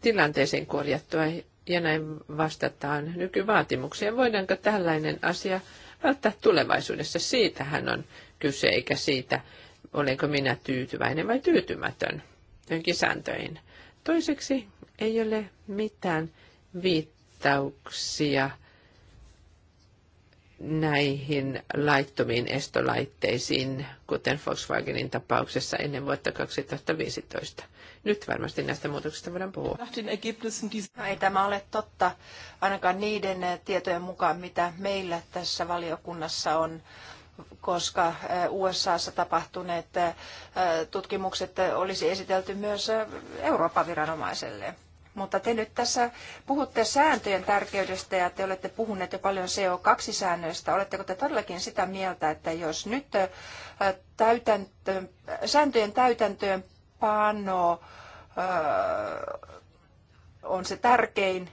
Speaker 1: tilanteeseen korjattua ja näin vastataan nykyvaatimukseen. Voidaanko tällainen asia välttää tulevaisuudessa? Siitähän on kyse, eikä siitä, olenko minä tyytyväinen vai tyytymätön johonkin sääntöihin. Toiseksi ei ole mitään viittauksia näihin laittomiin estolaitteisiin, kuten Volkswagenin tapauksessa ennen vuotta 2015. Nyt varmasti näistä muutoksista voidaan puhua.
Speaker 4: No, ei tämä ole totta, ainakaan niiden tietojen mukaan, mitä meillä tässä valiokunnassa on koska eh, USAssa tapahtuneet eh, tutkimukset eh, olisi esitelty myös Euroopan viranomaiselle. Mutta te nyt tässä puhutte sääntöjen tärkeydestä ja te olette puhuneet jo paljon CO2-säännöistä. Oletteko te todellakin sitä mieltä, että jos nyt täytäntö, sääntöjen täytäntöön pano on se tärkein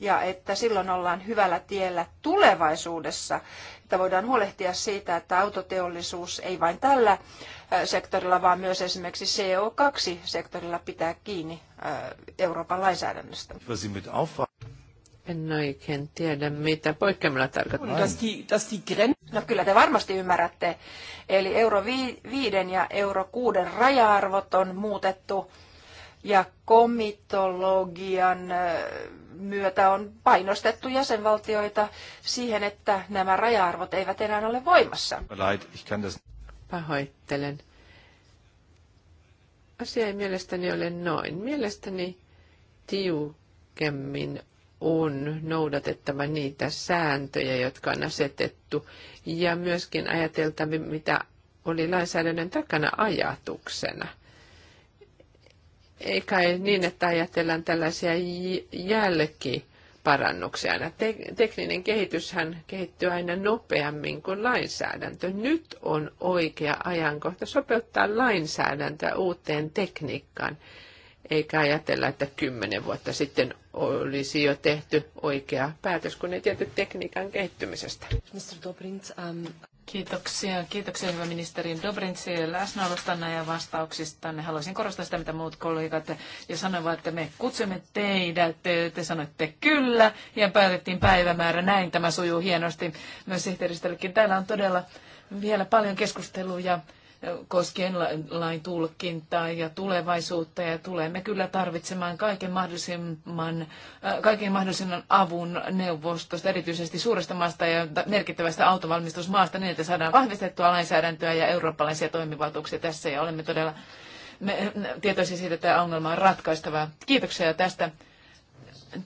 Speaker 4: ja että silloin ollaan hyvällä tiellä tulevaisuudessa, että voidaan huolehtia siitä, että autoteollisuus ei vain tällä sektorilla, vaan myös esimerkiksi CO2-sektorilla pitää kiinni Euroopan lainsäädännöstä.
Speaker 1: En oikein tiedä, mitä poikkeamilla tarkoittaa.
Speaker 4: No kyllä te varmasti ymmärrätte. Eli euro 5 ja euro 6 raja-arvot on muutettu ja komitologian myötä on painostettu jäsenvaltioita siihen, että nämä raja-arvot eivät enää ole voimassa.
Speaker 1: Pahoittelen.
Speaker 4: Asia ei mielestäni ole
Speaker 1: noin. Mielestäni tiukemmin on noudatettava niitä sääntöjä, jotka on asetettu, ja myöskin ajateltava, mitä oli lainsäädännön takana ajatuksena – ei kai niin, että ajatellaan tällaisia jälkiparannuksia Te- tekninen kehityshän kehittyy aina nopeammin kuin lainsäädäntö. Nyt on oikea ajankohta sopeuttaa lainsäädäntöä uuteen tekniikkaan. Eikä ajatella, että kymmenen vuotta sitten olisi jo tehty oikea päätös, kun ei tietty tekniikan kehittymisestä. Mr.
Speaker 2: um... Kiitoksia. Kiitoksia hyvä ministeri Dobrintsi läsnäolostanne ja vastauksistanne. Haluaisin korostaa sitä, mitä muut kollegat ja sanoivat, että me kutsumme teidät. Te, te sanoitte kyllä ja päätettiin päivämäärä. Näin tämä sujuu hienosti myös sihteeristöllekin. Täällä on todella vielä paljon keskusteluja koskien lain tulkintaa ja tulevaisuutta ja tulemme kyllä tarvitsemaan kaiken, mahdollisimman, äh, kaiken mahdollisimman avun neuvostosta, erityisesti suuresta maasta ja merkittävästä autovalmistusmaasta niin, että saadaan vahvistettua lainsäädäntöä ja eurooppalaisia toimivaltuuksia tässä ja olemme todella me, tietoisia siitä, että tämä ongelma on ratkaistava. Kiitoksia tästä.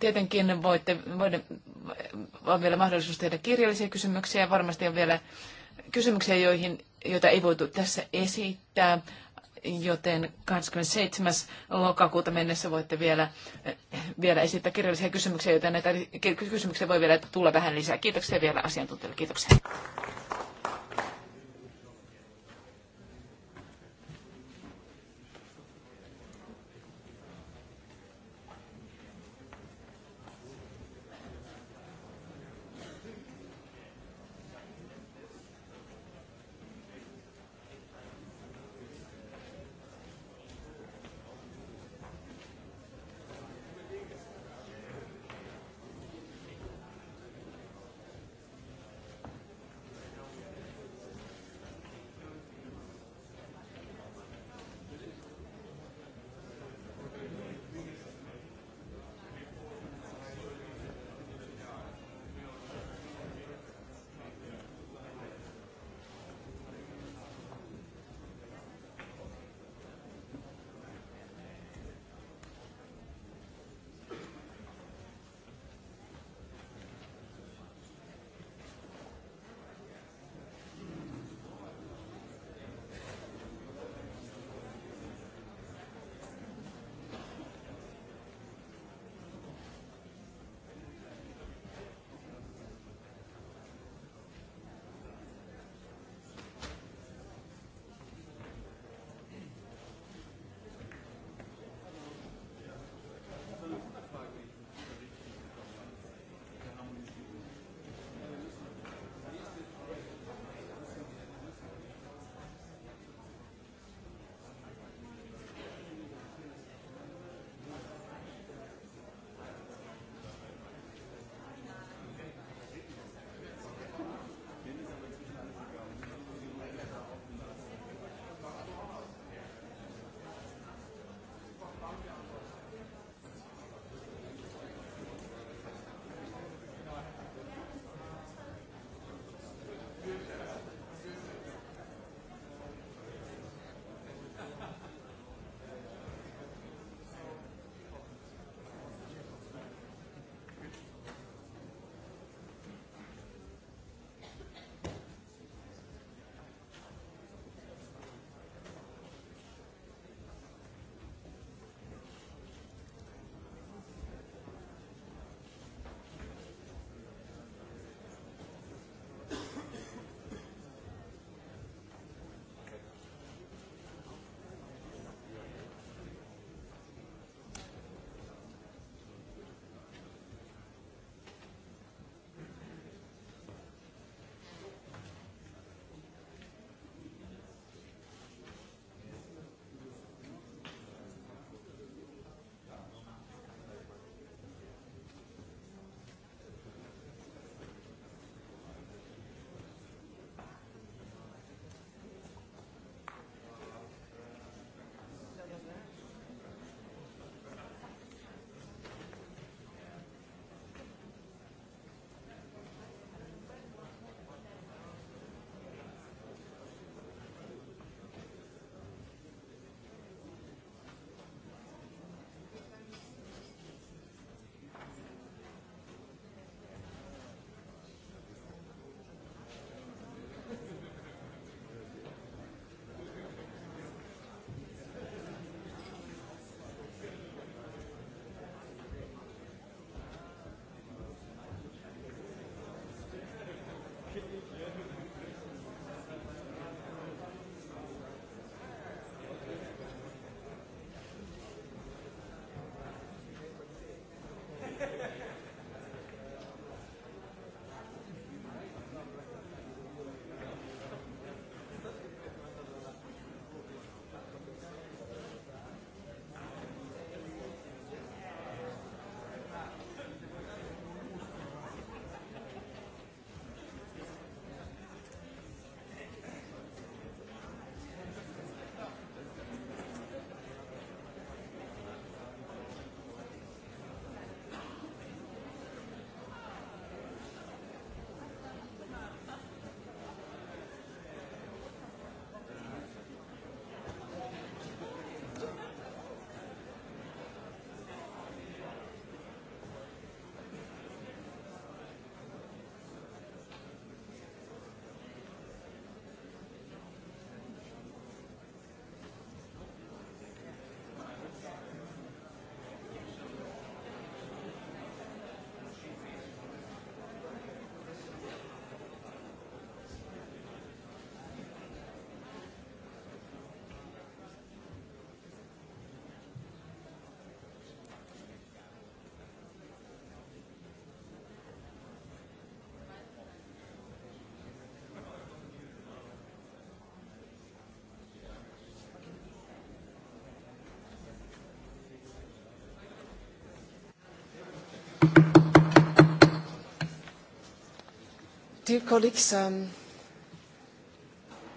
Speaker 2: Tietenkin voitte, voitte, on vielä mahdollisuus tehdä kirjallisia kysymyksiä. Varmasti on vielä kysymyksiä, joihin, joita ei voitu tässä esittää, joten 27. lokakuuta mennessä voitte vielä, vielä esittää kirjallisia kysymyksiä, joten näitä kysymyksiä voi vielä tulla vähän lisää. Kiitoksia vielä asiantuntijoille. Kiitoksia.
Speaker 4: Dear colleagues, um,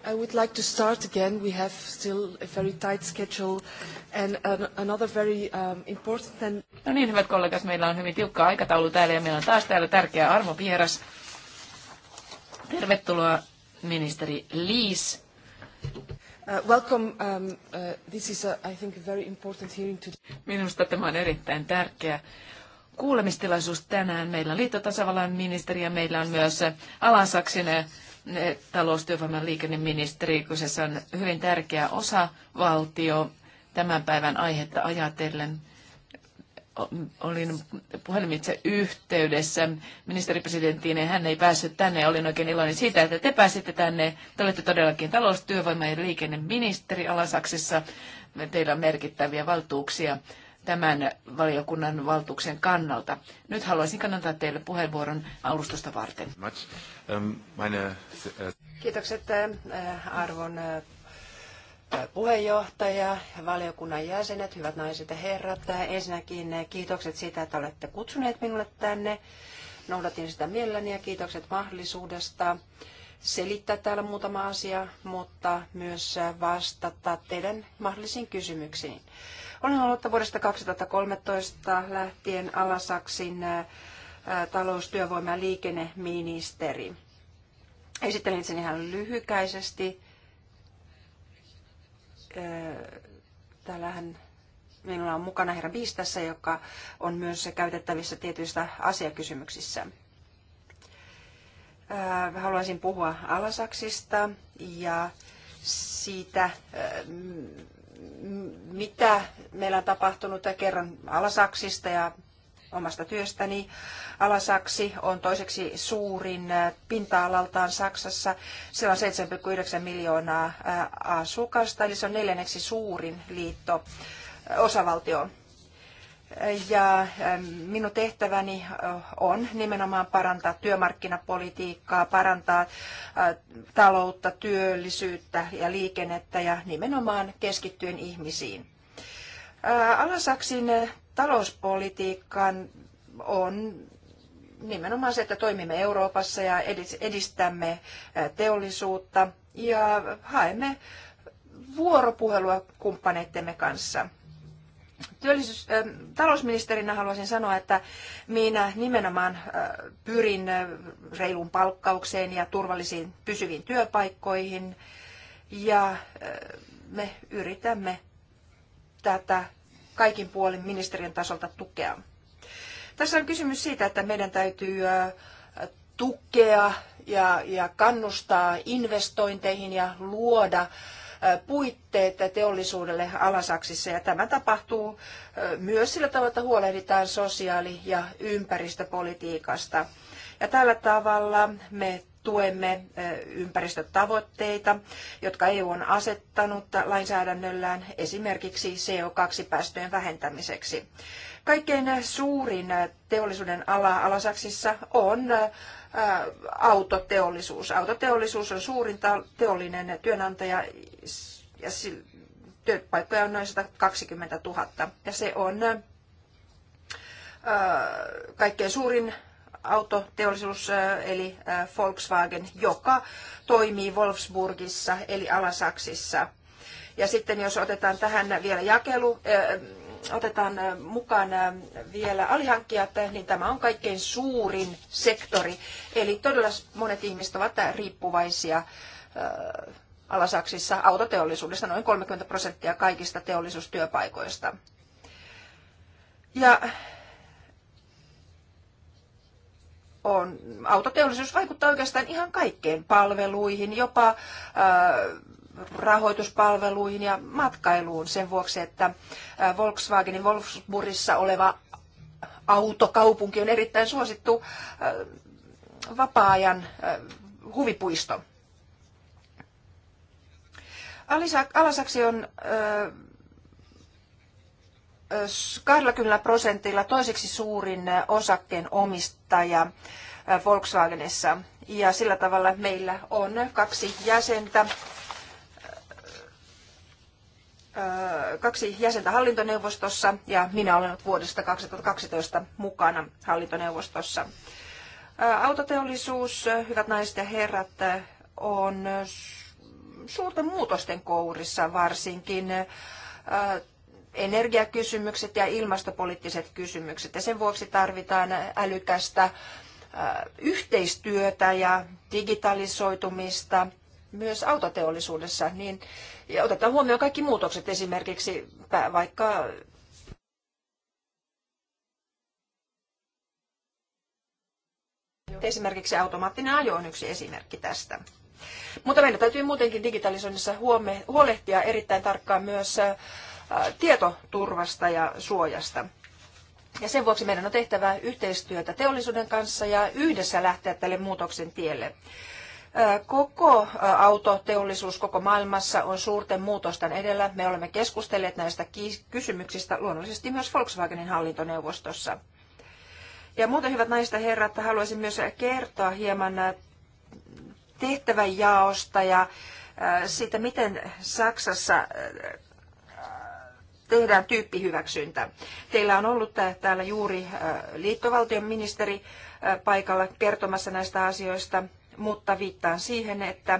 Speaker 4: I would like to start again. We have still a very tight schedule and an, another very um, important and...
Speaker 2: No niin, hyvät kollegat, meillä on hyvin tiukka aikataulu täällä ja meillä on taas täällä tärkeä arvovieras. Tervetuloa ministeri Liis.
Speaker 1: Uh, welcome. Um, uh, this is, a, I think, a very important hearing today.
Speaker 2: Minusta tämä on erittäin tärkeä kuulemistilaisuus tänään. Meillä on liittotasavallan ministeri ja meillä on myös Alansaksinen eh, taloustyövoiman liikenneministeri. se on hyvin tärkeä osa valtio tämän päivän aihetta ajatellen. Olin puhelimitse yhteydessä ministeripresidenttiin ja hän ei päässyt tänne. Olin oikein iloinen siitä, että te pääsitte tänne. Te olette todellakin taloustyövoima- ja liikenneministeri Alasaksissa. Teillä on merkittäviä valtuuksia tämän valiokunnan valtuuksen kannalta. Nyt haluaisin kannattaa teille puheenvuoron alustusta varten.
Speaker 3: Um, uh,
Speaker 4: kiitokset uh, arvon uh, puheenjohtaja, valiokunnan jäsenet, hyvät naiset ja herrat. Ensinnäkin kiitokset siitä, että olette kutsuneet minulle tänne. Noudatin sitä mielelläni ja kiitokset mahdollisuudesta selittää täällä muutama asia, mutta myös vastata teidän mahdollisiin kysymyksiin. Olen ollut vuodesta 2013 lähtien Alasaksin äh, taloustyövoima- ja liikenneministeri. Esittelin sen ihan lyhykäisesti. Äh, täällähän minulla on mukana herra Biis tässä, joka on myös käytettävissä tietyissä asiakysymyksissä. Äh, haluaisin puhua Alasaksista ja siitä, mitä meillä on tapahtunut kerran Alasaksista ja omasta työstäni. Alasaksi on toiseksi suurin äh, pinta-alaltaan Saksassa. Siellä on 7,9 miljoonaa äh, asukasta, eli se on neljänneksi suurin liitto äh, osavaltio. Ja ähm, minun tehtäväni äh, on nimenomaan parantaa työmarkkinapolitiikkaa, parantaa äh, taloutta, työllisyyttä ja liikennettä ja nimenomaan keskittyen ihmisiin. Äh, Alasaksin talouspolitiikkaan on nimenomaan se, että toimimme Euroopassa ja edistämme teollisuutta ja haemme vuoropuhelua kumppaneittemme kanssa. Työllisyys, äh, talousministerinä haluaisin sanoa, että minä nimenomaan äh, pyrin äh, reilun palkkaukseen ja turvallisiin pysyviin työpaikkoihin. Ja äh, me yritämme tätä kaikin puolin ministeriön tasolta tukea. Tässä on kysymys siitä, että meidän täytyy tukea ja, ja kannustaa investointeihin ja luoda äh, puitteet teollisuudelle Alasaksissa. Ja tämä tapahtuu myös sillä tavalla, että huolehditaan sosiaali- ja ympäristöpolitiikasta. Ja tällä tavalla me tuemme ympäristötavoitteita, jotka EU on asettanut lainsäädännöllään esimerkiksi CO2-päästöjen vähentämiseksi. Kaikkein suurin teollisuuden ala Alasaksissa on autoteollisuus. Autoteollisuus on suurin teollinen työnantaja ja työpaikkoja on noin 120 000. Ja se on kaikkein suurin autoteollisuus eli Volkswagen, joka toimii Wolfsburgissa eli Alasaksissa. Ja sitten jos otetaan tähän vielä jakelu, otetaan mukaan vielä alihankkijat, niin tämä on kaikkein suurin sektori. Eli todella monet ihmiset ovat riippuvaisia Alasaksissa autoteollisuudesta, noin 30 prosenttia kaikista teollisuustyöpaikoista. Ja on, autoteollisuus vaikuttaa oikeastaan ihan kaikkeen palveluihin, jopa rahoituspalveluihin ja matkailuun sen vuoksi, että Volkswagenin Wolfsburgissa oleva autokaupunki on erittäin suosittu vapaa-ajan huvipuisto. Alasaksi on 20 prosentilla toiseksi suurin osakkeen omistaja Volkswagenissa. Ja sillä tavalla meillä on kaksi jäsentä kaksi jäsentä hallintoneuvostossa ja minä olen ollut vuodesta 2012 mukana hallintoneuvostossa. Autoteollisuus, hyvät naiset ja herrat, on suurten muutosten kourissa varsinkin energiakysymykset ja ilmastopoliittiset kysymykset. Ja sen vuoksi tarvitaan älykästä yhteistyötä ja digitalisoitumista myös autoteollisuudessa, niin ja otetaan huomioon kaikki muutokset esimerkiksi vaikka Esimerkiksi automaattinen ajo on yksi esimerkki tästä. Mutta meidän täytyy muutenkin digitalisoinnissa huolehtia erittäin tarkkaan myös äh, tietoturvasta ja suojasta. Ja sen vuoksi meidän on tehtävä yhteistyötä teollisuuden kanssa ja yhdessä lähteä tälle muutoksen tielle. Koko autoteollisuus koko maailmassa on suurten muutosten edellä. Me olemme keskustelleet näistä kysymyksistä luonnollisesti myös Volkswagenin hallintoneuvostossa. Ja muuten hyvät naiset ja herrat, haluaisin myös kertoa hieman tehtävänjaosta ja siitä, miten Saksassa tehdään tyyppihyväksyntä. Teillä on ollut täällä juuri liittovaltion ministeri paikalla kertomassa näistä asioista mutta viittaan siihen, että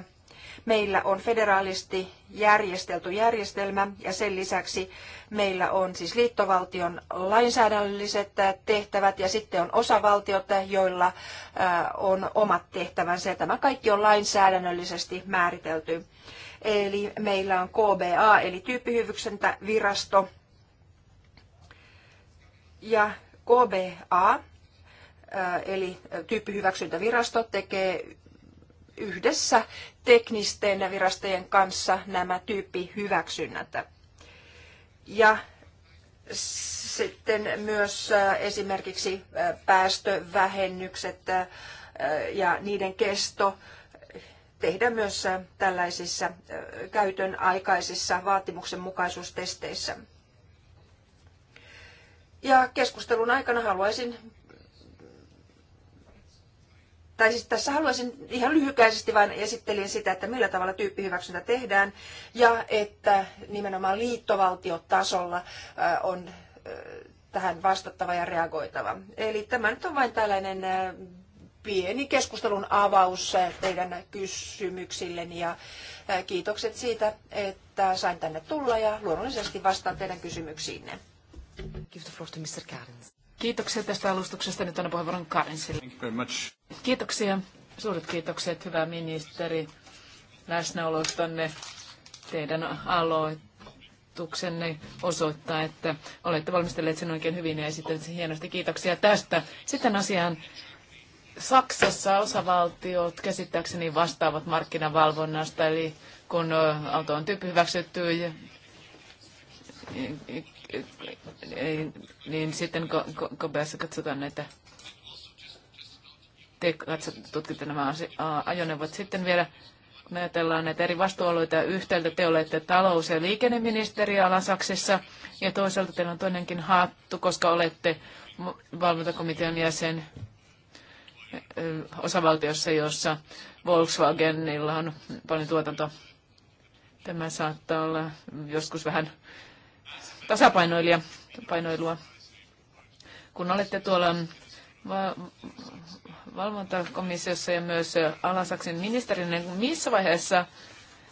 Speaker 4: meillä on federaalisti järjestelty järjestelmä ja sen lisäksi meillä on siis liittovaltion lainsäädännölliset tehtävät ja sitten on osavaltiot, joilla äh, on omat tehtävänsä ja tämä kaikki on lainsäädännöllisesti määritelty. Eli meillä on KBA eli tyyppihyvyksentävirasto ja KBA äh, eli tyyppihyväksyntävirasto tekee yhdessä teknisten virastojen kanssa nämä tyyppihyväksynnät. Ja sitten myös esimerkiksi päästövähennykset ja niiden kesto tehdä myös tällaisissa käytön aikaisissa vaatimuksenmukaisuustesteissä. Ja keskustelun aikana haluaisin tai siis tässä haluaisin ihan lyhykäisesti vain esittelin sitä, että millä tavalla tyyppihyväksyntä tehdään ja että nimenomaan liittovaltiotasolla äh, on äh, tähän vastattava ja reagoitava. Eli tämä nyt on vain tällainen äh, pieni keskustelun avaus teidän kysymyksilleni ja kiitokset siitä, että sain tänne tulla ja luonnollisesti vastaan teidän kysymyksiinne.
Speaker 2: Give the floor to Mr. Karins. Kiitoksia tästä alustuksesta. Nyt on puheenvuoron Karinsille. Kiitoksia. Suuret kiitokset, hyvä ministeri, läsnäolostanne. Teidän aloituksenne osoittaa, että olette valmistelleet sen oikein hyvin ja esittäneet sen hienosti. Kiitoksia tästä. Sitten asiaan. Saksassa osavaltiot käsittääkseni vastaavat markkinavalvonnasta, eli kun auto on tyyppi hyväksytty, niin sitten kopeassa katsotaan näitä, te katsot, tutkitte nämä ajoneuvot sitten vielä, kun ajatellaan näitä eri vastuualueita, yhtäältä te olette talous- ja liikenneministeri Alasaksissa, ja toisaalta teillä on toinenkin haattu, koska olette valvontakomitean jäsen osavaltiossa, jossa Volkswagenilla on paljon tuotanto. Tämä saattaa olla joskus vähän tasapainoilija, painoilua. Kun olette tuolla va- valvontakomissiossa ja myös Alasaksin ministerinä, niin missä vaiheessa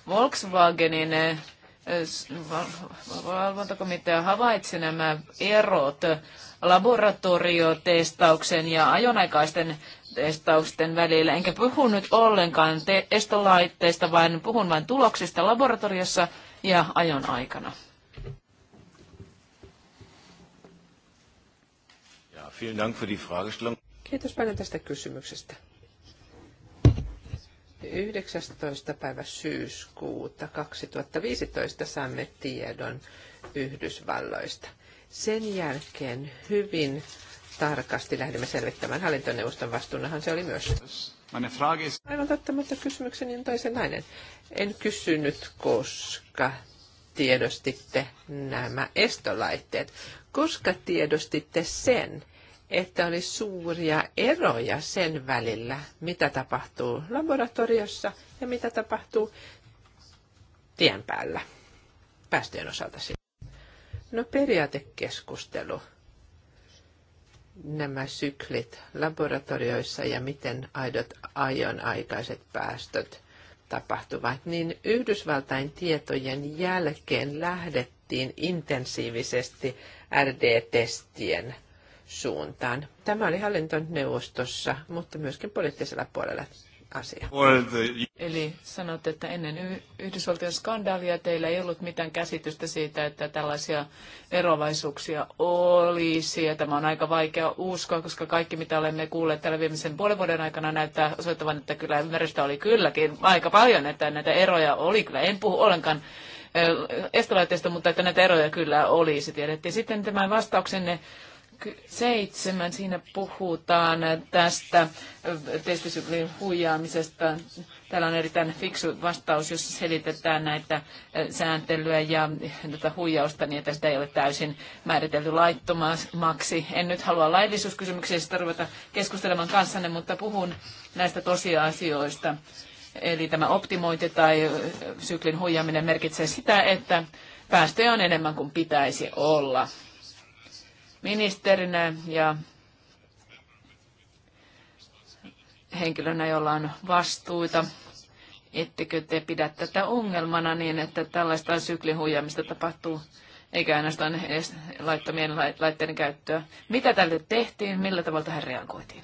Speaker 2: Volkswagenin eh, valvontakomitea havaitsi nämä erot laboratoriotestauksen ja ajonaikaisten testausten välillä. Enkä puhu nyt ollenkaan te- estolaitteista, vaan puhun vain tuloksista
Speaker 1: laboratoriossa ja ajon aikana.
Speaker 3: Vielen Dank für die Fragestellung.
Speaker 1: Kiitos paljon tästä kysymyksestä. 19. päivä syyskuuta 2015 saamme tiedon Yhdysvalloista. Sen jälkeen hyvin tarkasti lähdimme selvittämään hallintoneuvoston vastuunahan se oli myös. Aivan totta, mutta kysymykseni on toisenlainen. En kysynyt, koska tiedostitte nämä estolaitteet. Koska tiedostitte sen, että oli suuria eroja sen välillä, mitä tapahtuu laboratoriossa ja mitä tapahtuu tien päällä päästöjen osalta. No periaatekeskustelu. Nämä syklit laboratorioissa ja miten aidot ajon aikaiset päästöt tapahtuvat, niin Yhdysvaltain tietojen jälkeen lähdettiin intensiivisesti RD-testien suuntaan. Tämä oli hallintoneuvostossa, mutta myöskin poliittisella puolella asia. Eli sanot, että ennen Yhdysvaltojen
Speaker 2: skandaalia teillä ei ollut mitään käsitystä siitä, että tällaisia erovaisuuksia olisi. Ja tämä on aika vaikea uskoa, koska kaikki mitä olemme kuulleet tällä viimeisen puolen vuoden aikana näyttää osoittavan, että kyllä ymmärrystä oli kylläkin aika paljon, että näitä eroja oli kyllä. En puhu ollenkaan estolaitteista, mutta että näitä eroja kyllä olisi, tiedettiin. Sitten tämän vastauksenne seitsemän. Siinä puhutaan tästä testisyklin huijaamisesta. Täällä on erittäin fiksu vastaus, jossa selitetään näitä eh, sääntelyä ja tätä huijausta niin, että sitä ei ole täysin määritelty laittomaksi. En nyt halua laillisuuskysymyksistä ruveta keskustelemaan kanssanne, mutta puhun näistä tosiasioista. Eli tämä optimointi tai eh, syklin huijaaminen merkitsee sitä, että päästöjä on enemmän kuin pitäisi olla ministerinä ja henkilönä, jolla on vastuita. Ettekö te pidä tätä ongelmana niin, että tällaista syklihuijamista tapahtuu, eikä ainoastaan edes laittomien laitteiden käyttöä? Mitä tälle tehtiin, millä tavalla tähän reagoitiin?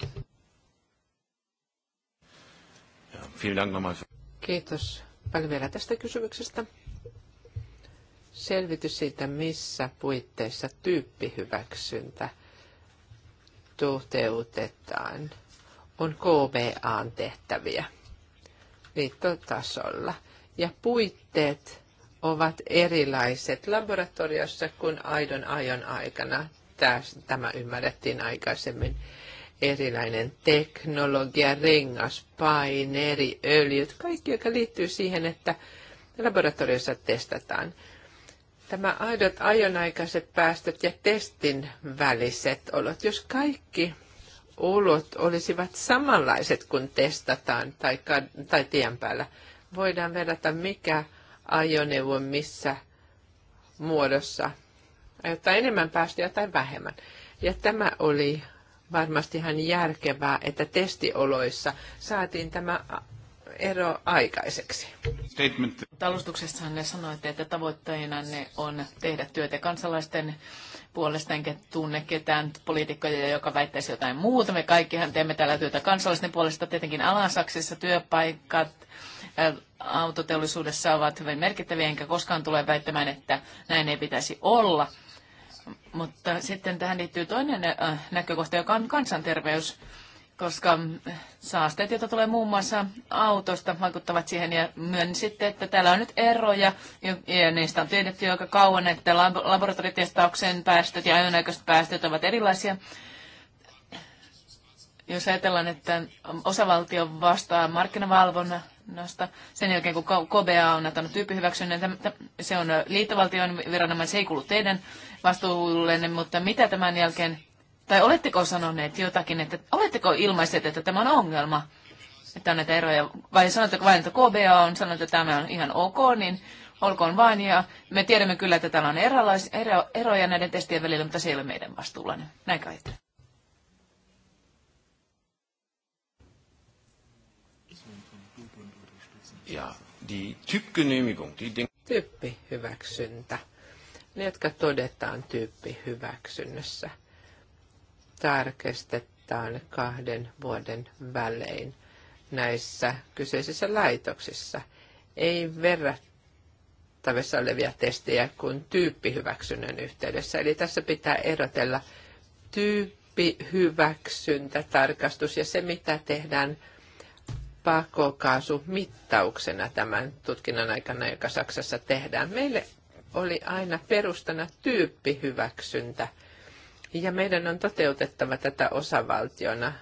Speaker 1: Kiitos paljon vielä tästä kysymyksestä selvitys siitä, missä puitteissa tyyppihyväksyntä toteutetaan, on KVAn tehtäviä liittotasolla. Ja puitteet ovat erilaiset laboratoriossa kuin aidon ajon aikana. Tämä ymmärrettiin aikaisemmin. Erilainen teknologia, rengaspaine, eri öljyt, kaikki, joka liittyy siihen, että laboratoriossa testataan tämä aidot ajonaikaiset päästöt ja testin väliset olot, jos kaikki olot olisivat samanlaiset, kun testataan tai, tai tien päällä, voidaan verrata mikä ajoneuvo missä muodossa aiheuttaa enemmän päästöjä tai vähemmän. Ja tämä oli varmasti ihan järkevää, että testioloissa saatiin tämä ero aikaiseksi.
Speaker 2: Statement. ne sanoitte, että tavoitteena ne on tehdä työtä kansalaisten puolesta, enkä tunne ketään poliitikkoja, joka väittäisi jotain muuta. Me kaikkihan teemme täällä työtä kansalaisten puolesta. Tietenkin Alansaksissa työpaikat äh, autoteollisuudessa ovat hyvin merkittäviä, enkä koskaan tule väittämään, että näin ei pitäisi olla. Mutta sitten tähän liittyy toinen äh, näkökohta, joka on kansanterveys koska saasteet, joita tulee muun muassa autosta, vaikuttavat siihen ja myönsitte, että täällä on nyt eroja ja niistä on tiedetty jo aika kauan, että laboratoritestauksen päästöt ja ajoneuvoiset päästöt ovat erilaisia. Jos ajatellaan, että osavaltio vastaa markkinavalvonnasta sen jälkeen, kun KBA on antanut tyyppihyväksynnän, niin se on liittovaltion viranomainen, se ei kuulu teidän vastuullenne, mutta mitä tämän jälkeen tai oletteko sanoneet jotakin, että oletteko ilmaiset, että tämä on ongelma, että on näitä eroja, vai sanotteko vain, että KBA on sanonut, että tämä on ihan ok, niin olkoon vain, ja me tiedämme kyllä, että täällä on erolais, ero, eroja näiden testien välillä, mutta se ei ole meidän niin Näin kai.
Speaker 3: Ja die Typgenehmigung, die
Speaker 1: Tyyppihyväksyntä. Ne, jotka todetaan tyyppihyväksynnässä. hyväksynnässä tarkistetaan kahden vuoden välein näissä kyseisissä laitoksissa. Ei verrattavissa olevia testejä kuin tyyppihyväksynnän yhteydessä. Eli tässä pitää erotella tyyppihyväksyntä, tarkastus ja se, mitä tehdään pakokaasumittauksena tämän tutkinnan aikana, joka Saksassa tehdään. Meille oli aina perustana tyyppihyväksyntä ja meidän on toteutettava tätä osavaltiona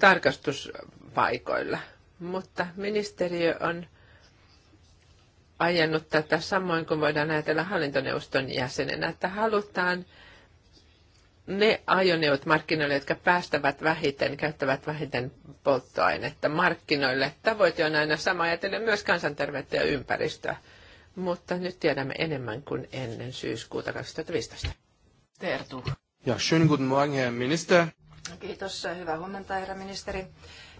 Speaker 1: tarkastuspaikoilla. Mutta ministeriö on ajanut tätä samoin kuin voidaan ajatella hallintoneuvoston jäsenenä, että halutaan ne ajoneuvot markkinoille, jotka päästävät vähiten, käyttävät vähiten polttoainetta markkinoille. Tavoite on aina sama ajatellen myös kansanterveyttä ja ympäristöä. Mutta nyt tiedämme enemmän kuin ennen syyskuuta 2015. Tertu. Ja, schönen guten Morgen, Herr Minister.
Speaker 4: Kiitos, hyvää huomenta, herra ministeri.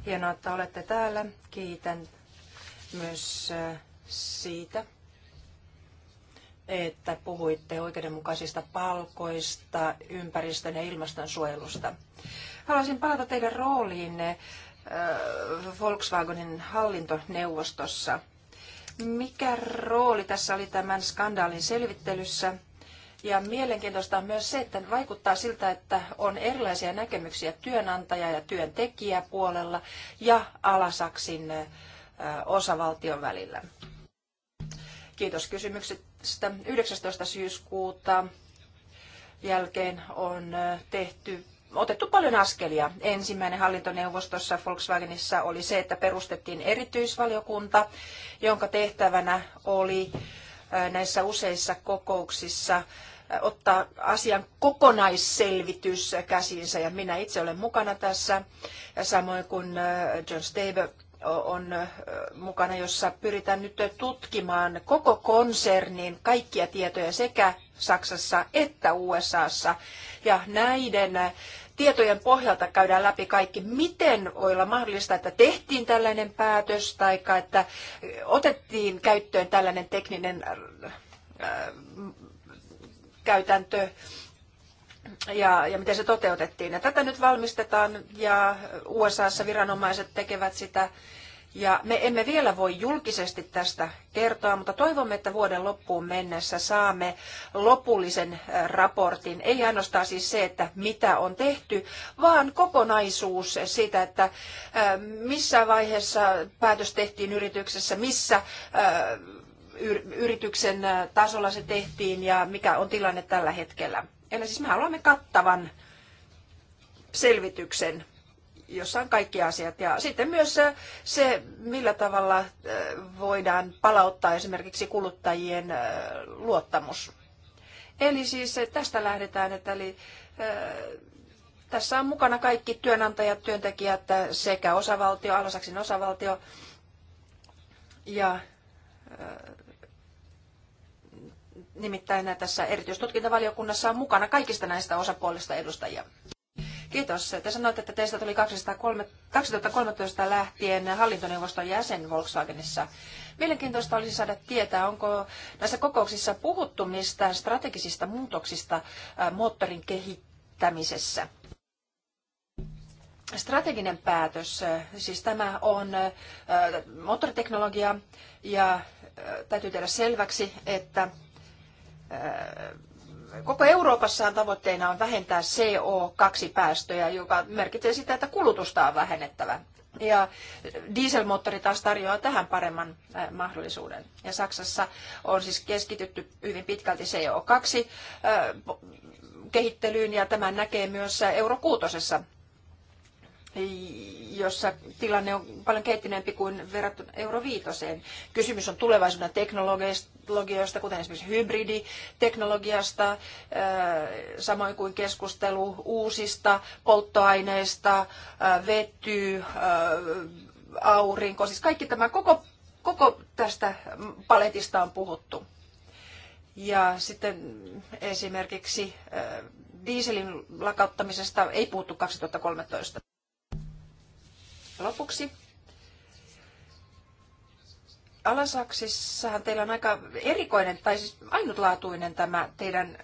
Speaker 4: Hienoa, että olette täällä. Kiitän myös siitä, että puhuitte oikeudenmukaisista palkoista, ympäristön ja ilmastonsuojelusta. Haluaisin palata teidän rooliinne Volkswagenin hallintoneuvostossa. Mikä rooli tässä oli tämän skandaalin selvittelyssä ja mielenkiintoista on myös se, että vaikuttaa siltä, että on erilaisia näkemyksiä työnantaja- ja työntekijäpuolella ja Alasaksin osavaltion välillä. Kiitos kysymyksestä. 19. syyskuuta jälkeen on tehty otettu paljon askelia. Ensimmäinen hallintoneuvostossa Volkswagenissa oli se, että perustettiin erityisvaliokunta, jonka tehtävänä oli näissä useissa kokouksissa ottaa asian kokonaisselvitys käsiinsä ja minä itse olen mukana tässä, samoin kuin äh, John Stave on äh, mukana, jossa pyritään nyt tutkimaan koko konsernin kaikkia tietoja sekä Saksassa että USAssa. Ja näiden äh, tietojen pohjalta käydään läpi kaikki, miten voi olla mahdollista, että tehtiin tällainen päätös tai että otettiin käyttöön tällainen tekninen käytäntö ja, ja miten se toteutettiin. Ja tätä nyt valmistetaan ja USAssa viranomaiset tekevät sitä. Ja me emme vielä voi julkisesti tästä kertoa, mutta toivomme, että vuoden loppuun mennessä saamme lopullisen äh, raportin. Ei ainoastaan siis se, että mitä on tehty, vaan kokonaisuus siitä, että äh, missä vaiheessa päätös tehtiin yrityksessä, missä äh, yrityksen tasolla se tehtiin ja mikä on tilanne tällä hetkellä. Eli siis me haluamme kattavan selvityksen, jossa on kaikki asiat. Ja sitten myös se, millä tavalla voidaan palauttaa esimerkiksi kuluttajien luottamus. Eli siis tästä lähdetään, että eli, tässä on mukana kaikki työnantajat, työntekijät sekä osavaltio, Alasaksin osavaltio ja Nimittäin tässä erityistutkintavaliokunnassa on mukana kaikista näistä osapuolista edustajia. Kiitos. Te sanoitte, että teistä tuli 2013 lähtien hallintoneuvoston jäsen Volkswagenissa. Mielenkiintoista olisi saada tietää, onko näissä kokouksissa puhuttu mistä strategisista muutoksista äh, moottorin kehittämisessä. Strateginen päätös, äh, siis tämä on äh, moottoriteknologia ja täytyy tehdä selväksi, että koko on tavoitteena on vähentää CO2-päästöjä, joka merkitsee sitä, että kulutusta on vähennettävä. Ja dieselmoottori taas tarjoaa tähän paremman mahdollisuuden. Ja Saksassa on siis keskitytty hyvin pitkälti CO2 kehittelyyn ja tämän näkee myös Euro 6 jossa tilanne on paljon kehittyneempi kuin verrattuna Euroviitoseen. Kysymys on tulevaisuuden teknologioista, kuten esimerkiksi hybriditeknologiasta, samoin kuin keskustelu uusista polttoaineista, vety, aurinko, siis kaikki tämä koko, koko tästä paletista on puhuttu. Ja sitten esimerkiksi dieselin lakauttamisesta ei puhuttu 2013 lopuksi. Alasaksissahan teillä on aika erikoinen tai siis ainutlaatuinen tämä teidän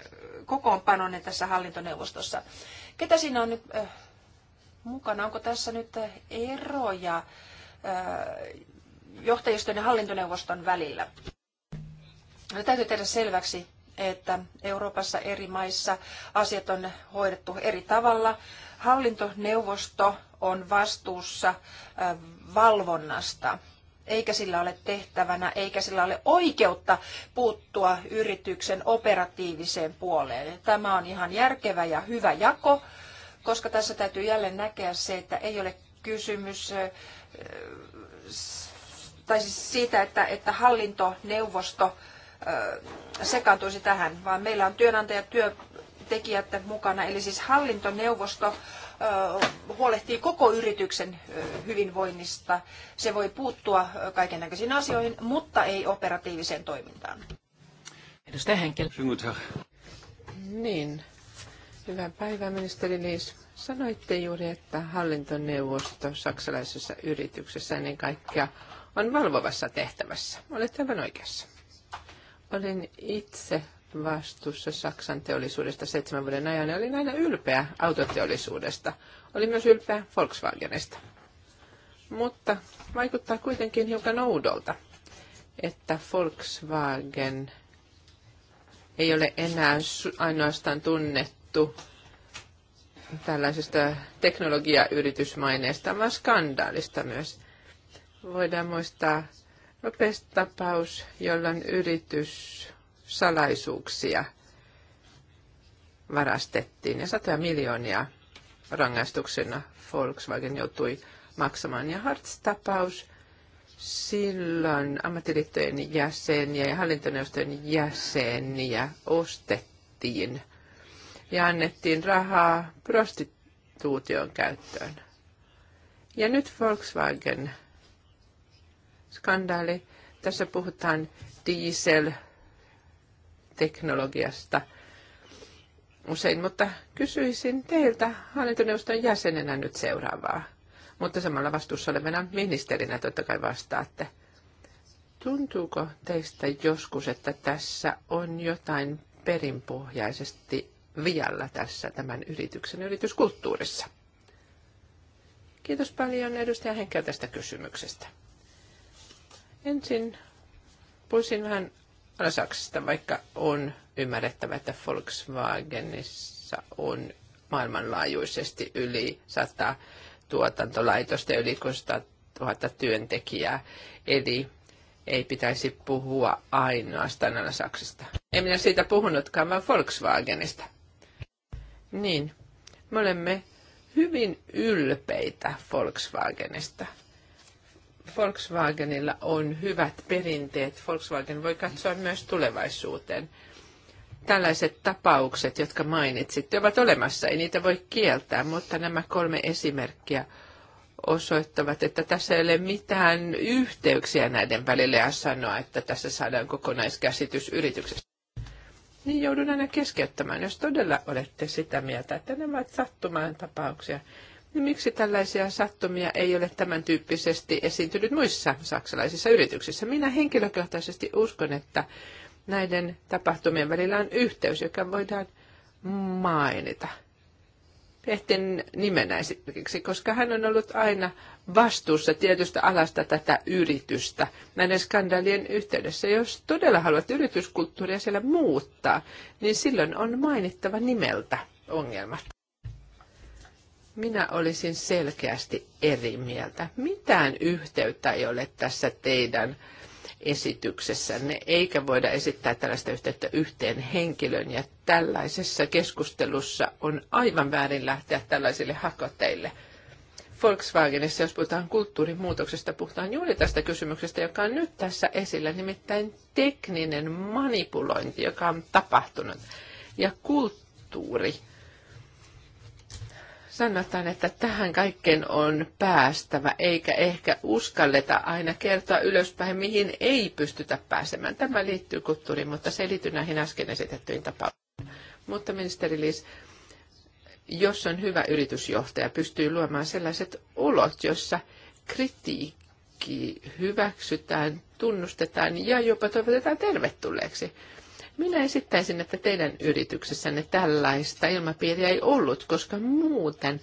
Speaker 4: kokoonpanonne tässä hallintoneuvostossa. Ketä siinä on nyt äh, mukana? Onko tässä nyt äh, eroja äh, johtajiston ja hallintoneuvoston välillä? No, täytyy tehdä selväksi, että Euroopassa eri maissa asiat on hoidettu eri tavalla. Hallintoneuvosto on vastuussa valvonnasta, eikä sillä ole tehtävänä, eikä sillä ole oikeutta puuttua yrityksen operatiiviseen puoleen. Tämä on ihan järkevä ja hyvä jako, koska tässä täytyy jälleen näkeä se, että ei ole kysymys tai siis siitä, että, että hallintoneuvosto sekaantuisi tähän, vaan meillä on työnantajat, työ, tekijät mukana. Eli siis hallintoneuvosto huolehtii koko yrityksen hyvinvoinnista. Se voi puuttua kaiken näköisiin asioihin, mutta ei operatiiviseen toimintaan. Edustaja Henkel. Niin.
Speaker 1: Hyvää päivää, ministeri Liis. Sanoitte juuri, että hallintoneuvosto saksalaisessa yrityksessä ennen kaikkea on valvovassa tehtävässä. Olet aivan oikeassa. Olin itse vastuussa Saksan teollisuudesta seitsemän vuoden ajan ja olin aina ylpeä autoteollisuudesta. Oli myös ylpeä Volkswagenista. Mutta vaikuttaa kuitenkin hiukan oudolta, että Volkswagen ei ole enää ainoastaan tunnettu tällaisesta teknologiayritysmaineesta, vaan skandaalista myös. Voidaan muistaa nopeasti tapaus jolloin yritys salaisuuksia varastettiin ja satoja miljoonia rangaistuksena Volkswagen joutui maksamaan. Ja Hartz-tapaus, silloin ammattiliittojen jäseniä ja hallintoneuvostojen jäseniä ostettiin ja annettiin rahaa prostituution käyttöön. Ja nyt Volkswagen-skandaali. Tässä puhutaan diesel teknologiasta usein, mutta kysyisin teiltä hallintoneuvoston jäsenenä nyt seuraavaa. Mutta samalla vastuussa olevana ministerinä totta kai vastaatte. Tuntuuko teistä joskus, että tässä on jotain perinpohjaisesti vialla tässä tämän yrityksen yrityskulttuurissa? Kiitos paljon edustaja Henkel tästä kysymyksestä. Ensin puhuisin vähän olla Saksasta, vaikka on ymmärrettävä, että Volkswagenissa on maailmanlaajuisesti yli 100 tuotantolaitosta ja yli 600 000 työntekijää. Eli ei pitäisi puhua ainoastaan aina Saksasta. En minä siitä puhunutkaan, vaan Volkswagenista. Niin, me olemme hyvin ylpeitä Volkswagenista – Volkswagenilla on hyvät perinteet. Volkswagen voi katsoa myös tulevaisuuteen. Tällaiset tapaukset, jotka mainitsitte, ovat olemassa, ei niitä voi kieltää, mutta nämä kolme esimerkkiä osoittavat, että tässä ei ole mitään yhteyksiä näiden välillä ja sanoa, että tässä saadaan kokonaiskäsitys yrityksestä. Niin joudun aina keskeyttämään, jos todella olette sitä mieltä, että nämä ovat sattumaan tapauksia, niin miksi tällaisia sattumia ei ole tämän tyyppisesti esiintynyt muissa saksalaisissa yrityksissä? Minä henkilökohtaisesti uskon, että näiden tapahtumien välillä on yhteys, joka voidaan mainita. Pehtin nimenä esimerkiksi, koska hän on ollut aina vastuussa tietystä alasta tätä yritystä näiden skandaalien yhteydessä. Jos todella haluat yrityskulttuuria siellä muuttaa, niin silloin on mainittava nimeltä ongelmat minä olisin selkeästi eri mieltä. Mitään yhteyttä ei ole tässä teidän esityksessänne, eikä voida esittää tällaista yhteyttä yhteen henkilön. Ja tällaisessa keskustelussa on aivan väärin lähteä tällaisille hakoteille. Volkswagenissa, jos puhutaan kulttuurimuutoksesta, puhutaan juuri tästä kysymyksestä, joka on nyt tässä esillä, nimittäin tekninen manipulointi, joka on tapahtunut. Ja kulttuuri sanotaan, että tähän kaikkeen on päästävä, eikä ehkä uskalleta aina kertoa ylöspäin, mihin ei pystytä pääsemään. Tämä liittyy kulttuuriin, mutta se liittyy näihin äsken esitettyihin tapauksiin. Mutta ministeri Liis, jos on hyvä yritysjohtaja, pystyy luomaan sellaiset olot, jossa kritiikki hyväksytään, tunnustetaan ja jopa toivotetaan tervetulleeksi. Minä esittäisin, että teidän yrityksessänne tällaista ilmapiiriä ei ollut, koska muuten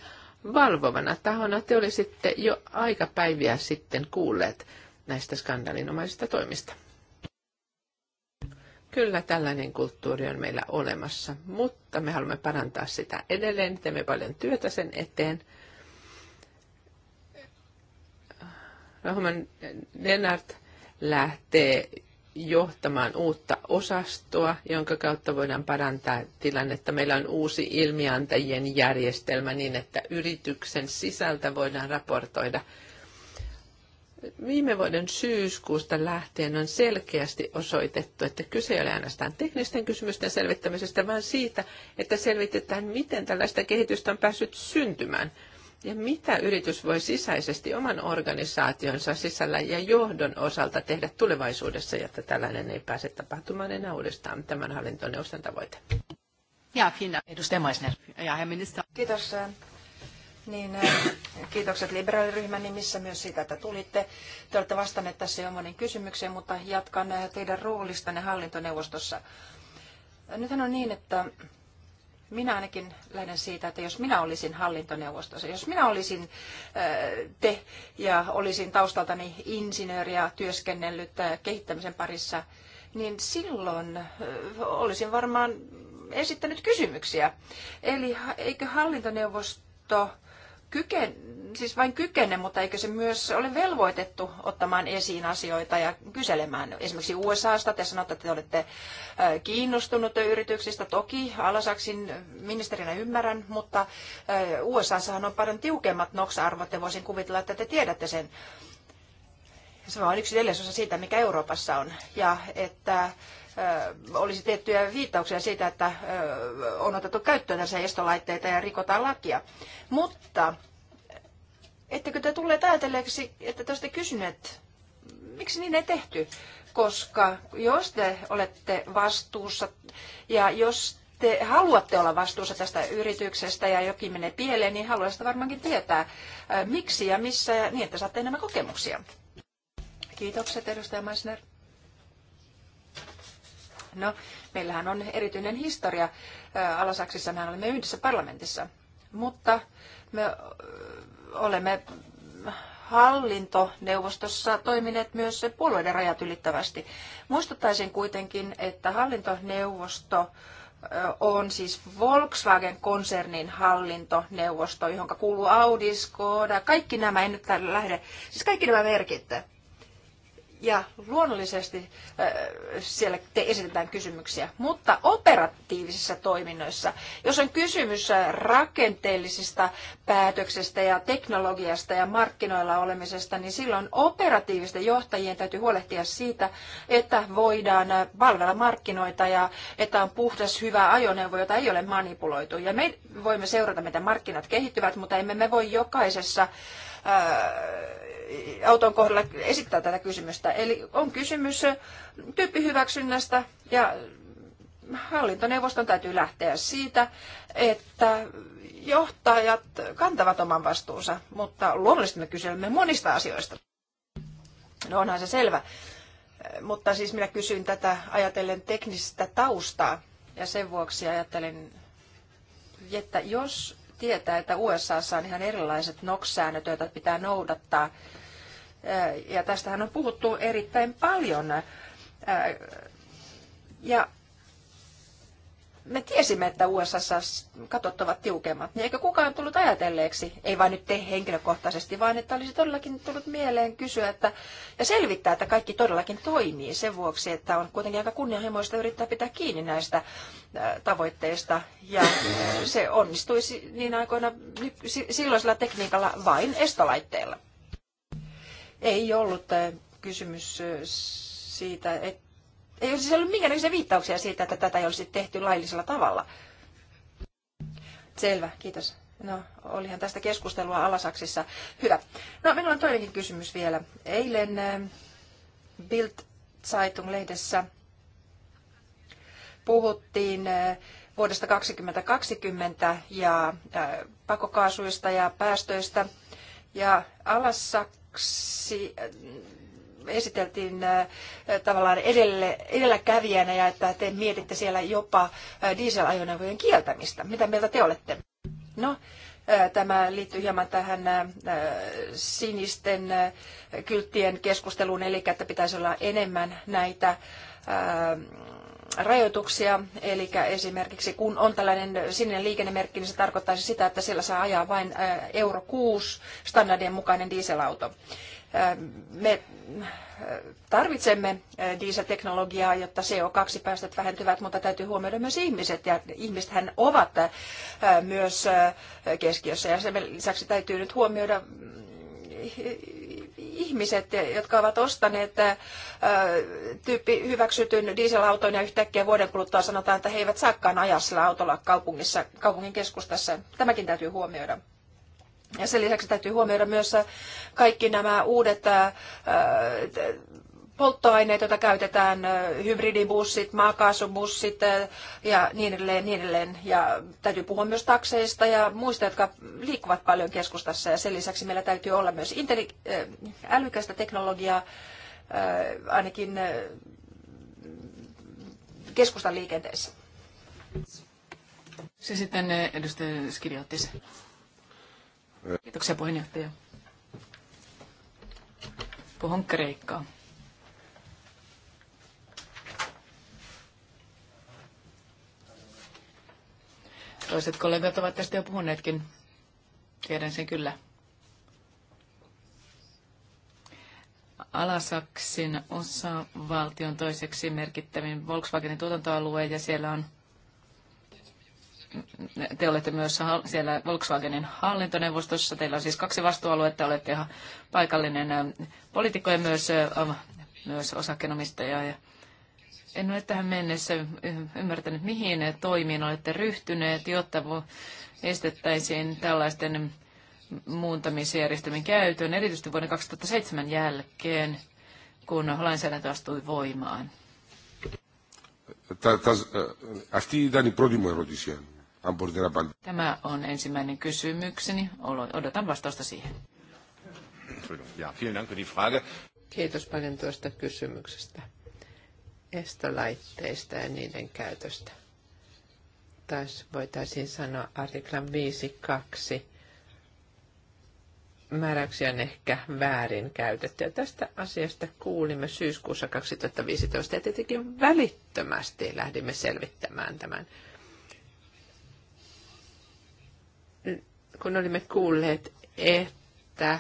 Speaker 1: valvovana tahona te olisitte jo aika päiviä sitten kuulleet näistä skandalinomaisista toimista. Kyllä tällainen kulttuuri on meillä olemassa, mutta me haluamme parantaa sitä edelleen. Teemme paljon työtä sen eteen. Rahman Lennart lähtee johtamaan uutta osastoa, jonka kautta voidaan parantaa tilannetta. Meillä on uusi ilmiantajien järjestelmä niin, että yrityksen sisältä voidaan raportoida. Viime vuoden syyskuusta lähtien on selkeästi osoitettu, että kyse ei ole ainoastaan teknisten kysymysten selvittämisestä, vaan siitä, että selvitetään, miten tällaista kehitystä on päässyt syntymään – ja mitä yritys voi sisäisesti oman organisaationsa sisällä ja johdon osalta tehdä tulevaisuudessa, jotta tällainen ei pääse tapahtumaan enää uudestaan tämän hallintoneuvoston tavoite?
Speaker 4: Ja, Finna. Edustaja Ja, minister. Kiitos. Äh, niin, äh, kiitokset liberaaliryhmän nimissä myös siitä, että tulitte. Te olette vastanneet tässä jo monin kysymykseen, mutta jatkan äh, teidän roolistanne hallintoneuvostossa. Nythän on niin, että minä ainakin lähden siitä, että jos minä olisin hallintoneuvostossa, jos minä olisin te ja olisin taustaltani insinööri ja työskennellyt kehittämisen parissa, niin silloin olisin varmaan esittänyt kysymyksiä. Eli eikö hallintoneuvosto kykene siis vain kykene, mutta eikö se myös ole velvoitettu ottamaan esiin asioita ja kyselemään? Esimerkiksi USAsta te sanotte, että te olette kiinnostunut yrityksistä. Toki Alasaksin ministerinä ymmärrän, mutta USAssahan on paljon tiukemmat NOX-arvot ja voisin kuvitella, että te tiedätte sen. Se on yksi neljäsosa siitä, mikä Euroopassa on. Ja että olisi tiettyjä viittauksia siitä, että on otettu käyttöön tässä estolaitteita ja rikotaan lakia. Mutta ettekö te tulleet ajatelleeksi, että te olette kysyneet, miksi niin ei tehty? Koska jos te olette vastuussa ja jos te haluatte olla vastuussa tästä yrityksestä ja jokin menee pieleen, niin haluaisitte varmaankin tietää, äh, miksi ja missä, ja niin että saatte enemmän kokemuksia. Kiitokset, edustaja Meissner. No, meillähän on erityinen historia. Äh, Alasaksissa mehän olimme yhdessä parlamentissa, mutta me olemme hallintoneuvostossa toimineet myös puolueiden rajat ylittävästi. Muistuttaisin kuitenkin, että hallintoneuvosto on siis Volkswagen-konsernin hallintoneuvosto, johon kuuluu Audi, Skoda, kaikki nämä, en nyt lähde, siis kaikki nämä merkit ja luonnollisesti äh, siellä te esitetään kysymyksiä, mutta operatiivisissa toiminnoissa, jos on kysymys äh, rakenteellisista päätöksistä ja teknologiasta ja markkinoilla olemisesta, niin silloin operatiivisten johtajien täytyy huolehtia siitä, että voidaan äh, palvella markkinoita ja että on puhdas hyvä ajoneuvo, jota ei ole manipuloitu. Ja me voimme seurata, miten markkinat kehittyvät, mutta emme me voi jokaisessa auton kohdalla esittää tätä kysymystä. Eli on kysymys tyyppihyväksynnästä ja hallintoneuvoston täytyy lähteä siitä, että johtajat kantavat oman vastuunsa, mutta luonnollisesti me kyselemme monista asioista. No onhan se selvä. Mutta siis minä kysyin tätä ajatellen teknistä taustaa ja sen vuoksi ajattelen, että jos tietää, että USAssa on ihan erilaiset NOX-säännöt, joita pitää noudattaa. Ja tästähän on puhuttu erittäin paljon. Ja me tiesimme, että USAssa katot ovat tiukemmat, niin eikö kukaan tullut ajatelleeksi, ei vain nyt te henkilökohtaisesti, vaan että olisi todellakin tullut mieleen kysyä että, ja selvittää, että kaikki todellakin toimii sen vuoksi, että on kuitenkin aika kunnianhimoista yrittää pitää kiinni näistä äh, tavoitteista. Ja se onnistuisi niin aikoina silloisella tekniikalla vain estolaitteella. Ei ollut äh, kysymys äh, siitä, että ei olisi ollut minkäännäköisiä viittauksia siitä, että tätä ei olisi tehty laillisella tavalla. Selvä, kiitos. No, olihan tästä keskustelua Alasaksissa. Hyvä. No, minulla on toinenkin kysymys vielä. Eilen äh, Bild Zeitung-lehdessä puhuttiin äh, vuodesta 2020 ja äh, pakokaasuista ja päästöistä. Ja Alasaksi esiteltiin äh, tavallaan edelle, edelläkävijänä ja että te mietitte siellä jopa äh, dieselajoneuvojen kieltämistä. Mitä mieltä te olette? No, äh, Tämä liittyy hieman tähän sinisten kylttien keskusteluun, eli että pitäisi olla enemmän näitä rajoituksia. Eli esimerkiksi kun on tällainen sininen liikennemerkki, niin se tarkoittaisi sitä, että sillä saa ajaa vain euro 6 standardien mukainen dieselauto me tarvitsemme dieselteknologiaa, jotta CO2-päästöt vähentyvät, mutta täytyy huomioida myös ihmiset, ja ihmisethän ovat myös keskiössä, ja sen lisäksi täytyy nyt huomioida mm, ihmiset, jotka ovat ostaneet tyyppi hyväksytyn dieselauton ja yhtäkkiä vuoden kuluttua sanotaan, että he eivät saakaan ajaa sillä autolla kaupungissa, kaupungin keskustassa. Tämäkin täytyy huomioida. Ja sen lisäksi täytyy huomioida myös äh, kaikki nämä uudet äh, polttoaineet, joita käytetään, äh, hybridibussit, maakaasubussit ja niin edelleen, niin edelleen. Ja täytyy puhua myös takseista ja muista, jotka liikkuvat paljon keskustassa. Ja sen lisäksi meillä täytyy olla myös intelli- älykästä teknologiaa, ainakin keskustan liikenteessä. Se
Speaker 2: sitten edustaja Kiitoksia puheenjohtaja. Puhun kreikkaa. Toiset kollegat ovat tästä jo puhuneetkin. Tiedän sen kyllä. Alasaksin osa valtion toiseksi merkittävin Volkswagenin tuotantoalue ja siellä on te olette myös siellä Volkswagenin hallintoneuvostossa. Teillä on siis kaksi vastuualuetta. Olette ihan paikallinen ähm, poliitikko ja myös, äh, myös osakkeenomistaja. Ja en ole tähän mennessä ymmärtänyt, mihin toimiin olette ryhtyneet, jotta estettäisiin tällaisten muuntamisjärjestelmien käytön, erityisesti vuoden 2007 jälkeen, kun lainsäädäntö astui voimaan.
Speaker 3: Αυτή ήταν η πρώτη μου ερώτηση.
Speaker 2: Tämä on ensimmäinen kysymykseni. Odotan vastausta siihen.
Speaker 1: Kiitos paljon tuosta kysymyksestä. Estolaitteista ja niiden käytöstä. Taas voitaisiin sanoa artiklan 5.2. Määräyksiä on ehkä väärin käytetty. Ja tästä asiasta kuulimme syyskuussa 2015 ja tietenkin välittömästi lähdimme selvittämään tämän kun olimme kuulleet, että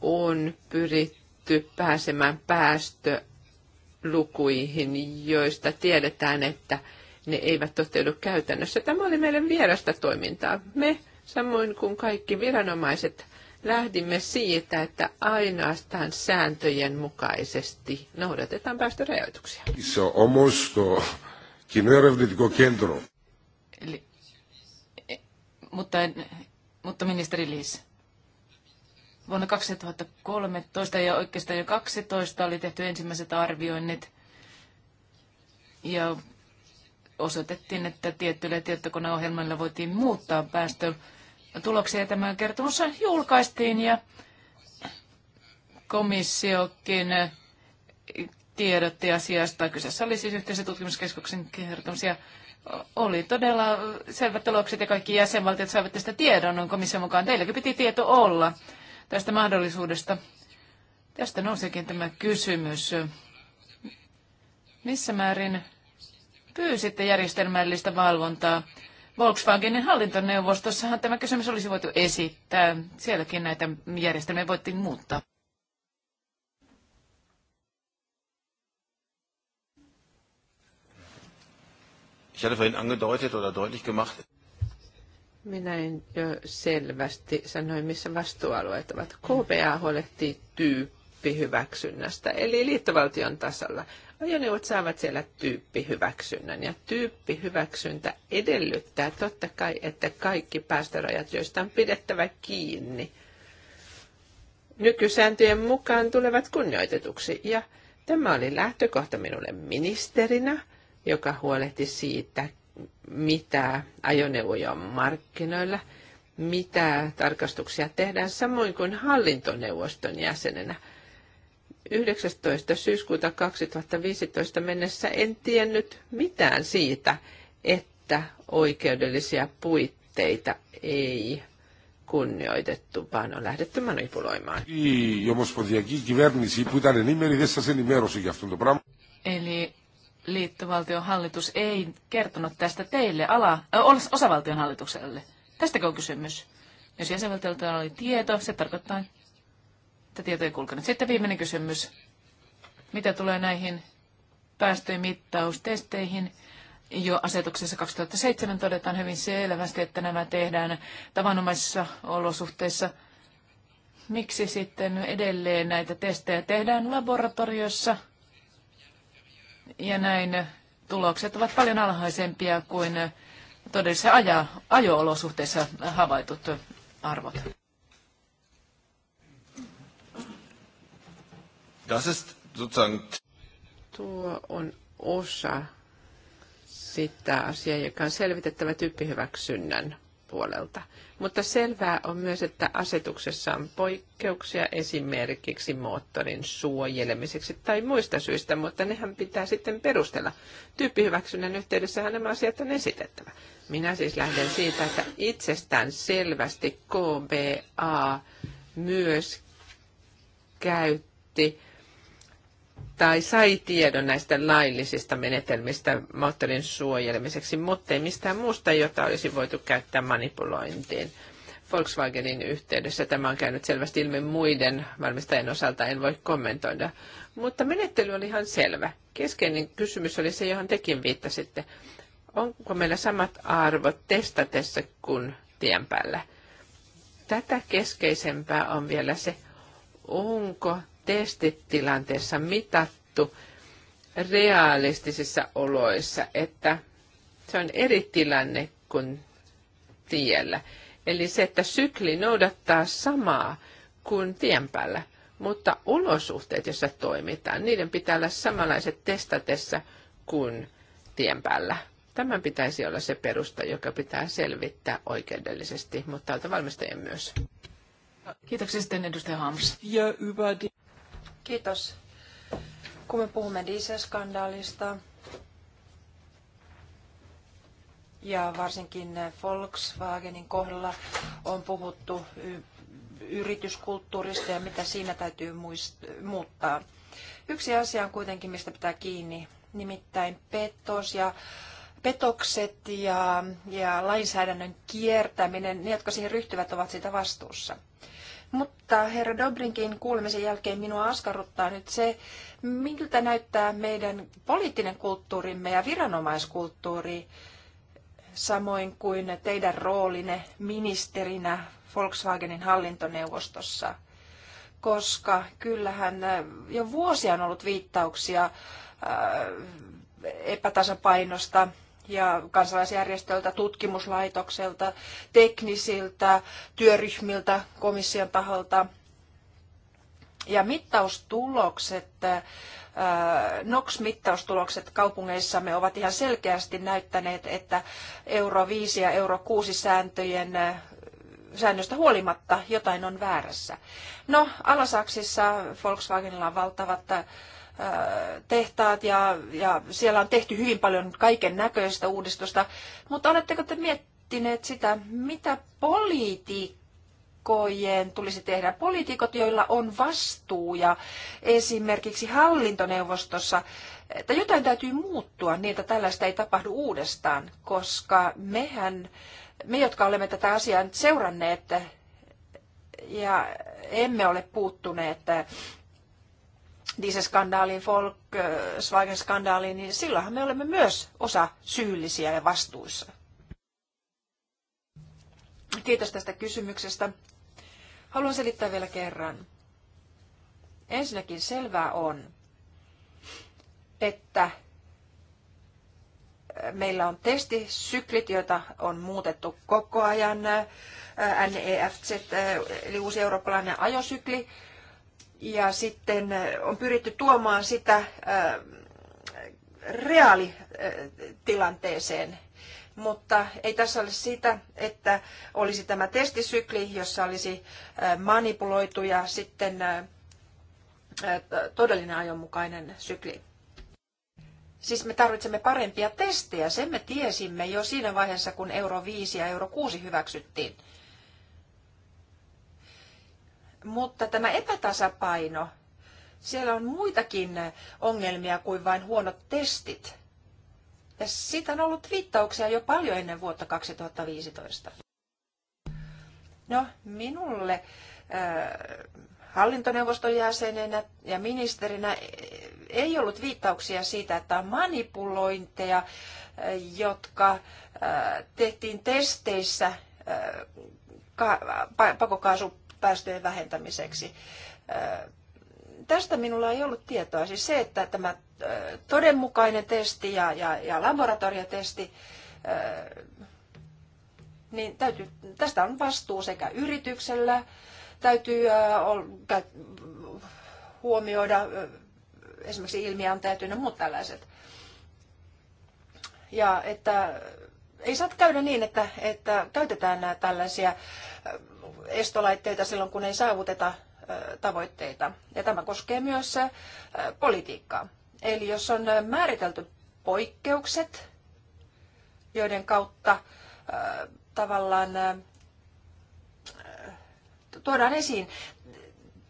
Speaker 1: on pyritty pääsemään päästölukuihin, joista tiedetään, että ne eivät toteudu käytännössä. Tämä oli meille vierasta toimintaa. Me, samoin kuin kaikki viranomaiset, lähdimme siitä, että ainoastaan sääntöjen mukaisesti noudatetaan päästörajoituksia.
Speaker 3: Iso omosto,
Speaker 1: Eli,
Speaker 2: e, mutta mutta ministeri Liis, vuonna 2013 ja oikeastaan jo 2012 oli tehty ensimmäiset arvioinnit ja osoitettiin, että tietyillä tietokoneohjelmilla voitiin muuttaa päästötuloksia. Tämä kertomus julkaistiin ja komissiokin tiedotti asiasta. Kyseessä oli siis yhteisen tutkimuskeskuksen kertomus ja oli todella selvät tulokset ja kaikki jäsenvaltiot saivat tästä tiedon komission mukaan. Teilläkin piti tieto olla tästä mahdollisuudesta. Tästä nousikin tämä kysymys. Missä määrin pyysitte järjestelmällistä valvontaa? Volkswagenin hallintoneuvostossahan tämä kysymys olisi voitu esittää. Sielläkin näitä järjestelmiä voittiin muuttaa.
Speaker 3: Ich hatte vorhin angedeutet oder deutlich gemacht.
Speaker 1: Minä en jo selvästi sanoin, missä vastuualueet ovat. KPA huolehtii tyyppihyväksynnästä, eli liittovaltion tasolla. Ajoneuvot saavat siellä tyyppihyväksynnän, ja tyyppihyväksyntä edellyttää totta kai, että kaikki päästörajat, joista on pidettävä kiinni, nykysääntöjen mukaan tulevat kunnioitetuksi. Ja tämä oli lähtökohta minulle ministerinä joka huolehti siitä, mitä ajoneuvoja on markkinoilla, mitä tarkastuksia tehdään, samoin kuin hallintoneuvoston jäsenenä. 19. syyskuuta 2015 mennessä en tiennyt mitään siitä, että oikeudellisia puitteita ei kunnioitettu, vaan on lähdetty manipuloimaan.
Speaker 3: Eli
Speaker 2: liittovaltion hallitus ei kertonut tästä teille, ala, äh, osavaltion hallitukselle? Tästäkö on kysymys? Jos jäsenvaltiolta oli tieto, se tarkoittaa, että tieto ei kulkenut. Sitten viimeinen kysymys. Mitä tulee näihin päästöjen mittaustesteihin? Jo asetuksessa 2007 todetaan hyvin selvästi, että nämä tehdään tavanomaisissa olosuhteissa. Miksi sitten edelleen näitä testejä tehdään laboratoriossa – ja näin tulokset ovat paljon alhaisempia kuin todellisissa aja, ajo-olosuhteissa havaitut arvot.
Speaker 3: Das ist sozusagen...
Speaker 1: Tuo on osa sitä asiaa, joka on selvitettävä tyyppihyväksynnän puolelta. Mutta selvää on myös, että asetuksessa on poikkeuksia esimerkiksi moottorin suojelemiseksi tai muista syistä, mutta nehän pitää sitten perustella. Tyyppihyväksynnän yhteydessähän nämä asiat on esitettävä. Minä siis lähden siitä, että itsestään selvästi KBA myös käytti tai sai tiedon näistä laillisista menetelmistä moottorin suojelemiseksi, mutta ei mistään muusta, jota olisi voitu käyttää manipulointiin. Volkswagenin yhteydessä tämä on käynyt selvästi ilmi muiden valmistajien osalta, en voi kommentoida. Mutta menettely oli ihan selvä. Keskeinen kysymys oli se, johon tekin viittasitte. Onko meillä samat arvot testatessa kuin tien päällä? Tätä keskeisempää on vielä se, onko testitilanteessa mitattu realistisissa oloissa, että se on eri tilanne kuin tiellä. Eli se, että sykli noudattaa samaa kuin tien päällä, mutta olosuhteet, joissa toimitaan, niiden pitää olla samanlaiset testatessa kuin tien päällä. Tämän pitäisi olla se perusta, joka pitää selvittää oikeudellisesti, mutta tältä valmistajien myös.
Speaker 4: Kiitoksia sitten edustaja Hams. Kiitos. Kun me puhumme dieselskandaalista ja varsinkin Volkswagenin kohdalla on puhuttu yrityskulttuurista ja mitä siinä täytyy muist- muuttaa. Yksi asia on kuitenkin, mistä pitää kiinni, nimittäin petos ja petokset ja, ja lainsäädännön kiertäminen, ne jotka siihen ryhtyvät ovat siitä vastuussa. Mutta herra Dobrinkin kuulemisen jälkeen minua askarruttaa nyt se, miltä näyttää meidän poliittinen kulttuurimme ja viranomaiskulttuuri, samoin kuin teidän roolinne ministerinä Volkswagenin hallintoneuvostossa. Koska kyllähän äh, jo vuosia on ollut viittauksia äh, epätasapainosta ja kansalaisjärjestöltä, tutkimuslaitokselta, teknisiltä, työryhmiltä, komission taholta. Ja mittaustulokset, äh, NOx-mittaustulokset kaupungeissamme ovat ihan selkeästi näyttäneet, että euro 5 ja euro 6 sääntöjen äh, säännöstä huolimatta jotain on väärässä. No, Alasaksissa Volkswagenilla on valtavat äh, tehtaat ja, ja siellä on tehty hyvin paljon kaiken näköistä uudistusta. Mutta oletteko te miettineet sitä, mitä poliitikkojen tulisi tehdä? Poliitikot, joilla on vastuu ja esimerkiksi hallintoneuvostossa, että jotain täytyy muuttua niin, että tällaista ei tapahdu uudestaan, koska mehän, me jotka olemme tätä asiaa nyt seuranneet ja emme ole puuttuneet dieselskandaaliin, Volkswagen-skandaaliin, niin silloinhan me olemme myös osa syyllisiä ja vastuussa. Kiitos tästä kysymyksestä. Haluan selittää vielä kerran. Ensinnäkin selvää on, että meillä on testisyklit, joita on muutettu koko ajan. NEFZ, eli uusi eurooppalainen ajosykli, ja sitten äh, on pyritty tuomaan sitä äh, reaalitilanteeseen. Äh, Mutta ei tässä ole sitä, että olisi tämä testisykli, jossa olisi manipuloitu ja sitten todellinen ajonmukainen sykli. Siis me tarvitsemme parempia testejä, sen me tiesimme jo siinä vaiheessa, kun euro 5 ja euro 6 hyväksyttiin. Mutta tämä epätasapaino, siellä on muitakin ongelmia kuin vain huonot testit. Ja siitä on ollut viittauksia jo paljon ennen vuotta 2015. No, minulle äh, hallintoneuvoston jäsenenä ja ministerinä e, ei ollut viittauksia siitä, että on manipulointeja, äh, jotka äh, tehtiin testeissä äh, pakokaasu päästöjen vähentämiseksi. Tästä minulla ei ollut tietoa. Siis se, että tämä todenmukainen testi ja, ja, ja laboratoriotesti, niin täytyy, tästä on vastuu sekä yrityksellä, täytyy huomioida esimerkiksi ilmiantajat ja muut tällaiset. Ja että ei saa käydä niin, että, että käytetään nämä tällaisia estolaitteita silloin, kun ei saavuteta tavoitteita. Ja tämä koskee myös politiikkaa. Eli jos on määritelty poikkeukset, joiden kautta tavallaan tuodaan esiin,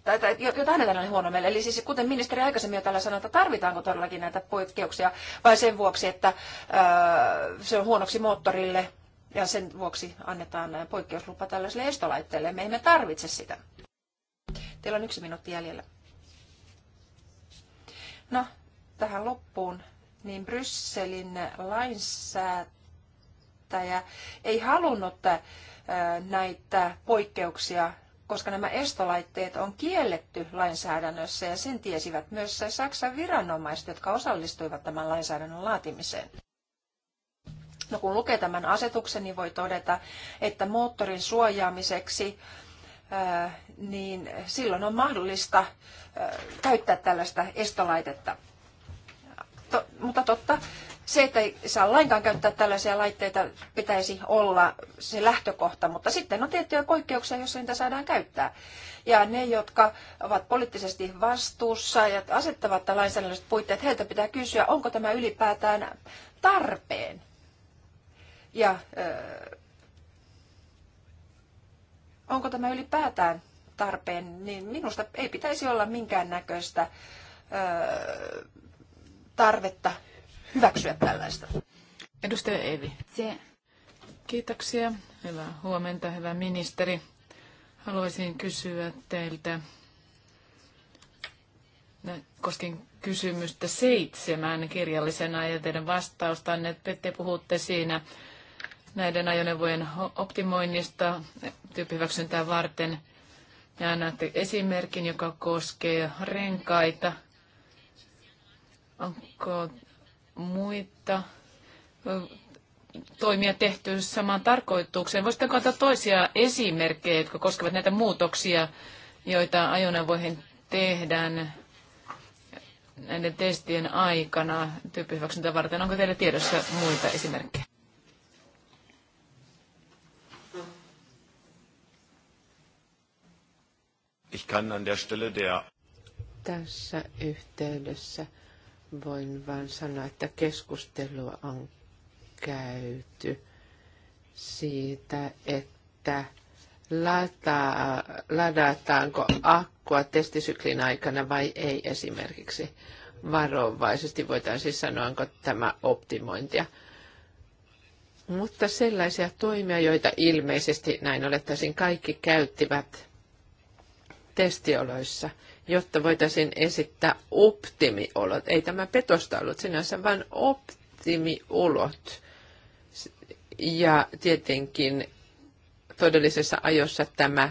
Speaker 4: tai, tai jota hänellä huono meille. Eli siis kuten ministeri aikaisemmin jo täällä sanoi, että tarvitaanko todellakin näitä poikkeuksia vai sen vuoksi, että se on huonoksi moottorille ja sen vuoksi annetaan poikkeuslupa tällaiselle estolaitteelle. Me emme tarvitse sitä. Teillä on yksi minuutti jäljellä. No, tähän loppuun, niin Brysselin lainsäätäjä ei halunnut äh, näitä poikkeuksia, koska nämä estolaitteet on kielletty lainsäädännössä ja sen tiesivät myös Saksan viranomaiset, jotka osallistuivat tämän lainsäädännön laatimiseen. No kun lukee tämän asetuksen, niin voi todeta, että moottorin suojaamiseksi äh, niin silloin on mahdollista äh, käyttää tällaista estolaitetta. To, mutta totta, se, että ei saa lainkaan käyttää tällaisia laitteita, pitäisi olla se lähtökohta, mutta sitten on tiettyjä poikkeuksia, joissa niitä saadaan käyttää. Ja ne, jotka ovat poliittisesti vastuussa ja asettavat lainsäädännölliset puitteet, heiltä pitää kysyä, onko tämä ylipäätään tarpeen. Ja onko tämä ylipäätään tarpeen, niin minusta ei pitäisi olla minkäännäköistä tarvetta hyväksyä tällaista. Edustaja Evi. Se. Kiitoksia.
Speaker 2: Hyvää huomenta, hyvä ministeri. Haluaisin kysyä teiltä koskin kysymystä seitsemän kirjallisena ja teidän vastaustanne, että te puhutte siinä näiden ajoneuvojen optimoinnista tyyppihyväksyntää varten. Ja annatte esimerkin, joka koskee renkaita. Onko muita toimia tehty samaan tarkoitukseen? Voisitteko antaa toisia esimerkkejä, jotka koskevat näitä muutoksia, joita ajoneuvoihin tehdään näiden testien aikana tyyppihyväksyntä varten? Onko teillä tiedossa muita esimerkkejä?
Speaker 3: Ich kann an der Stelle der
Speaker 1: Tässä yhteydessä voin vain sanoa, että keskustelua on käyty siitä, että lataa, ladataanko akkua testisyklin aikana vai ei esimerkiksi. Varovaisesti voitaisiin sanoa, onko tämä optimointia. Mutta sellaisia toimia, joita ilmeisesti näin olettaisin kaikki käyttivät testioloissa, jotta voitaisiin esittää optimiolot. Ei tämä petosta ollut sinänsä, vaan optimiolot. Ja tietenkin todellisessa ajossa tämä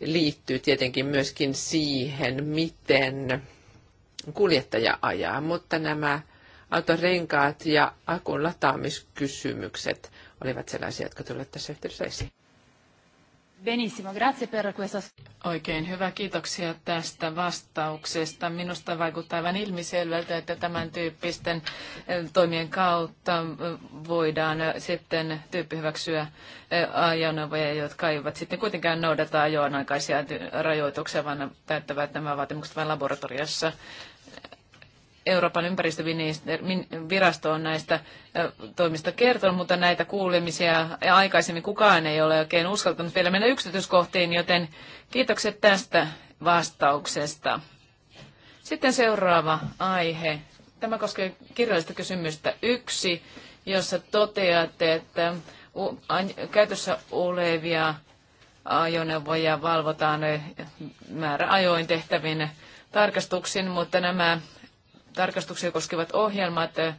Speaker 1: liittyy tietenkin myöskin siihen, miten kuljettaja ajaa, mutta nämä autorenkaat ja akun lataamiskysymykset olivat sellaisia, jotka tulivat tässä
Speaker 4: yhteydessä esiin. Benissimo, grazie per questa...
Speaker 2: Oikein hyvä, kiitoksia tästä vastauksesta. Minusta vaikuttaa aivan ilmiselvältä, että tämän tyyppisten eh, toimien kautta eh, voidaan eh, sitten tyyppihyväksyä ajoneuvoja, jotka eivät sitten kuitenkaan noudata ajoanaikaisia rajoituksia, vaan täyttävät nämä vaatimukset vain laboratoriossa. Euroopan ympäristövirasto on näistä toimista kertonut, mutta näitä kuulemisia ja aikaisemmin kukaan ei ole oikein uskaltanut vielä mennä yksityiskohtiin, joten kiitokset tästä vastauksesta. Sitten seuraava aihe. Tämä koskee kirjallista kysymystä yksi, jossa toteatte, että käytössä olevia ajoneuvoja valvotaan määräajoin tehtävin tarkastuksin, mutta nämä tarkastuksia koskevat ohjelmat eh,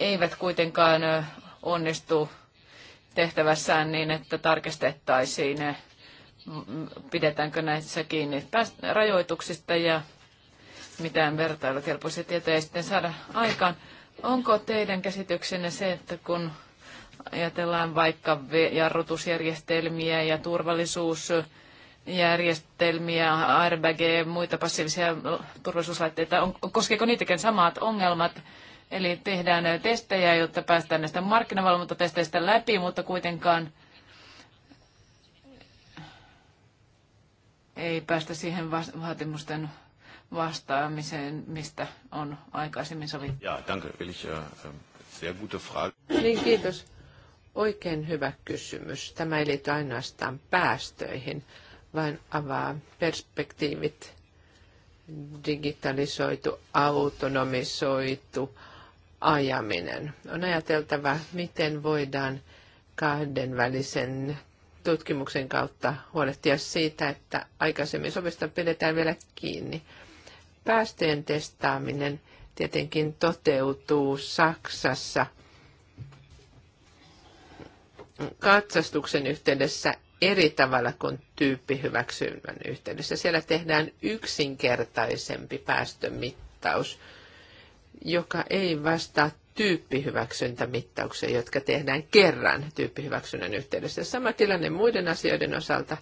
Speaker 2: eivät kuitenkaan eh, onnistu tehtävässään niin, että tarkistettaisiin, eh, pidetäänkö näissä kiinni rajoituksista ja mitään vertailukelpoisia tietoja ei sitten saada aikaan. Onko teidän käsityksenne se, että kun ajatellaan vaikka jarrutusjärjestelmiä ja turvallisuus, järjestelmiä, airbag ja muita passiivisia turvallisuuslaitteita. On, koskeeko niitäkin samat ongelmat? Eli tehdään testejä, jotta päästään näistä markkinavalvontatesteistä läpi, mutta kuitenkaan ei päästä siihen vaatimusten vastaamiseen, mistä on aikaisemmin sovittu.
Speaker 3: Ja, danke, will ich, äh, äh, sehr gute Frage.
Speaker 1: Niin, kiitos. Oikein hyvä kysymys. Tämä ei liity ainoastaan päästöihin, vain avaa perspektiivit. Digitalisoitu, autonomisoitu ajaminen. On ajateltava, miten voidaan kahdenvälisen tutkimuksen kautta huolehtia siitä, että aikaisemmin sovista pidetään vielä kiinni. Päästöjen testaaminen tietenkin toteutuu Saksassa katsastuksen yhteydessä eri tavalla kuin tyyppihyväksynnän yhteydessä. Siellä tehdään yksinkertaisempi päästömittaus, joka ei vastaa tyyppihyväksyntämittauksia, jotka tehdään kerran tyyppihyväksynnän yhteydessä. Sama tilanne muiden asioiden osalta.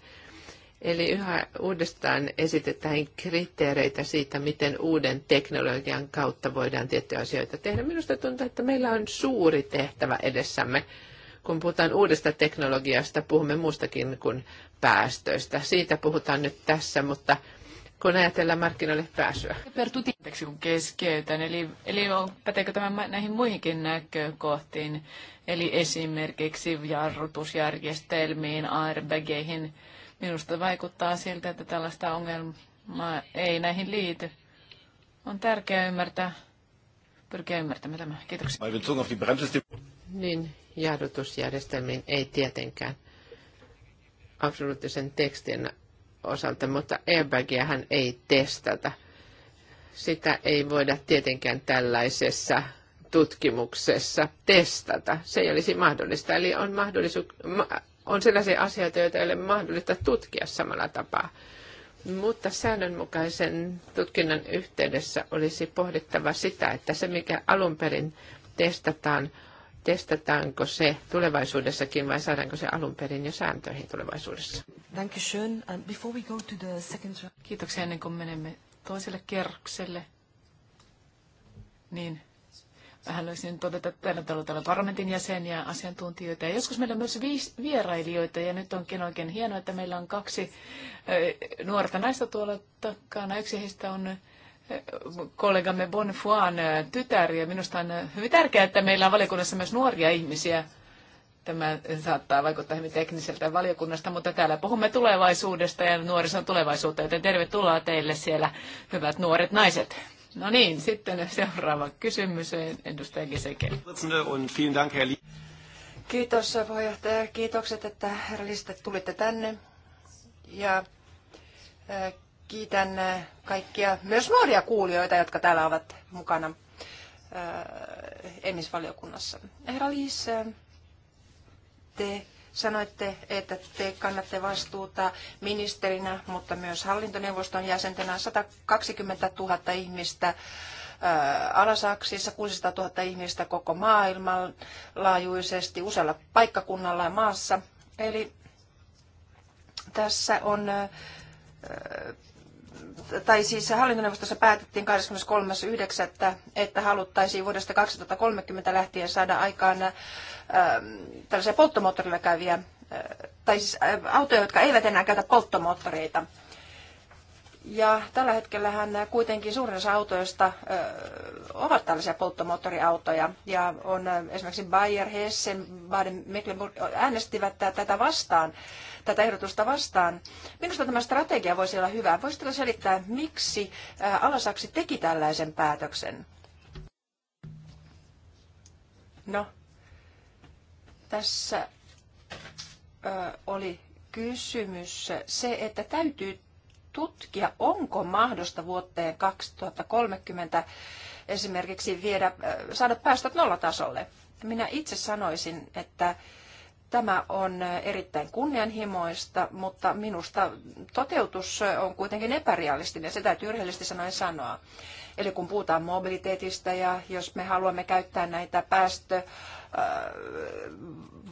Speaker 1: Eli yhä uudestaan esitetään kriteereitä siitä, miten uuden teknologian kautta voidaan tiettyjä asioita tehdä. Minusta tuntuu, että meillä on suuri tehtävä edessämme kun puhutaan uudesta teknologiasta, puhumme muustakin kuin päästöistä. Siitä puhutaan nyt tässä, mutta kun ajatellaan markkinoille pääsyä.
Speaker 2: Pertutinteksi kun keskeytän, eli, eli on, päteekö tämä näihin muihinkin näkökohtiin, eli esimerkiksi jarrutusjärjestelmiin, airbagiin. Minusta vaikuttaa siltä, että tällaista ongelmaa ei näihin liity. On tärkeää ymmärtää,
Speaker 1: pyrkiä ymmärtämään tämä. Kiitoksia. Niin, jahdotusjärjestelmiin ei tietenkään absoluuttisen tekstin osalta, mutta airbagia hän ei testata. Sitä ei voida tietenkään tällaisessa tutkimuksessa testata. Se ei olisi mahdollista. Eli on, mahdollisu- on sellaisia asioita, joita ei ole mahdollista tutkia samalla tapaa. Mutta säännönmukaisen tutkinnan yhteydessä olisi pohdittava sitä, että se mikä alun perin testataan, testataanko se tulevaisuudessakin vai saadaanko se alun perin jo sääntöihin tulevaisuudessa? Uh,
Speaker 2: Kiitoksia ennen kuin menemme toiselle kerrokselle. Niin, vähän löysin todeta, että täällä on ollut täällä parlamentin jäseniä ja asiantuntijoita. Ja joskus meillä on myös viisi vierailijoita ja nyt onkin oikein hienoa, että meillä on kaksi nuorta naista tuolla takana. Yksi heistä on kollegamme Bonfuan tytär, ja minusta on hyvin tärkeää, että meillä on valiokunnassa myös nuoria ihmisiä. Tämä saattaa vaikuttaa hyvin tekniseltä valiokunnasta, mutta täällä puhumme tulevaisuudesta ja nuorison tulevaisuutta, joten tervetuloa teille siellä, hyvät nuoret naiset. No niin, sitten seuraava kysymys,
Speaker 4: edustaja Giseke. Kiitos puheenjohtaja, kiitokset, että herra Liste tulitte tänne. Ja kiitän eh, kaikkia, myös nuoria kuulijoita, jotka täällä ovat mukana emisvaliokunnassa. Eh, Herra Liis, eh, te sanoitte, että te kannatte vastuuta ministerinä, mutta myös hallintoneuvoston jäsentenä 120 000 ihmistä Alasaksissa, 600 000 ihmistä koko maailman laajuisesti usealla paikkakunnalla ja maassa. Eli tässä on tai siis hallintoneuvostossa päätettiin 23.9., että haluttaisiin vuodesta 2030 lähtien saada aikaan äh, tällaisia polttomoottorilla käyviä, äh, tai siis äh, autoja, jotka eivät enää käytä polttomoottoreita. Ja tällä hetkellähän kuitenkin suurin osa autoista äh, ovat tällaisia polttomoottoriautoja. Ja on äh, esimerkiksi Bayer, Hessen, Baden-Mecklenburg äänestivät tätä vastaan tätä ehdotusta vastaan. Minusta tämä strategia voisi olla hyvä. Voisitteko selittää, miksi Alasaksi teki tällaisen päätöksen? No, tässä oli kysymys se, että täytyy tutkia, onko mahdollista vuoteen 2030 esimerkiksi viedä, saada päästöt nollatasolle. Minä itse sanoisin, että Tämä on erittäin kunnianhimoista, mutta minusta toteutus on kuitenkin epärealistinen, se täytyy yrheellisesti sanoen sanoa. Eli kun puhutaan mobiliteetista ja jos me haluamme käyttää näitä päästö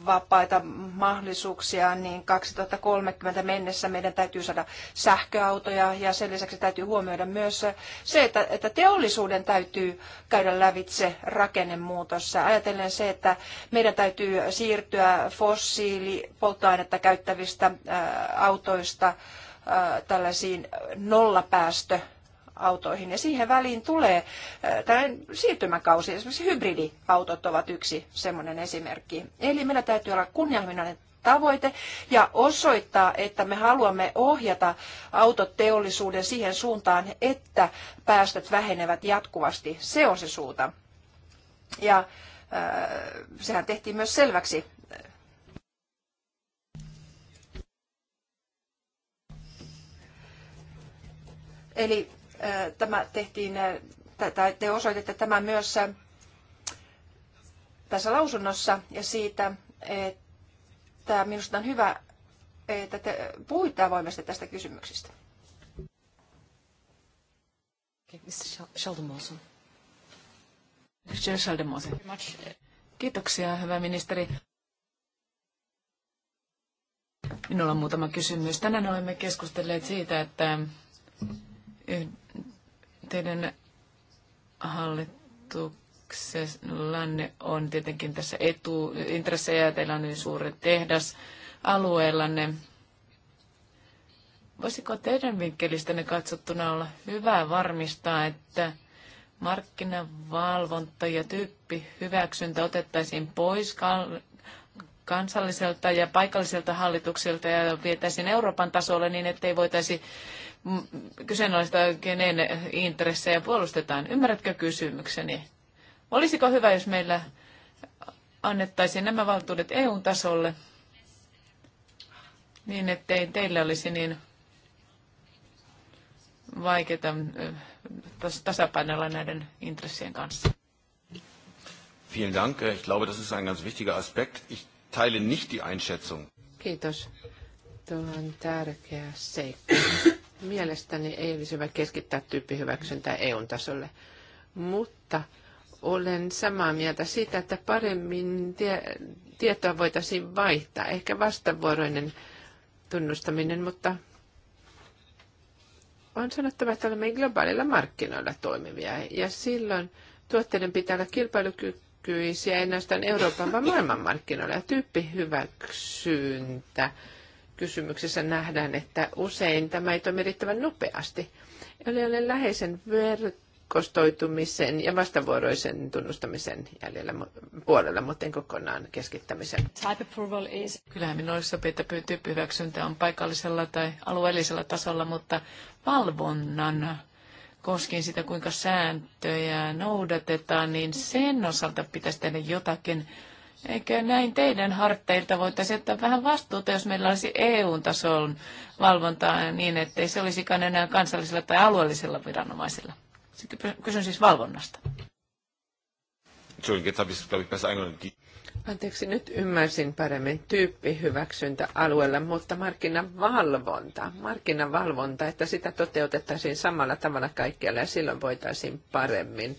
Speaker 4: vapaita mahdollisuuksia, niin 2030 mennessä meidän täytyy saada sähköautoja ja sen lisäksi täytyy huomioida myös se, että, että teollisuuden täytyy käydä lävitse rakennemuutossa. Ajatellen se, että meidän täytyy siirtyä fossiilipolttoainetta käyttävistä autoista tällaisiin nollapäästö autoihin. Ja siihen väliin tulee äh, tällainen siirtymäkausi. Esimerkiksi hybridiautot ovat yksi semmoinen esimerkki. Eli meillä täytyy olla kunnianhimoinen tavoite ja osoittaa, että me haluamme ohjata autoteollisuuden siihen suuntaan, että päästöt vähenevät jatkuvasti. Se on se suunta. Ja äh, sehän tehtiin myös selväksi Eli tämä tehtiin, tai te osoitette tämän myös tässä lausunnossa ja siitä, että minusta on hyvä, että te puhuitte avoimesti tästä kysymyksestä.
Speaker 2: Kiitoksia, hyvä ministeri. Minulla on muutama kysymys. Tänään olemme keskustelleet siitä, että Teidän hallituksellanne on tietenkin tässä etu, intressejä, teillä on niin suuri tehdas alueellanne. Voisiko teidän vinkkelistänne katsottuna olla hyvä varmistaa, että markkinavalvonta ja tyyppi hyväksyntä otettaisiin pois kansalliselta ja paikalliselta hallitukselta ja vietäisiin Euroopan tasolle niin, ettei voitaisi kyseenalaista, kenen intressejä puolustetaan. Ymmärrätkö kysymykseni? Olisiko hyvä, jos meillä annettaisiin nämä valtuudet EU-tasolle niin, ettei teillä olisi niin vaikeaa tasapainolla näiden intressien kanssa.
Speaker 3: Vielen Dank. Ich glaube, das ist ein ganz wichtiger Aspekt. Ich teile nicht die Einschätzung.
Speaker 1: Kiitos. Tuo on tärkeä seikka. Mielestäni ei olisi hyvä keskittää tyyppihyväksyntää EUn tasolle, mutta olen samaa mieltä siitä, että paremmin tie- tietoa voitaisiin vaihtaa. Ehkä vastavuoroinen tunnustaminen, mutta on sanottava, että olemme globaalilla markkinoilla toimivia ja silloin tuotteiden pitää olla kilpailukykyisiä ei Euroopan, vaan maailmanmarkkinoilla. Ja tyyppihyväksyntä kysymyksessä nähdään, että usein tämä ei toimi riittävän nopeasti. Eli olen läheisen verkostoitumisen ja vastavuoroisen tunnustamisen jäljellä puolella, mutta en kokonaan keskittämisen. Type approval is...
Speaker 2: Kyllähän minulle sopii, että tyyppihyväksyntä on paikallisella tai alueellisella tasolla, mutta valvonnan koskien sitä, kuinka sääntöjä noudatetaan, niin sen osalta pitäisi tehdä jotakin Eikö näin teidän harteilta voitaisiin ottaa vähän vastuuta, jos meillä olisi EU-tason valvontaa niin, että se olisikaan enää kansallisella tai alueellisella viranomaisilla? Sitten kysyn siis valvonnasta.
Speaker 1: Anteeksi, nyt ymmärsin paremmin tyyppihyväksyntä alueella, mutta markkinavalvonta, markkinavalvonta, että sitä toteutettaisiin samalla tavalla kaikkialla ja silloin voitaisiin paremmin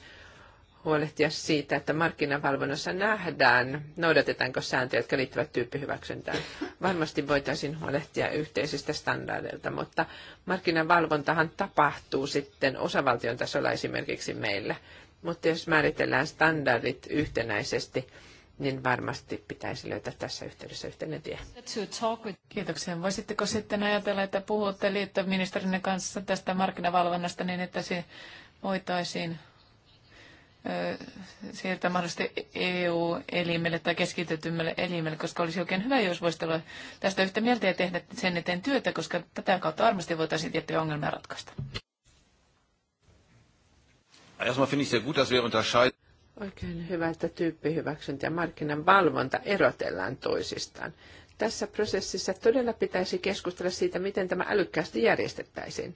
Speaker 1: huolehtia siitä, että markkinavalvonnassa nähdään, noudatetaanko sääntöjä, jotka liittyvät tyyppihyväksyntään. Varmasti voitaisiin huolehtia yhteisistä standardeilta, mutta markkinavalvontahan tapahtuu sitten osavaltion tasolla esimerkiksi meillä. Mutta jos määritellään standardit yhtenäisesti, niin varmasti pitäisi löytää tässä yhteydessä yhteinen tie.
Speaker 2: Kiitoksia. Voisitteko sitten ajatella, että puhutte liittoministerinne kanssa tästä markkinavalvonnasta niin, että se voitaisiin siirtää mahdollisesti EU-elimelle tai keskitetymmälle elimelle, koska olisi oikein hyvä, jos voisi olla tästä yhtä mieltä ja tehdä sen eteen työtä, koska tätä kautta varmasti voitaisiin tiettyjä ongelmia ratkaista.
Speaker 1: Oikein hyvä, että tyyppihyväksyntä ja markkinan valvonta erotellaan toisistaan. Tässä prosessissa todella pitäisi keskustella siitä, miten tämä älykkäästi järjestettäisiin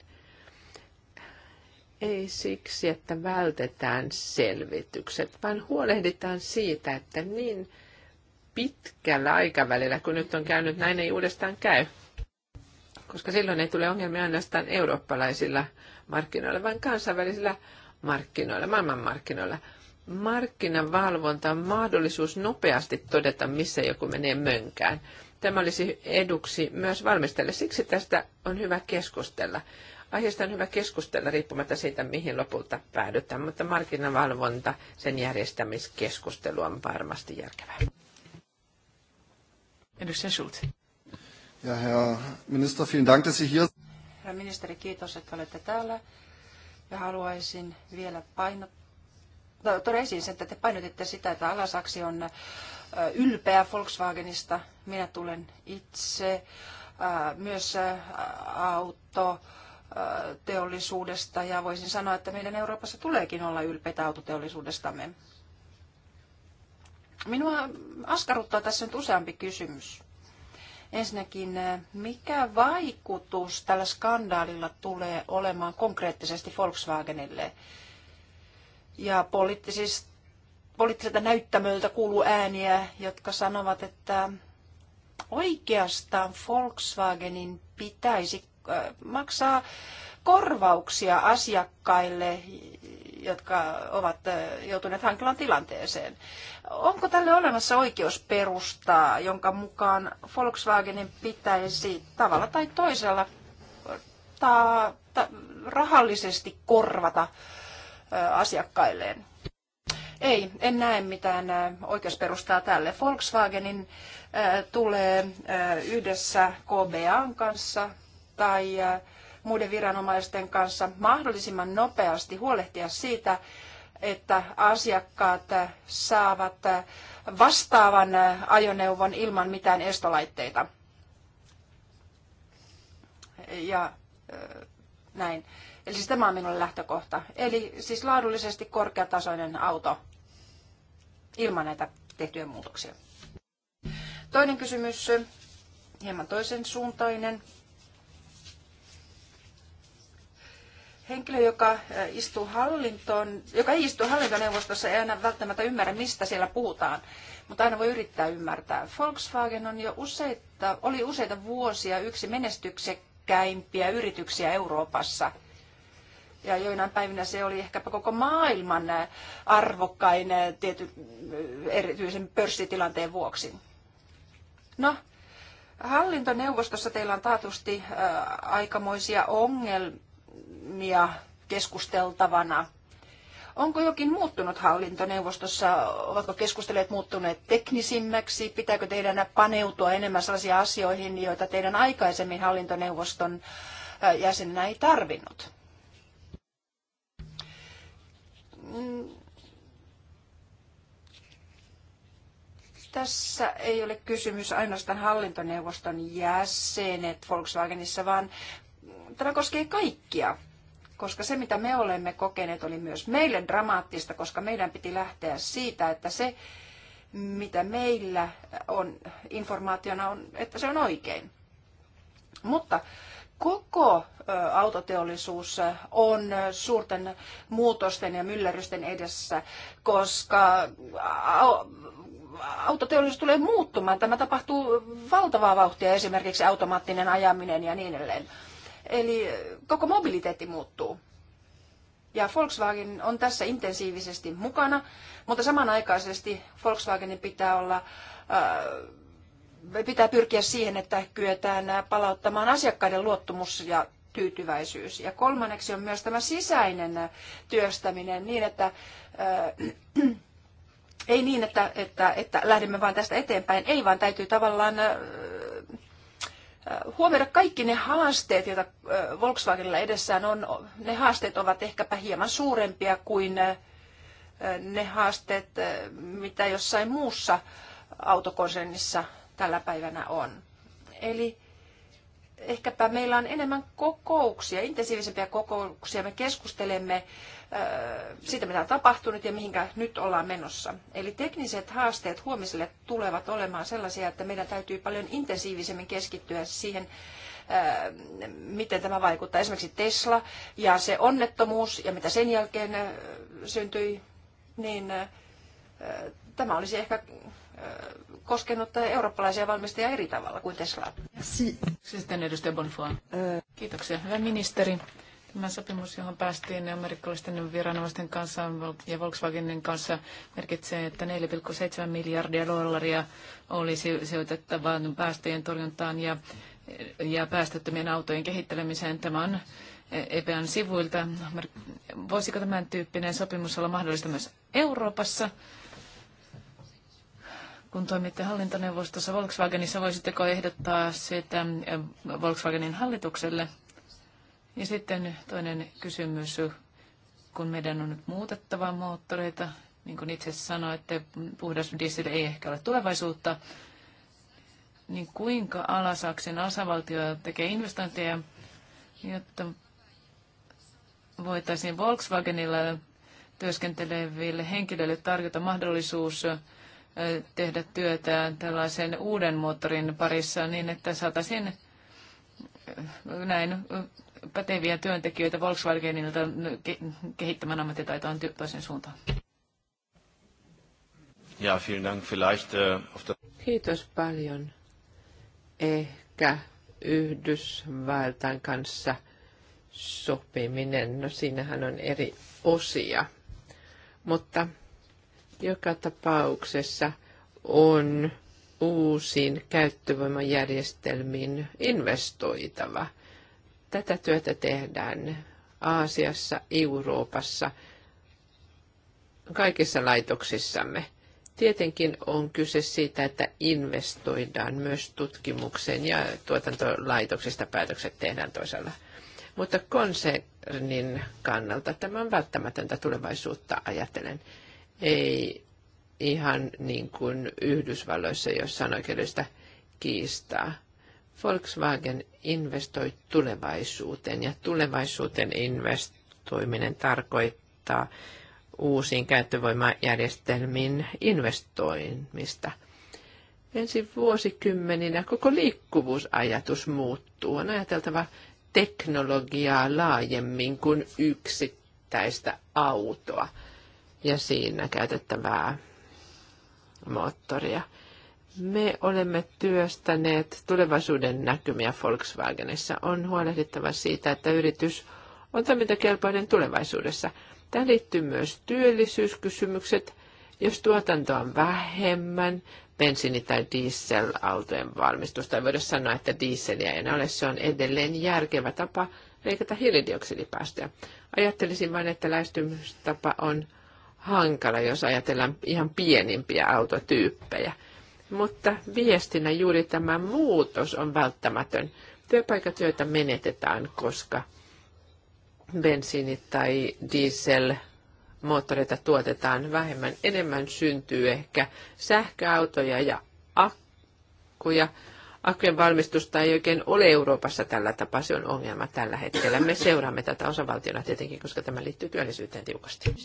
Speaker 1: ei siksi, että vältetään selvitykset, vaan huolehditaan siitä, että niin pitkällä aikavälillä, kun nyt on käynyt, näin ei uudestaan käy. Koska silloin ei tule ongelmia ainoastaan eurooppalaisilla markkinoilla, vaan kansainvälisillä markkinoilla, maailmanmarkkinoilla. Markkinavalvonta on mahdollisuus nopeasti todeta, missä joku menee mönkään. Tämä olisi eduksi myös valmistajalle. Siksi tästä on hyvä keskustella. Aiheesta on hyvä keskustella riippumatta siitä, mihin lopulta päädytään, mutta markkinavalvonta, sen järjestämiskeskustelu on varmasti järkevää. Edustaja Schulz.
Speaker 3: Ja herra minister, vielen Dank, dass Sie hier...
Speaker 4: Herra ministeri, kiitos, että olette täällä. Ja haluaisin vielä painottaa, no, tuoda esiin sen, että te painotitte sitä, että Alasaksi on ylpeä Volkswagenista. Minä tulen itse myös auto teollisuudesta ja voisin sanoa, että meidän Euroopassa tuleekin olla ylpeitä autoteollisuudestamme. Minua askarruttaa tässä nyt useampi kysymys. Ensinnäkin, mikä vaikutus tällä skandaalilla tulee olemaan konkreettisesti Volkswagenille? Ja poliittiselta näyttämöltä kuuluu ääniä, jotka sanovat, että oikeastaan Volkswagenin pitäisi maksaa korvauksia asiakkaille, jotka ovat joutuneet hankalan tilanteeseen. Onko tälle olemassa oikeusperustaa, jonka mukaan Volkswagenin pitäisi tavalla tai toisella ta- ta- rahallisesti korvata asiakkailleen? Ei, en näe mitään oikeusperustaa tälle. Volkswagenin tulee yhdessä KBAn kanssa tai muiden viranomaisten kanssa mahdollisimman nopeasti huolehtia siitä, että asiakkaat saavat vastaavan ajoneuvon ilman mitään estolaitteita. Ja näin. Eli siis tämä on minulle lähtökohta. Eli siis laadullisesti korkeatasoinen auto ilman näitä tehtyjä muutoksia. Toinen kysymys, hieman toisen suuntainen. Henkilö, joka, istuu hallintoon, joka ei istu hallintoneuvostossa, ei aina välttämättä ymmärrä, mistä siellä puhutaan, mutta aina voi yrittää ymmärtää. Volkswagen on jo useita, oli useita vuosia yksi menestyksekkäimpiä yrityksiä Euroopassa – ja joinain päivinä se oli ehkäpä koko maailman arvokkain tietyn erityisen pörssitilanteen vuoksi. No, hallintoneuvostossa teillä on taatusti ä, aikamoisia ongelmia ja keskusteltavana. Onko jokin muuttunut hallintoneuvostossa? Ovatko keskustelijat muuttuneet teknisimmäksi? Pitääkö teidän paneutua enemmän sellaisiin asioihin, joita teidän aikaisemmin hallintoneuvoston jäsenenä ei tarvinnut? Mm. tässä ei ole kysymys ainoastaan hallintoneuvoston jäsenet Volkswagenissa, vaan tämä koskee kaikkia, koska se mitä me olemme kokeneet oli myös meille dramaattista, koska meidän piti lähteä siitä, että se mitä meillä on informaationa, on, että se on oikein. Mutta koko autoteollisuus on suurten muutosten ja myllerrysten edessä, koska autoteollisuus tulee muuttumaan. Tämä tapahtuu valtavaa vauhtia, esimerkiksi automaattinen ajaminen ja niin edelleen. Eli eh, koko mobiliteetti muuttuu. Ja Volkswagen on tässä intensiivisesti mukana, mutta samanaikaisesti Volkswagenin pitää olla eh, pitää pyrkiä siihen, että kyetään palauttamaan asiakkaiden luottamus ja tyytyväisyys. Ja kolmanneksi on myös tämä sisäinen työstäminen niin, että äh, ei niin, että, että, että lähdemme vain tästä eteenpäin, ei vaan täytyy tavallaan huomioida kaikki ne haasteet, joita Volkswagenilla edessään on. Ne haasteet ovat ehkäpä hieman suurempia kuin ne haasteet, mitä jossain muussa autokonsernissa tällä päivänä on. Eli ehkäpä meillä on enemmän kokouksia, intensiivisempiä kokouksia. Me keskustelemme siitä, mitä on tapahtunut ja mihinkä nyt ollaan menossa. Eli tekniset haasteet huomiselle tulevat olemaan sellaisia, että meidän täytyy paljon intensiivisemmin keskittyä siihen, miten tämä vaikuttaa. Esimerkiksi Tesla ja se onnettomuus ja mitä sen jälkeen syntyi, niin tämä olisi ehkä koskenut eurooppalaisia valmistajia eri tavalla kuin Tesla. Sitten edustaja Bonfoy.
Speaker 2: Kiitoksia, hyvä ministeri. Tämä sopimus, johon päästiin amerikkalaisten viranomaisten kanssa ja Volkswagenin kanssa, merkitsee, että 4,7 miljardia dollaria olisi sijoitettava päästöjen torjuntaan ja, ja päästöttömien autojen kehittelemiseen. Tämä on EPN sivuilta. Voisiko tämän tyyppinen sopimus olla mahdollista myös Euroopassa? kun toimitte hallintoneuvostossa Volkswagenissa, voisitteko ehdottaa sitä Volkswagenin hallitukselle? Ja sitten toinen kysymys, kun meidän on nyt muutettava moottoreita, niin kuin itse sanoin, että puhdas diesel ei ehkä ole tulevaisuutta, niin kuinka Alasaksen osavaltio tekee investointeja, jotta voitaisiin Volkswagenilla työskenteleville henkilöille tarjota mahdollisuus tehdä työtään tällaisen uuden moottorin parissa niin, että saataisiin näin päteviä työntekijöitä Volkswagenilta kehittämään ammattitaitoa toisen suuntaan.
Speaker 3: Ja, vielen Dank. Vielleicht, äh, auf der
Speaker 1: Kiitos paljon. Ehkä Yhdysvaltain kanssa sopiminen, no siinähän on eri osia. Mutta joka tapauksessa on uusiin käyttövoimajärjestelmiin investoitava – Tätä työtä tehdään Aasiassa, Euroopassa, kaikissa laitoksissamme. Tietenkin on kyse siitä, että investoidaan myös tutkimukseen ja tuotantolaitoksista päätökset tehdään toisella. Mutta konsernin kannalta tämä on välttämätöntä tulevaisuutta ajatellen. Ei ihan niin kuin Yhdysvalloissa, jossa on oikeudellista kiistaa. Volkswagen investoi tulevaisuuteen ja tulevaisuuteen investoiminen tarkoittaa uusiin käyttövoimajärjestelmiin investoimista. Ensi vuosikymmeninä koko liikkuvuusajatus muuttuu. On ajateltava teknologiaa laajemmin kuin yksittäistä autoa ja siinä käytettävää moottoria – me olemme työstäneet tulevaisuuden näkymiä Volkswagenissa. On huolehdittava siitä, että yritys on toimintakelpoinen tulevaisuudessa. Tähän liittyy myös työllisyyskysymykset. Jos tuotantoa on vähemmän, bensiini- tai dieselautojen valmistusta ei voida sanoa, että dieseliä ei ole. Se on edelleen järkevä tapa leikata hiilidioksidipäästöjä. Ajattelisin vain, että lähestymistapa on hankala, jos ajatellaan ihan pienimpiä autotyyppejä – mutta viestinä juuri tämä muutos on välttämätön. Työpaikat, joita menetetään, koska bensiini- tai dieselmoottoreita tuotetaan vähemmän, enemmän syntyy ehkä sähköautoja ja akkuja – akkujen valmistusta ei oikein ole Euroopassa tällä tapaa. Se on ongelma tällä hetkellä. Me seuraamme tätä osavaltiona tietenkin, koska tämä liittyy työllisyyteen tiukasti.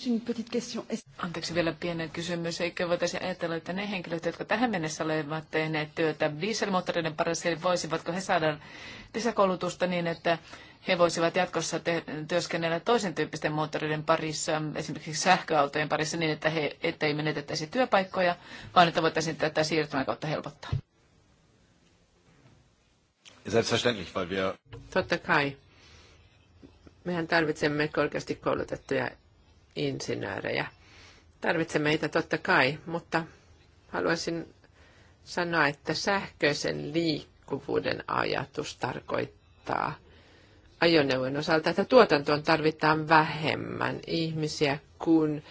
Speaker 2: Anteeksi vielä pienen kysymys. Eikö voitaisiin ajatella, että ne henkilöt, jotka tähän mennessä olivat tehneet työtä dieselmoottoreiden parissa, voisivatko he saada lisäkoulutusta niin, että he voisivat jatkossa te- työskennellä toisen tyyppisten moottoreiden parissa, esimerkiksi sähköautojen parissa, niin että he, ettei menetettäisi työpaikkoja, vaan että voitaisiin tätä siirtymän kautta helpottaa.
Speaker 3: Selbstverständlich, weil wir...
Speaker 1: Totta kai. Mehän tarvitsemme korkeasti koulutettuja insinöörejä. Tarvitsemme heitä totta kai, mutta haluaisin sanoa, että sähköisen liikkuvuuden ajatus tarkoittaa ajoneuvon osalta, että tuotantoon tarvitaan vähemmän ihmisiä kuin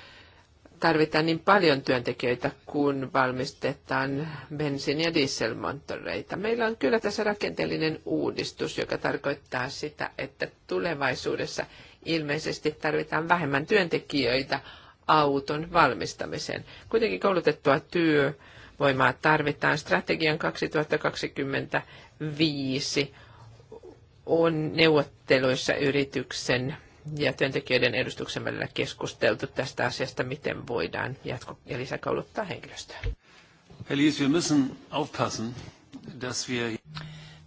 Speaker 1: tarvitaan niin paljon työntekijöitä, kun valmistetaan bensiini- ja dieselmonttoreita. Meillä on kyllä tässä rakenteellinen uudistus, joka tarkoittaa sitä, että tulevaisuudessa ilmeisesti tarvitaan vähemmän työntekijöitä auton valmistamiseen. Kuitenkin koulutettua työvoimaa tarvitaan. Strategian 2025 on neuvotteluissa yrityksen ja työntekijöiden edustuksen välillä keskusteltu tästä asiasta, miten voidaan jatko- ja lisäkouluttaa henkilöstöä.
Speaker 3: wir müssen aufpassen, dass wir...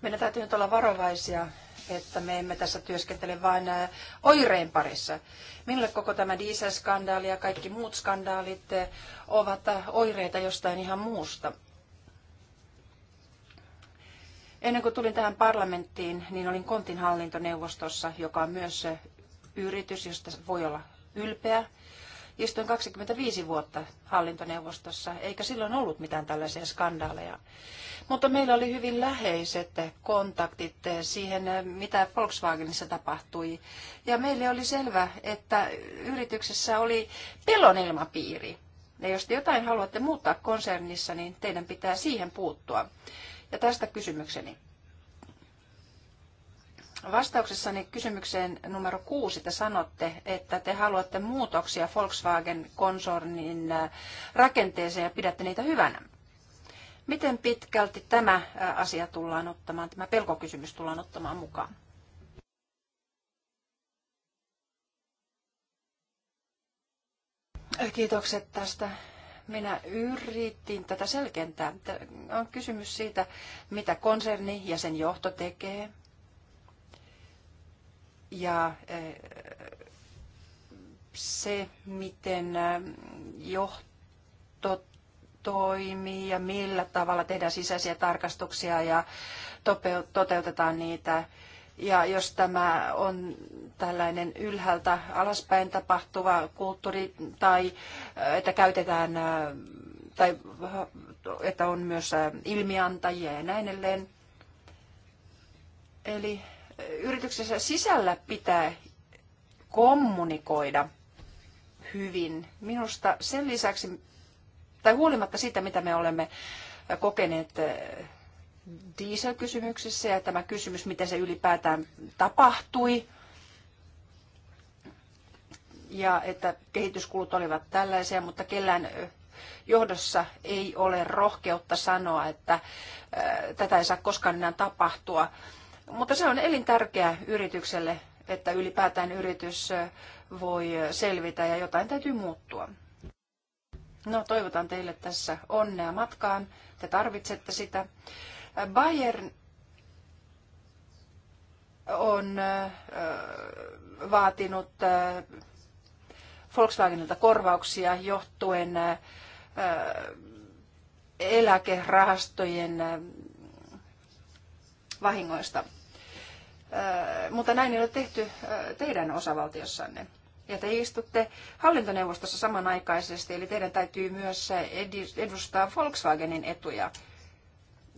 Speaker 4: Meidän täytyy nyt olla varovaisia, että me emme tässä työskentele vain äh, oireen parissa. Minulle koko tämä dieselskandaali ja kaikki muut skandaalit äh, ovat äh, oireita jostain ihan muusta. Ennen kuin tulin tähän parlamenttiin, niin olin kontin hallintoneuvostossa, joka on myös yritys, josta voi olla ylpeä. Istuin 25 vuotta hallintoneuvostossa, eikä silloin ollut mitään tällaisia skandaaleja. Mutta meillä oli hyvin läheiset kontaktit siihen, mitä Volkswagenissa tapahtui. Ja meille oli selvä, että yrityksessä oli pelon ilmapiiri. Ja jos te jotain haluatte muuttaa konsernissa, niin teidän pitää siihen puuttua. Ja tästä kysymykseni. Vastauksessani kysymykseen numero kuusi te sanotte, että te haluatte muutoksia Volkswagen-konsornin äh, rakenteeseen ja pidätte niitä hyvänä. Miten pitkälti tämä äh, asia tullaan ottamaan, tämä pelkokysymys tullaan ottamaan mukaan? Kiitokset tästä. Minä yritin tätä selkentää. On kysymys siitä, mitä konserni ja sen johto tekee, ja e, se, miten e, johto toimii ja millä tavalla tehdään sisäisiä tarkastuksia ja toteutetaan niitä. Ja jos tämä on tällainen ylhäältä alaspäin tapahtuva kulttuuri tai e, että käytetään tai että on myös ilmiantajia ja näin edelleen. Eli yrityksensä sisällä pitää kommunikoida hyvin. Minusta sen lisäksi, tai huolimatta siitä, mitä me olemme kokeneet eh, dieselkysymyksessä ja tämä kysymys, miten se ylipäätään tapahtui, ja että kehityskulut olivat tällaisia, mutta kellään eh, johdossa ei ole rohkeutta sanoa, että eh, tätä ei saa koskaan enää tapahtua. Mutta se on elintärkeää yritykselle, että ylipäätään yritys voi selvitä ja jotain täytyy muuttua. No, toivotan teille tässä onnea matkaan. Te tarvitsette sitä. Bayern on vaatinut Volkswagenilta korvauksia johtuen eläkerahastojen vahingoista mutta näin ei ole tehty teidän osavaltiossanne. Ja te istutte hallintoneuvostossa samanaikaisesti, eli teidän täytyy myös edustaa Volkswagenin etuja.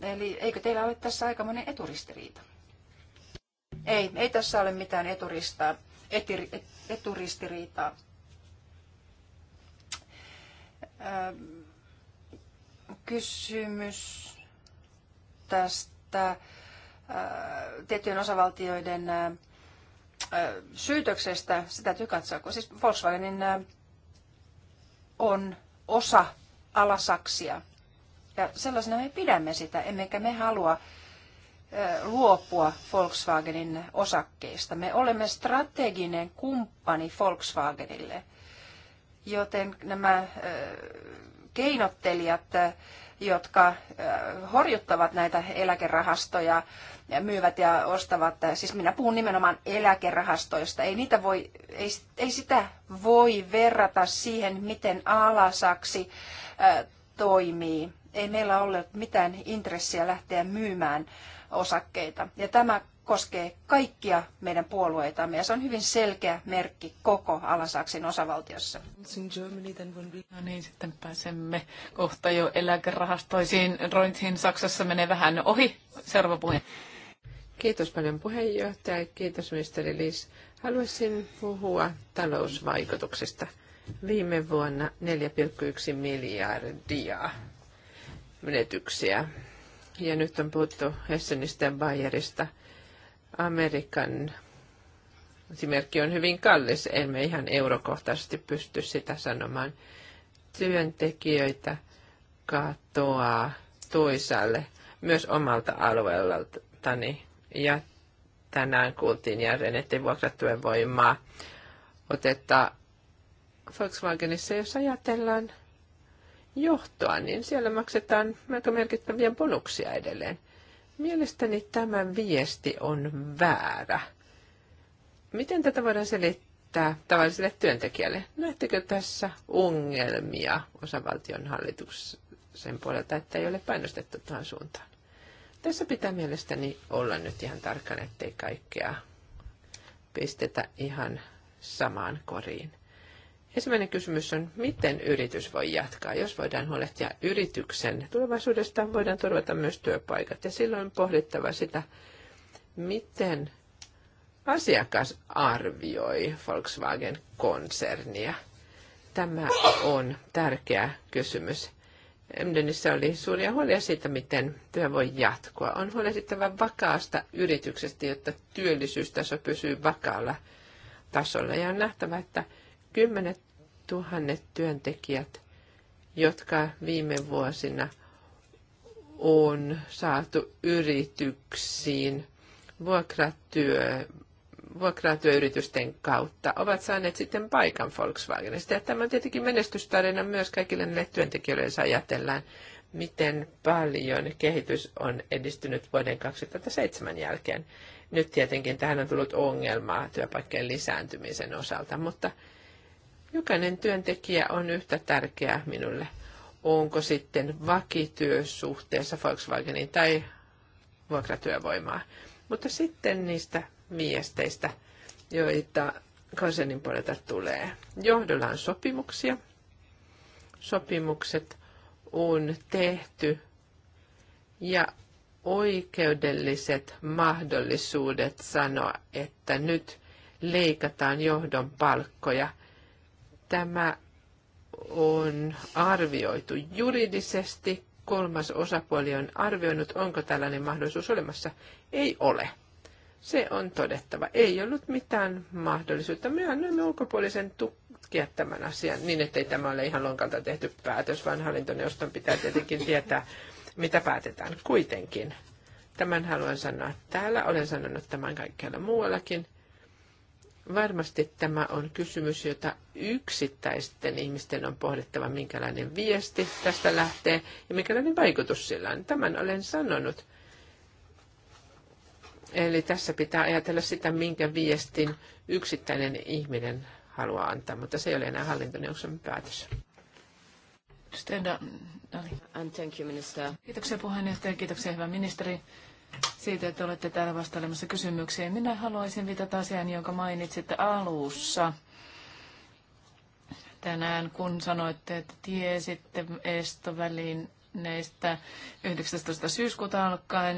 Speaker 4: Eli eikö teillä ole tässä aikamoinen eturistiriita? Ei, ei tässä ole mitään eturista, etir, et, eturistiriitaa. kysymys tästä tiettyjen osavaltioiden syytöksestä, sitä täytyy katsoa, kun siis Volkswagenin on osa alasaksia. Ja sellaisena me pidämme sitä, emmekä me halua luopua Volkswagenin osakkeista. Me olemme strateginen kumppani Volkswagenille, joten nämä keinottelijat jotka äh, horjuttavat näitä eläkerahastoja, myyvät ja ostavat. Äh, siis minä puhun nimenomaan eläkerahastoista. Ei, niitä voi, ei, ei sitä voi verrata siihen, miten alasaksi äh, toimii. Ei meillä ole mitään intressiä lähteä myymään osakkeita. Ja tämä koskee kaikkia meidän puolueitamme ja se on hyvin selkeä merkki koko Alasaksin osavaltiossa.
Speaker 2: No niin, sitten pääsemme kohta jo eläkerahastoisiin. Rointiin Saksassa menee vähän ohi. Seuraava puhe.
Speaker 1: Kiitos paljon puheenjohtaja. Kiitos ministeri Liis. Haluaisin puhua talousvaikutuksista. Viime vuonna 4,1 miljardia menetyksiä. Ja nyt on puhuttu Hessenistä ja Bayerista – Amerikan esimerkki on hyvin kallis, emme ihan eurokohtaisesti pysty sitä sanomaan. Työntekijöitä katoaa toisaalle myös omalta alueeltani. Ja tänään kuultiin jälleen, että vuokratuen voimaa otetta Volkswagenissa, jos ajatellaan johtoa, niin siellä maksetaan melko merkittäviä bonuksia edelleen – Mielestäni tämä viesti on väärä. Miten tätä voidaan selittää tavalliselle työntekijälle? Näettekö tässä ongelmia osavaltion hallituksen puolelta, että ei ole painostettu tuohon suuntaan? Tässä pitää mielestäni olla nyt ihan tarkkana, ettei kaikkea pistetä ihan samaan koriin. Ensimmäinen kysymys on, miten yritys voi jatkaa? Jos voidaan huolehtia yrityksen tulevaisuudesta, voidaan turvata myös työpaikat. Ja silloin on pohdittava sitä, miten asiakas arvioi Volkswagen-konsernia. Tämä on tärkeä kysymys. Emdenissä oli suuria huolia siitä, miten työ voi jatkua. On huolehdittava vakaasta yrityksestä, jotta työllisyystaso pysyy vakaalla tasolla. Ja on nähtävä, että Kymmenet tuhannet työntekijät, jotka viime vuosina on saatu yrityksiin vuokratyö, vuokratyöyritysten kautta, ovat saaneet sitten paikan Volkswagenista. Ja tämä on tietenkin menestystarina myös kaikille näille työntekijöille, jos ajatellaan, miten paljon kehitys on edistynyt vuoden 2007 jälkeen. Nyt tietenkin tähän on tullut ongelmaa työpaikkojen lisääntymisen osalta, mutta – Jokainen työntekijä on yhtä tärkeä minulle. Onko sitten vakityösuhteessa Volkswagenin tai vuokratyövoimaa. Mutta sitten niistä miesteistä, joita konsernin puolelta tulee. Johdolla on sopimuksia. Sopimukset on tehty ja oikeudelliset mahdollisuudet sanoa, että nyt leikataan johdon palkkoja – tämä on arvioitu juridisesti. Kolmas osapuoli on arvioinut, onko tällainen mahdollisuus olemassa. Ei ole. Se on todettava. Ei ollut mitään mahdollisuutta. Me annoimme ulkopuolisen tukea tämän asian niin, ettei tämä ole ihan lonkalta tehty päätös, vaan hallintoneuvoston pitää tietenkin tietää, mitä päätetään kuitenkin. Tämän haluan sanoa täällä. Olen sanonut tämän kaikkialla muuallakin. Varmasti tämä on kysymys, jota yksittäisten ihmisten on pohdittava, minkälainen viesti tästä lähtee ja minkälainen vaikutus sillä on. Tämän olen sanonut. Eli tässä pitää ajatella sitä, minkä viestin yksittäinen ihminen haluaa antaa, mutta se ei ole enää hallintoneuvoston päätös. Stand
Speaker 2: up. And thank you, minister. Kiitoksia puheenjohtaja, kiitoksia hyvä ministeri siitä, että olette täällä vastailemassa kysymyksiin. Minä haluaisin viitata asiaan, jonka mainitsitte alussa tänään, kun sanoitte, että tiesitte estovälineistä 19. syyskuuta alkaen.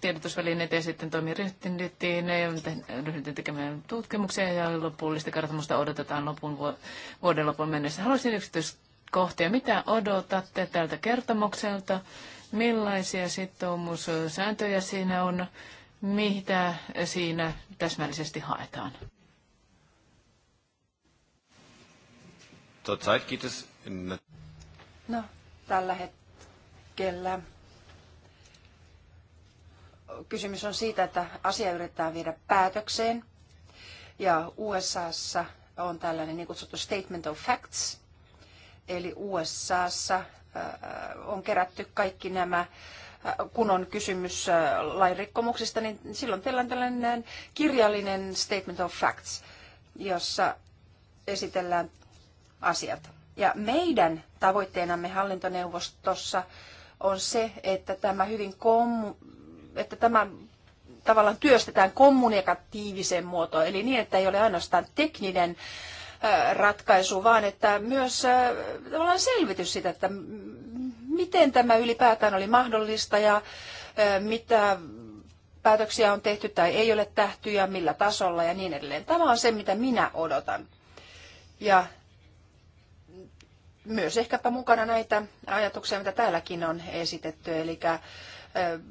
Speaker 2: Tiedotusvälineet ja sitten toimi ryhdyttiin ja ryhdyttiin tekemään tutkimuksia ja lopullista kartamusta odotetaan lopun vuoden lopun mennessä. Haluaisin yksityiskohtia. Mitä odotatte tältä kertomukselta? millaisia sitoumussääntöjä siinä on, mitä siinä täsmällisesti haetaan?
Speaker 3: Zurzeit geht es in...
Speaker 4: No, tällä hetkellä kysymys on siitä, että asia yritetään viedä päätökseen. Ja USAssa on tällainen niin kutsuttu statement of facts. Eli USAssa Äh, on kerätty kaikki nämä, äh, kun on kysymys äh, lainrikkomuksista, niin silloin teillä on tällainen kirjallinen statement of facts, jossa esitellään asiat. Ja meidän tavoitteenamme hallintoneuvostossa on se, että tämä hyvin kommu, että tämä tavallaan työstetään kommunikatiiviseen muotoon, eli niin, että ei ole ainoastaan tekninen äh, ratkaisu, vaan että myös ollaan selvitys siitä, että miten tämä ylipäätään oli mahdollista ja mitä päätöksiä on tehty tai ei ole tähty ja millä tasolla ja niin edelleen. Tämä on se, mitä minä odotan. Ja myös ehkäpä mukana näitä ajatuksia, mitä täälläkin on esitetty, eli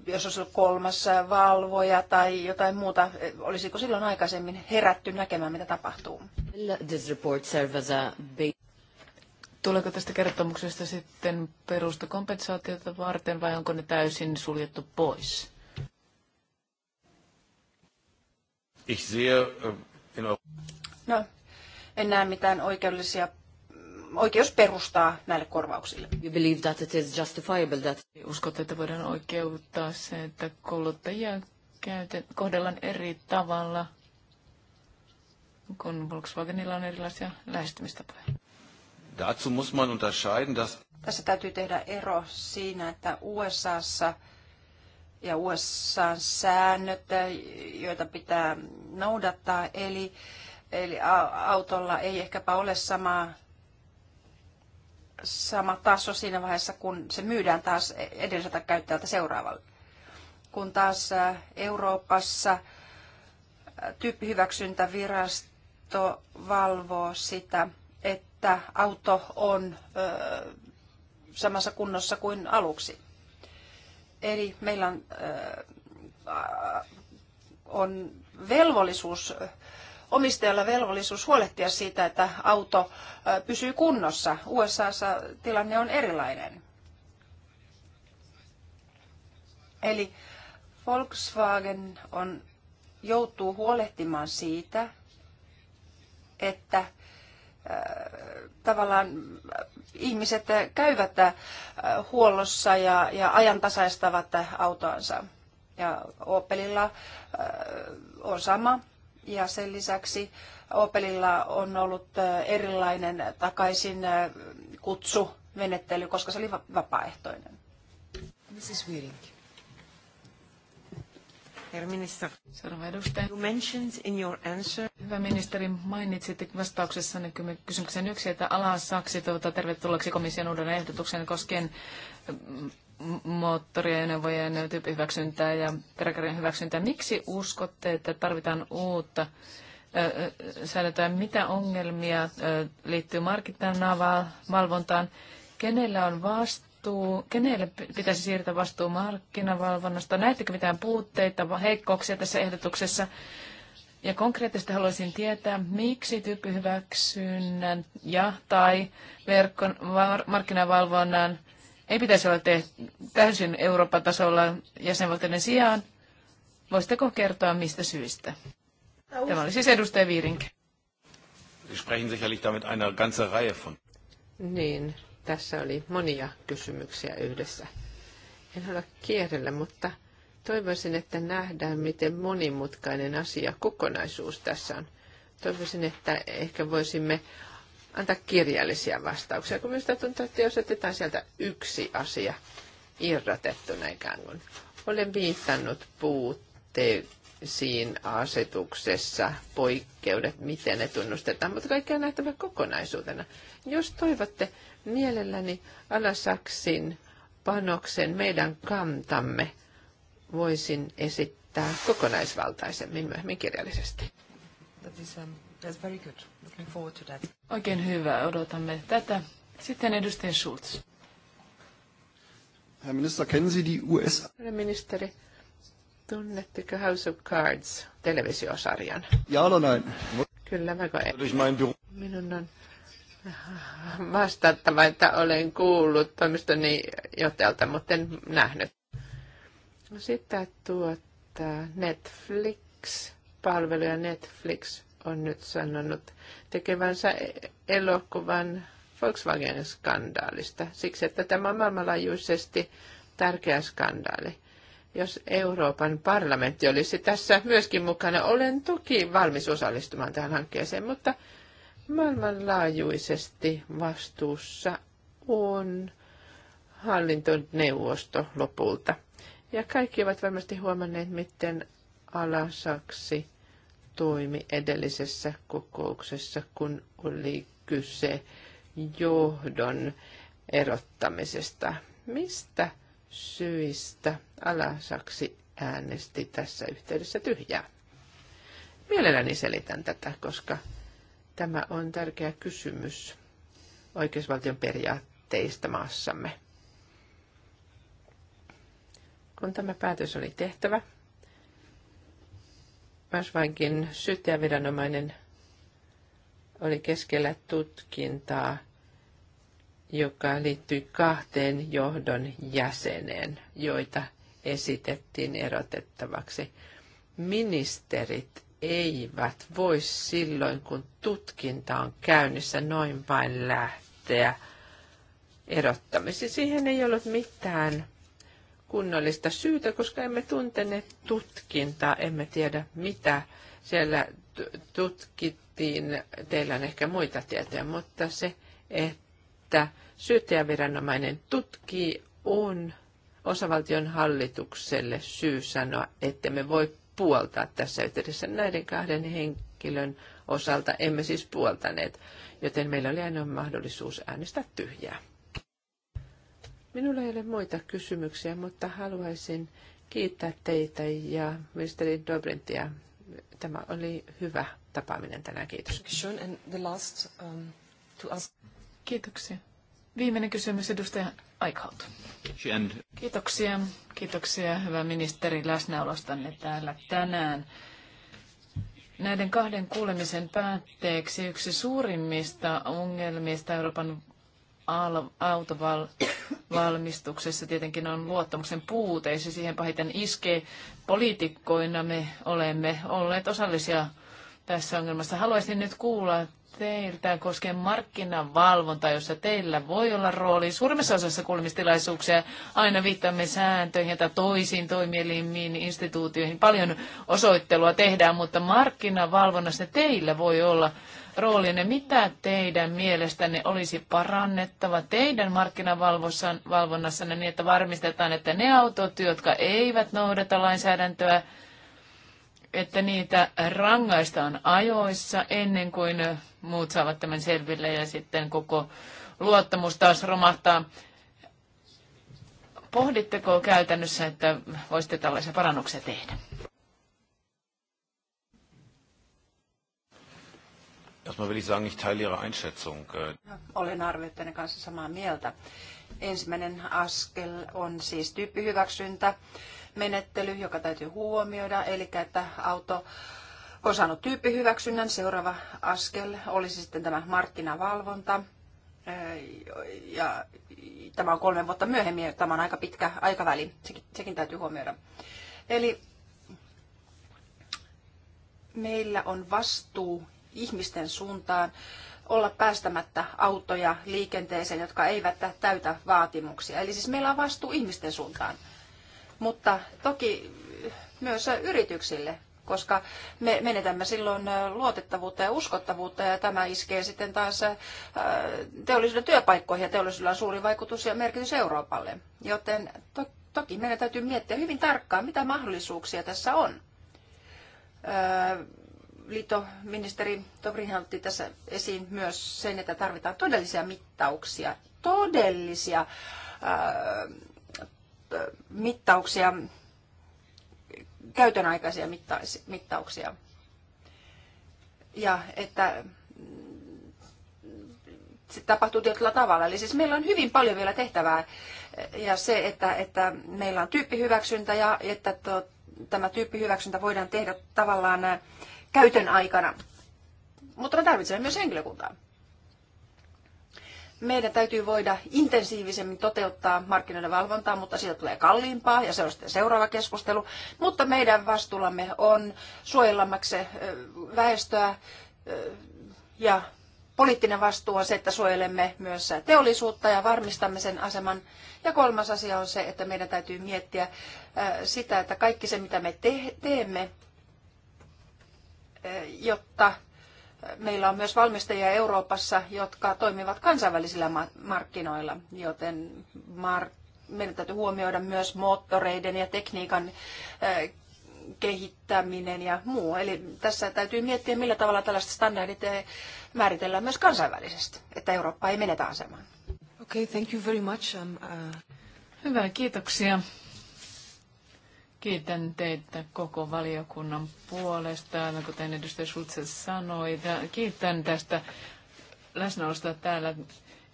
Speaker 4: jos olisi ollut kolmas valvoja tai jotain muuta, olisiko silloin aikaisemmin herätty näkemään, mitä tapahtuu?
Speaker 2: Tuleeko tästä kertomuksesta sitten perusta kompensaatiota varten vai onko ne täysin suljettu pois?
Speaker 3: Äh,
Speaker 4: no, en näe mitään oikeudellisia oikeus perustaa näille korvauksille.
Speaker 2: You believe that it is justifiable that... Uskot, että voidaan oikeuttaa se, että kuluttajia käytet, kohdellaan eri tavalla,
Speaker 4: kun Volkswagenilla on erilaisia lähestymistapoja.
Speaker 3: Dazu muss man unterscheiden, dass...
Speaker 4: Tässä täytyy tehdä ero siinä, että USAssa ja USAn säännöt, joita pitää noudattaa, eli, eli autolla ei ehkäpä ole samaa sama taso siinä vaiheessa, kun se myydään taas edelliseltä käyttäjältä seuraavalle. Kun taas Euroopassa tyyppihyväksyntävirasto valvoo sitä, että auto on ö, samassa kunnossa kuin aluksi. Eli meillä on, ö, on velvollisuus omistajalla velvollisuus huolehtia siitä, että auto pysyy kunnossa. USAssa tilanne on erilainen. Eli Volkswagen on, joutuu huolehtimaan siitä, että tavallaan ihmiset käyvät huollossa ja, ja ajantasaistavat autoansa. Ja Opelilla on sama ja sen lisäksi Opelilla on ollut erilainen takaisin kutsu menettely, koska se oli vapaaehtoinen. Mrs. Wheeling.
Speaker 2: Herra minister, edustaja. You mentioned in your answer... Hyvä ministeri, mainitsitte vastauksessa kysymyksen yksi, että ala saksi tuota, tervetulleeksi komission uuden ehdotuksen koskien moottoriajoneuvojen tyyppihyväksyntää ja trackerien hyväksyntää. Miksi uskotte, että tarvitaan uutta säädöntöä? mitä ongelmia liittyy valvontaan? kenellä on vastuu, kenelle pitäisi siirtää vastuu markkinavalvonnasta, näettekö mitään puutteita, heikkouksia tässä ehdotuksessa, ja konkreettisesti haluaisin tietää, miksi tyyppihyväksynnän ja tai verkkon markkinavalvonnan ei pitäisi olla tehty täysin Euroopan tasolla jäsenvaltioiden sijaan. Voisitteko kertoa mistä syistä? Tämä oli siis edustaja Viirinkä.
Speaker 1: Niin, tässä oli monia kysymyksiä yhdessä. En halua kierrellä, mutta toivoisin, että nähdään, miten monimutkainen asia kokonaisuus tässä on. Toivoisin, että ehkä voisimme antaa kirjallisia vastauksia, kun minusta tuntuu, että jos otetaan sieltä yksi asia irrotettuna ikään kuin. Olen viittannut puutteisiin asetuksessa, poikkeudet, miten ne tunnustetaan, mutta kaikkea on nähtävä kokonaisuutena. Jos toivotte mielelläni Alasaksin panoksen meidän kantamme, voisin esittää kokonaisvaltaisemmin myöhemmin kirjallisesti.
Speaker 4: That is, um... That's very good. Looking forward to that.
Speaker 1: Oikein hyvä, odotamme tätä. Sitten edustaja Schulz.
Speaker 3: Herr Minister, kennen Sie die USA?
Speaker 1: Herra ministeri, tunnetteko House of Cards televisiosarjan? Ja oder nein? Kyllä mä koen. Minun on vastattava, että olen kuullut toimistoni johtajalta, mutta en nähnyt. No sitä tuottaa Netflix, palveluja Netflix on nyt sanonut tekevänsä elokuvan Volkswagen-skandaalista, siksi että tämä on maailmanlaajuisesti tärkeä skandaali. Jos Euroopan parlamentti olisi tässä myöskin mukana, olen toki valmis osallistumaan tähän hankkeeseen, mutta maailmanlaajuisesti vastuussa on hallintoneuvosto lopulta. Ja kaikki ovat varmasti huomanneet, miten alasaksi toimi edellisessä kokouksessa, kun oli kyse johdon erottamisesta. Mistä syistä alasaksi äänesti tässä yhteydessä tyhjää? Mielelläni selitän tätä, koska tämä on tärkeä kysymys oikeusvaltion periaatteista maassamme. Kun tämä päätös oli tehtävä, Pasvankin syyttäjäviranomainen oli keskellä tutkintaa, joka liittyi kahteen johdon jäseneen, joita esitettiin erotettavaksi. Ministerit eivät voi silloin, kun tutkinta on käynnissä, noin vain lähteä erottamiseen. Siihen ei ollut mitään kunnollista syytä, koska emme tuntene tutkintaa, emme tiedä mitä siellä tutkittiin. Teillä on ehkä muita tietoja, mutta se, että syyttäjäviranomainen tutkii, on osavaltion hallitukselle syy sanoa, että me voi puoltaa tässä yhteydessä näiden kahden henkilön osalta. Emme siis puoltaneet, joten meillä oli ainoa mahdollisuus äänestää tyhjää. Minulla ei ole muita kysymyksiä, mutta haluaisin kiittää teitä ja ministeri Dobrintia. Tämä oli hyvä tapaaminen tänään. Kiitos. Um, Kiitoksia. Viimeinen kysymys
Speaker 2: edustaja Aikhaut. Kiitoksia. Kiitoksia hyvä ministeri läsnäolostanne täällä tänään. Näiden kahden kuulemisen päätteeksi yksi suurimmista ongelmista Euroopan autovalmistuksessa tietenkin on luottamuksen puute, ja siihen pahiten iskee. Poliitikkoina me olemme olleet osallisia tässä ongelmassa. Haluaisin nyt kuulla teiltä koskien markkinavalvontaa, jossa teillä voi olla rooli suurimmassa osassa kuulemistilaisuuksia. Aina viittamme sääntöihin tai toisiin toimielimiin, instituutioihin. Paljon osoittelua tehdään, mutta markkinavalvonnassa teillä voi olla roolinne. Mitä teidän mielestänne olisi parannettava teidän markkinavalvonnassanne niin, että varmistetaan, että ne autot, jotka eivät noudata lainsäädäntöä, että niitä rangaistaan ajoissa ennen kuin muut saavat tämän selville ja sitten koko luottamus taas romahtaa. Pohditteko käytännössä, että voisitte tällaisia parannuksia
Speaker 3: tehdä? Erstmal will ich sagen, ich teile Ihre Einschätzung.
Speaker 4: Olen arvioittajana kanssa samaa mieltä. Ensimmäinen askel on siis tyyppihyväksyntä menettely, joka täytyy huomioida, eli että auto on saanut tyyppihyväksynnän. Seuraava askel olisi sitten tämä markkinavalvonta. Ja tämä on kolme vuotta myöhemmin, ja tämä on aika pitkä aikaväli, sekin, sekin täytyy huomioida. Eli meillä on vastuu ihmisten suuntaan olla päästämättä autoja liikenteeseen, jotka eivät täytä vaatimuksia. Eli siis meillä on vastuu ihmisten suuntaan, mutta toki myös yrityksille, koska me menetämme silloin luotettavuutta ja uskottavuutta ja tämä iskee sitten taas äh, teollisuuden työpaikkoihin ja teollisuudella on suuri vaikutus ja merkitys Euroopalle. Joten to- toki meidän täytyy miettiä hyvin tarkkaan, mitä mahdollisuuksia tässä on äh, Liittoministeri Tovrin otti tässä esiin myös sen, että tarvitaan todellisia mittauksia, todellisia ää, äh, mittauksia, käytönaikaisia mittauksia. Ja että se tapahtuu tietyllä tavalla. Eli siis meillä on hyvin paljon vielä tehtävää ja se, että, että meillä on tyyppihyväksyntä ja että to, tämä tyyppihyväksyntä voidaan tehdä tavallaan käytön aikana. Mutta me tarvitsemme myös henkilökuntaa. Meidän täytyy voida intensiivisemmin toteuttaa markkinoiden valvontaa, mutta siitä tulee kalliimpaa ja se on sitten seuraava keskustelu. Mutta meidän vastuullamme on suojellamakse väestöä ja poliittinen vastuu on se, että suojelemme myös teollisuutta ja varmistamme sen aseman. Ja kolmas asia on se, että meidän täytyy miettiä sitä, että kaikki se mitä me teemme Eh, jotta meillä on myös valmistajia Euroopassa, jotka toimivat kansainvälisillä markkinoilla, joten mark- meidän täytyy huomioida myös moottoreiden ja tekniikan eh, kehittäminen ja muu. Eli tässä täytyy miettiä, millä tavalla tällaiset standardit eh, määritellään myös kansainvälisesti, että Eurooppa ei menetä asemaan. Okay, thank you very much.
Speaker 2: Um, uh... Hyvä, kiitoksia. Kiitän teitä koko valiokunnan puolesta, aivan kuten edustaja Schulze sanoi. Kiitän tästä läsnäolosta täällä.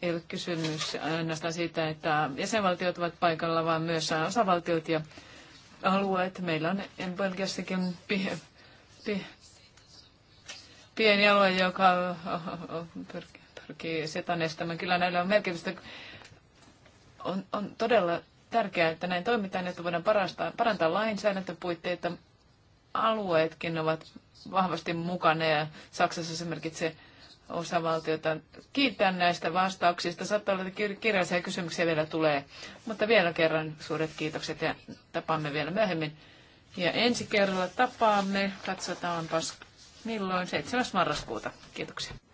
Speaker 2: Ei ole kysymys ainoastaan siitä, että jäsenvaltiot ovat paikalla, vaan myös osavaltiot ja alueet. Meillä on Belgiassakin pie, pie, pieni alue, joka pyrkii setan estämään. Kyllä näillä on merkitystä. On, on todella tärkeää, että näin toimitaan, että voidaan parastaa, parantaa lainsäädäntöpuitteita. Alueetkin ovat vahvasti mukana ja Saksassa se merkitsee osavaltiota. Kiitän näistä vastauksista. Saattaa olla, että kirjallisia kysymyksiä vielä tulee, mutta vielä kerran suuret kiitokset ja tapaamme vielä myöhemmin. Ja ensi kerralla tapaamme, katsotaanpas milloin, 7. marraskuuta. Kiitoksia.